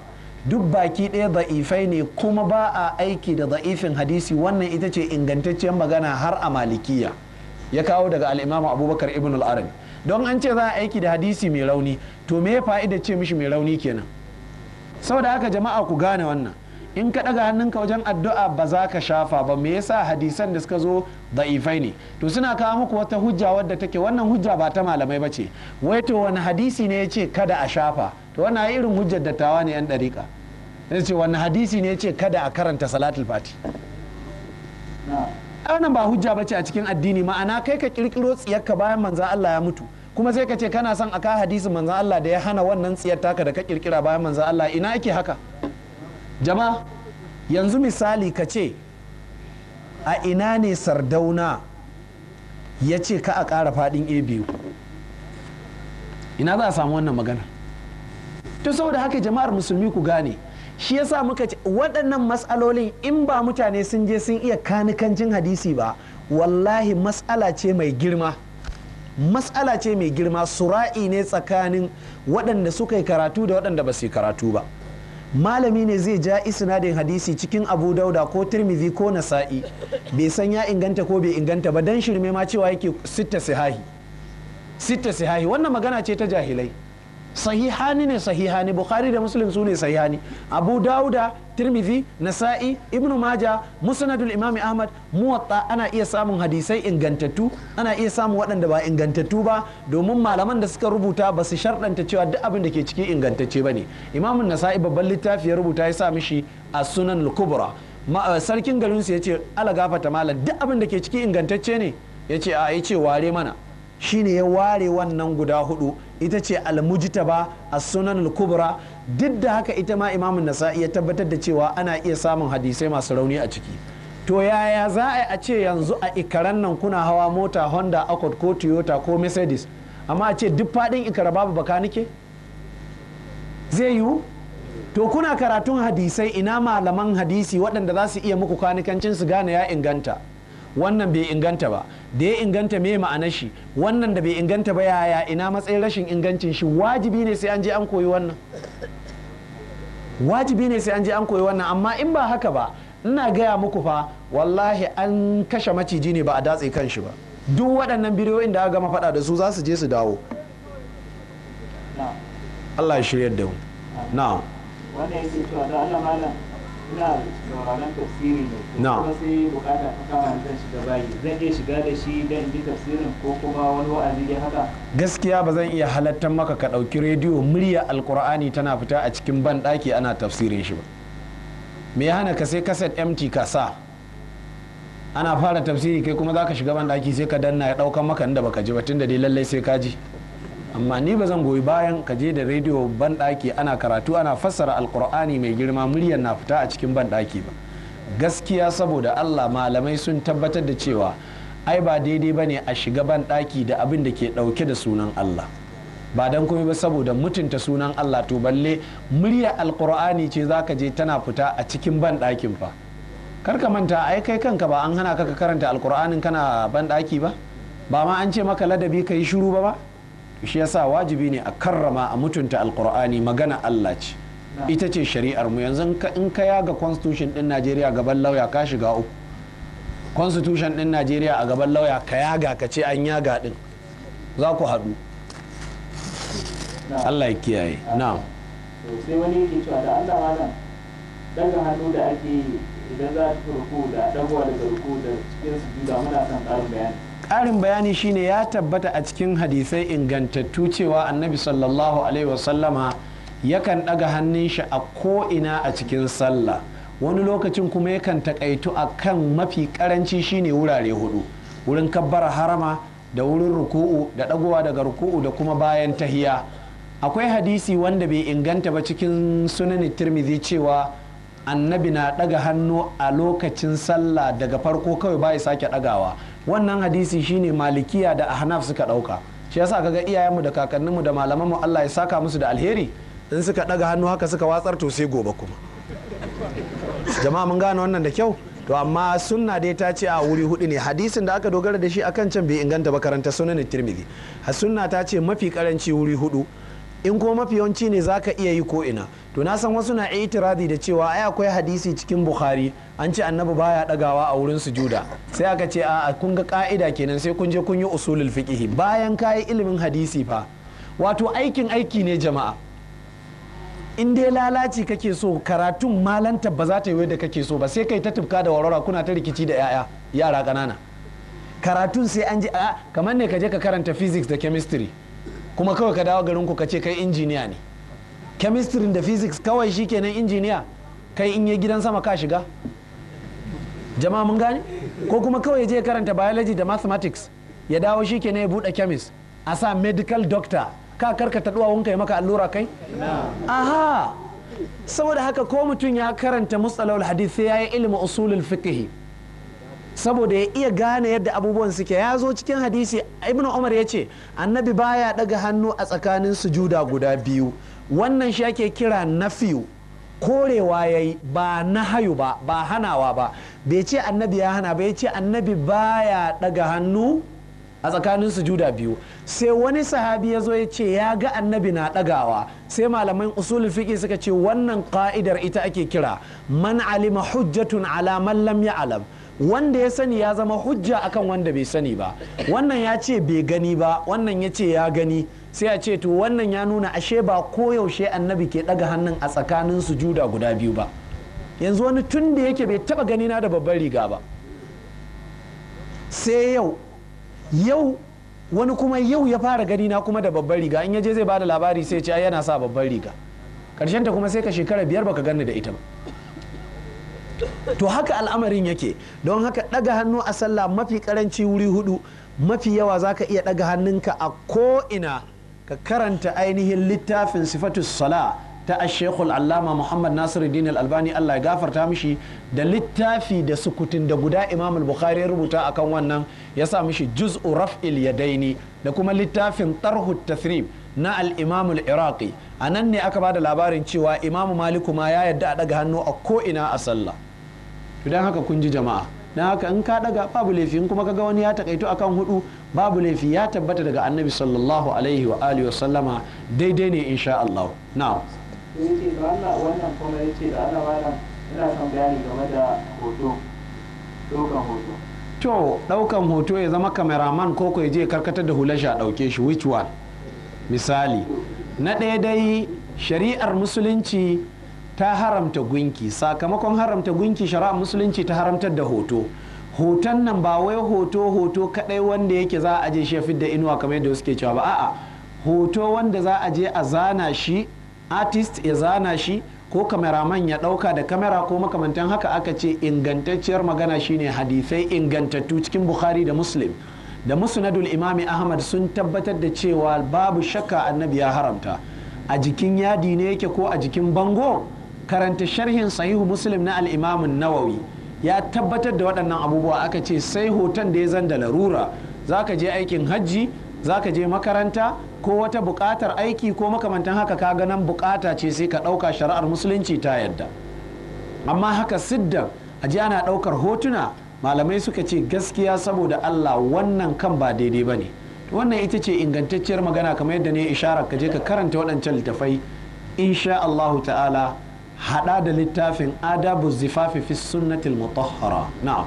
duk baki ɗaya da'ifai ne kuma ba a aiki da da'ifin hadisi wannan ita ce ingantacciyar magana har a malikiya ya kawo daga al'imamu abubakar ibn al-arabi don an ce za a aiki da hadisi mai rauni to me ya fa'ida ce mishi mai rauni kenan Sau da haka jama'a ku gane wannan in ka ɗaga hannunka wajen addu'a ba za ka shafa ba me yasa hadisan da suka zo da'ifai ne to suna kawo muku wata hujja wadda take wannan hujja ba ta malamai ba ce wai to wani hadisi ne ya ce kada a shafa to wannan irin hujjar dattawa ne yan dariƙa ya ce wani hadisi ne ya ce kada a karanta salatul fati wannan ba hujja ba ce a cikin addini ma'ana kai ka kirkiro tsiyarka bayan manzan Allah ya mutu kuma sai ka ce kana son a ka hadisin manzan Allah da ya hana wannan tsiyar taka da ka kirkira bayan manzan Allah ina ake haka jama'a yanzu misali ka ce a ina ne sardauna ya ce ka a ƙara faɗin a biyu ina za a samu wannan magana to saboda haka jama'ar musulmi ku gane shi yasa muka ce waɗannan matsalolin in ba mutane sun je sun iya kanikancin hadisi ba wallahi matsala ce mai girma matsala ce mai girma sura'i ne tsakanin waɗanda suka yi karatu da waɗanda ba su yi karatu ba malami ne zai ja isnadin hadisi cikin abu dauda ko turmizi ko nasa'i bai san ya inganta ko bai inganta ba don shirme ma cewa yake sitta sihahi sitta sihahi wannan magana ce ta jahilai sahihani ne sahihani bukhari da muslim su ne sahihani abu dauda tirmidhi nasa'i ibnu maja musnadul imami ahmad muwatta ana iya samun hadisai ingantattu ana iya samun waɗanda ba ingantattu ba domin malaman da suka rubuta ba su sharɗanta cewa duk abin da ke ciki ingantacce ba ne imamin nasa'i babban littafi ya rubuta ya sa mishi a sunan kubra eh, sarkin garinsu ya ce ala gafata malam duk abin da ke ciki ingantacce ne yace ce a ya ce ware mana shine ya ware wannan guda hudu ita ce almujtaba a sunan al duk da haka ita ma imamun nasa'i ya tabbatar da cewa ana iya samun hadisai masu rauni a ciki to yaya za a a ce yanzu a ikaran nan kuna hawa mota honda accord ko toyota ko mercedes amma a ce duk faɗin ikara babu baka nike zai yiwu to kuna karatun hadisai ina malaman hadisi waɗanda za su iya muku kwanikancin su gane ya inganta wannan bai inganta ba da ya inganta me ma'anar shi wannan da bai inganta ba yaya ina matsayin rashin ingancin shi wajibi ne sai an je an koyi wannan wajibi ne sai an je an koyi wannan amma in ba haka ba ina gaya muku fa wallahi an kashe maciji ne ba a datse kan shi ba duk waɗannan bidiyoyin da aka gama faɗa da su za su je su dawo Allah ya shirya da mu na'am wannan yake cewa da Allah malam ina sauraron tafsiri ne kuma sai bukata ta kama zan shiga bayi zan iya shiga da shi dan ji tafsirin ko kuma wani wa'azi ya haka gaskiya ba zan iya halattar maka ka ɗauki rediyo murya alkur'ani tana fita a cikin ban ɗaki ana tafsirin shi ba me ya hana ka sai kaset mt ka sa ana fara tafsiri kai kuma za ka shiga ban ɗaki sai ka danna ya ɗaukan maka inda baka ji ba tunda dai lallai sai ka ji amma ni ba zan goyi bayan ka je da rediyo banɗaki ana karatu ana fassara alkur'ani mai girma muryar na fita a cikin banɗaki ba gaskiya saboda allah malamai sun tabbatar da cewa ai ba daidai ba ne a shiga banɗaki da abin da ke ɗauke da sunan allah ba dan kome ba saboda mutunta sunan allah to balle muryar alkur'ani ce za ka je tana fita a cikin banɗakin fa kar ka manta ai kai kanka ba an hana ka karanta alkur'anin kana banɗaki ba ba ma an ce maka ladabi ka yi shiru ba ba shi yasa wajibi ne a karrama a mutunta alkur'ani magana Allah ce ita ce shari'ar mu yanzu in ka yaga constitution din Najeriya gaban lauya ka shiga uku constitution din Najeriya a gaban lauya ka yaga ka ce an yaga din za ku haɗu Allah ya kiyaye na. sai wani yake cewa da Allah malam daga hannu da ake idan za ku ruku da dagowa daga ruku da cikin da muna son ƙarin bayani ƙarin bayani shine ya tabbata a cikin hadisai ingantattu cewa annabi sallallahu alaihi wasallama yakan ɗaga hannun shi a ko'ina a cikin sallah wani lokacin kuma yakan takaitu a kan mafi ƙaranci shine wurare hudu wurin kabbara harama da wurin ruku'u da ɗagowa daga ruku'u da kuma bayan tahiya akwai hadisi wanda bai inganta ba cikin sunan tirmidhi cewa annabi na ɗaga hannu a lokacin sallah daga farko kawai bai sake ɗagawa wannan hadisi shine malikiya da ahnaf suka dauka shi yasa kaga iyayenmu da kakanninmu da malamanmu Allah ya saka musu da alheri in suka daga hannu haka suka watsar to sai gobe kuma jama'a mun gane wannan da kyau to amma sunna dai ta ce a wuri hudu ne hadisin da aka dogara da shi akan can bai inganta ba karanta sunan tirmidhi sunna ta ce mafi karanci wuri hudu in ko mafi yawanci ne zaka iya yi ko ina to na san wasu na itiradi da cewa ai akwai hadisi cikin bukhari an ce annabi baya dagawa a wurin sujuda sai aka ce a kun ga ka'ida kenan sai kun je kun yi usulul fiqh bayan yi ilimin hadisi fa wato aikin aiki ne jama'a in dai lalaci kake so karatun malanta ba za ta yi da kake so ba sai kai ta tufka da warwara kuna ta rikici da yaya yara kanana karatun sai an ji a kamar ne ka je ka karanta physics da chemistry kuma kawai ka dawo garin ku ka ce kai injiniya ne chemistry da physics kawai shikenan injiniya kai in yi gidan sama ka shiga jama'a mun gani ko kuma kawai ya je karanta biology da mathematics ya dawo shi ke ne ya buɗe chemist a sa medical doctor ka karkata wanka ya maka allura kai aha saboda haka ko mutum ya karanta mustalahul hadith sai ya yi ilimin usulul fiqh saboda ya iya gane yadda abubuwan suke ya zo cikin hadisi ibnu umar ya ce annabi baya daga hannu a tsakanin sujuda guda biyu wannan shi ake kira nafiyu korewa ya yi ba na hayu ba ba hanawa ba bai ce annabi ya hana ba ya ce annabi baya daga hannu a tsakanin sujuda biyu sai wani sahabi ya zo ya ce ya ga annabi na dagawa. sai malaman usulun fiƙi suka ce wannan ka'idar ita ake kira man alima hujjatun ala man lam alam. wanda ya sani ya zama hujja akan wanda bai sani ba wannan ya ce bai gani ba wannan ya ce ya gani sai a ce to wannan ya nuna ashe ba koyaushe annabi ke ɗaga hannun a tsakanin sujuda guda biyu ba yanzu wani tun da yake bai taɓa ganina da babbar riga ba sai yau yau wani kuma yau ya fara ganina kuma da babbar riga in yaje zai bada labari sai ce yana sa babbar riga karshen ta kuma sai ka shekara biyar baka ganni da ita ba to haka al'amarin yake don haka ɗaga hannu a sallah mafi karanci wuri hudu mafi yawa zaka iya ɗaga hannunka a ko ina ka karanta ainihin littafin sifatus sala ta ashekul allama muhammad nasiruddin albani allah ya gafarta mishi da littafi da sukutun da guda imam bukhari ya rubuta akan wannan ya sa mishi juz'u raf'il yadaini da kuma littafin tarhu tathrib na al-imam al-iraqi a nan ne aka bada labarin cewa imamu maliku ma ya yadda a daga hannu a ko'ina a sallah idan haka kun ji jama'a na haka in ka daga babu laifi in kuma kaga wani ya takaito akan hudu babu laifi ya tabbata daga annabi sallallahu alaihi wa alihi wasallama daidai ne insha Allah na'am yace da Allah wannan kuma yace da Allah wannan ina son bayani game da hoto dokan hoto to daukan hoto ya zama cameraman ko ko je karkatar da hulasha dauke shi which one misali na ɗaya dai shari'ar musulunci ta haramta gunki sakamakon haramta gunki shari'a musulunci ta haramtar da hoto hoton nan ba wai hoto hoto kadai wanda yake za a je shafid da inuwa kamar yadda suke cewa ba a'a hoto wanda za a je a zana shi artist ya zana shi ko kameraman ya dauka da kamera ko makamantan haka aka ce ingantacciyar magana shine hadisai ingantattu cikin bukhari da muslim da musnadul imami ahmad sun tabbatar da cewa babu shakka annabi ya haramta a jikin yadi ne yake ko a jikin bango karanta sharhin sahihu muslim na al'imamin nawawi ya tabbatar da waɗannan abubuwa aka ce sai hoton da ya zan da larura za ka je aikin hajji za ka je makaranta ko wata buƙatar aiki ko makamantan haka ka ganan buƙata ce sai ka ɗauka shari'ar musulunci ta yadda amma haka siddan a ji ana ɗaukar hotuna malamai suka ce gaskiya saboda allah wannan kan ba daidai ba ne wannan ita ce ingantacciyar magana kamar yadda ne ishara ka je ka karanta waɗancan littafai insha allahu ta'ala hada da littafin adabu zifafi fi sunnatil mutahhara na'am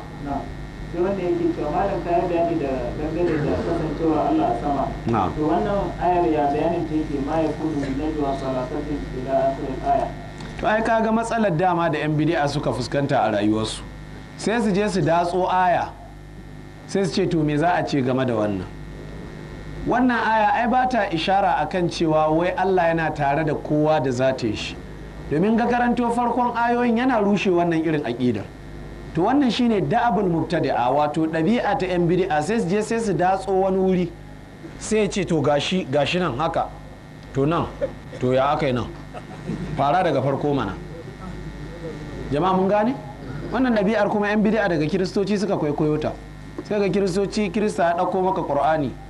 sai wanda yake cewa malam ta bayani da dangane da kasancewa Allah sama Na. to wannan ayar ya bayanin ta yake ma ya kudu lillahi wa salatatin ila akhir aya to ai kaga matsalar dama da yan bid'a suka fuskanta a rayuwarsu sai su je su datso aya sai su ce to me za a ce game da wannan wannan aya ai ba ta ishara akan cewa wai Allah yana tare da kowa da zatin shi domin ga karanto farkon ayoyin yana rushe wannan irin aƙidar to wannan shine da'abul mubtadi'a wato ɗabi'a ta yan bid'a sai su je sai su datso wani wuri sai ce to gashi gashi nan haka to nan to ya aka yi nan fara daga farko mana jama'a mun gane wannan ɗabi'ar kuma yan bid'a daga kiristoci suka kwaikwayo ta sai ga kiristoci kirista ya ɗauko maka ƙur'ani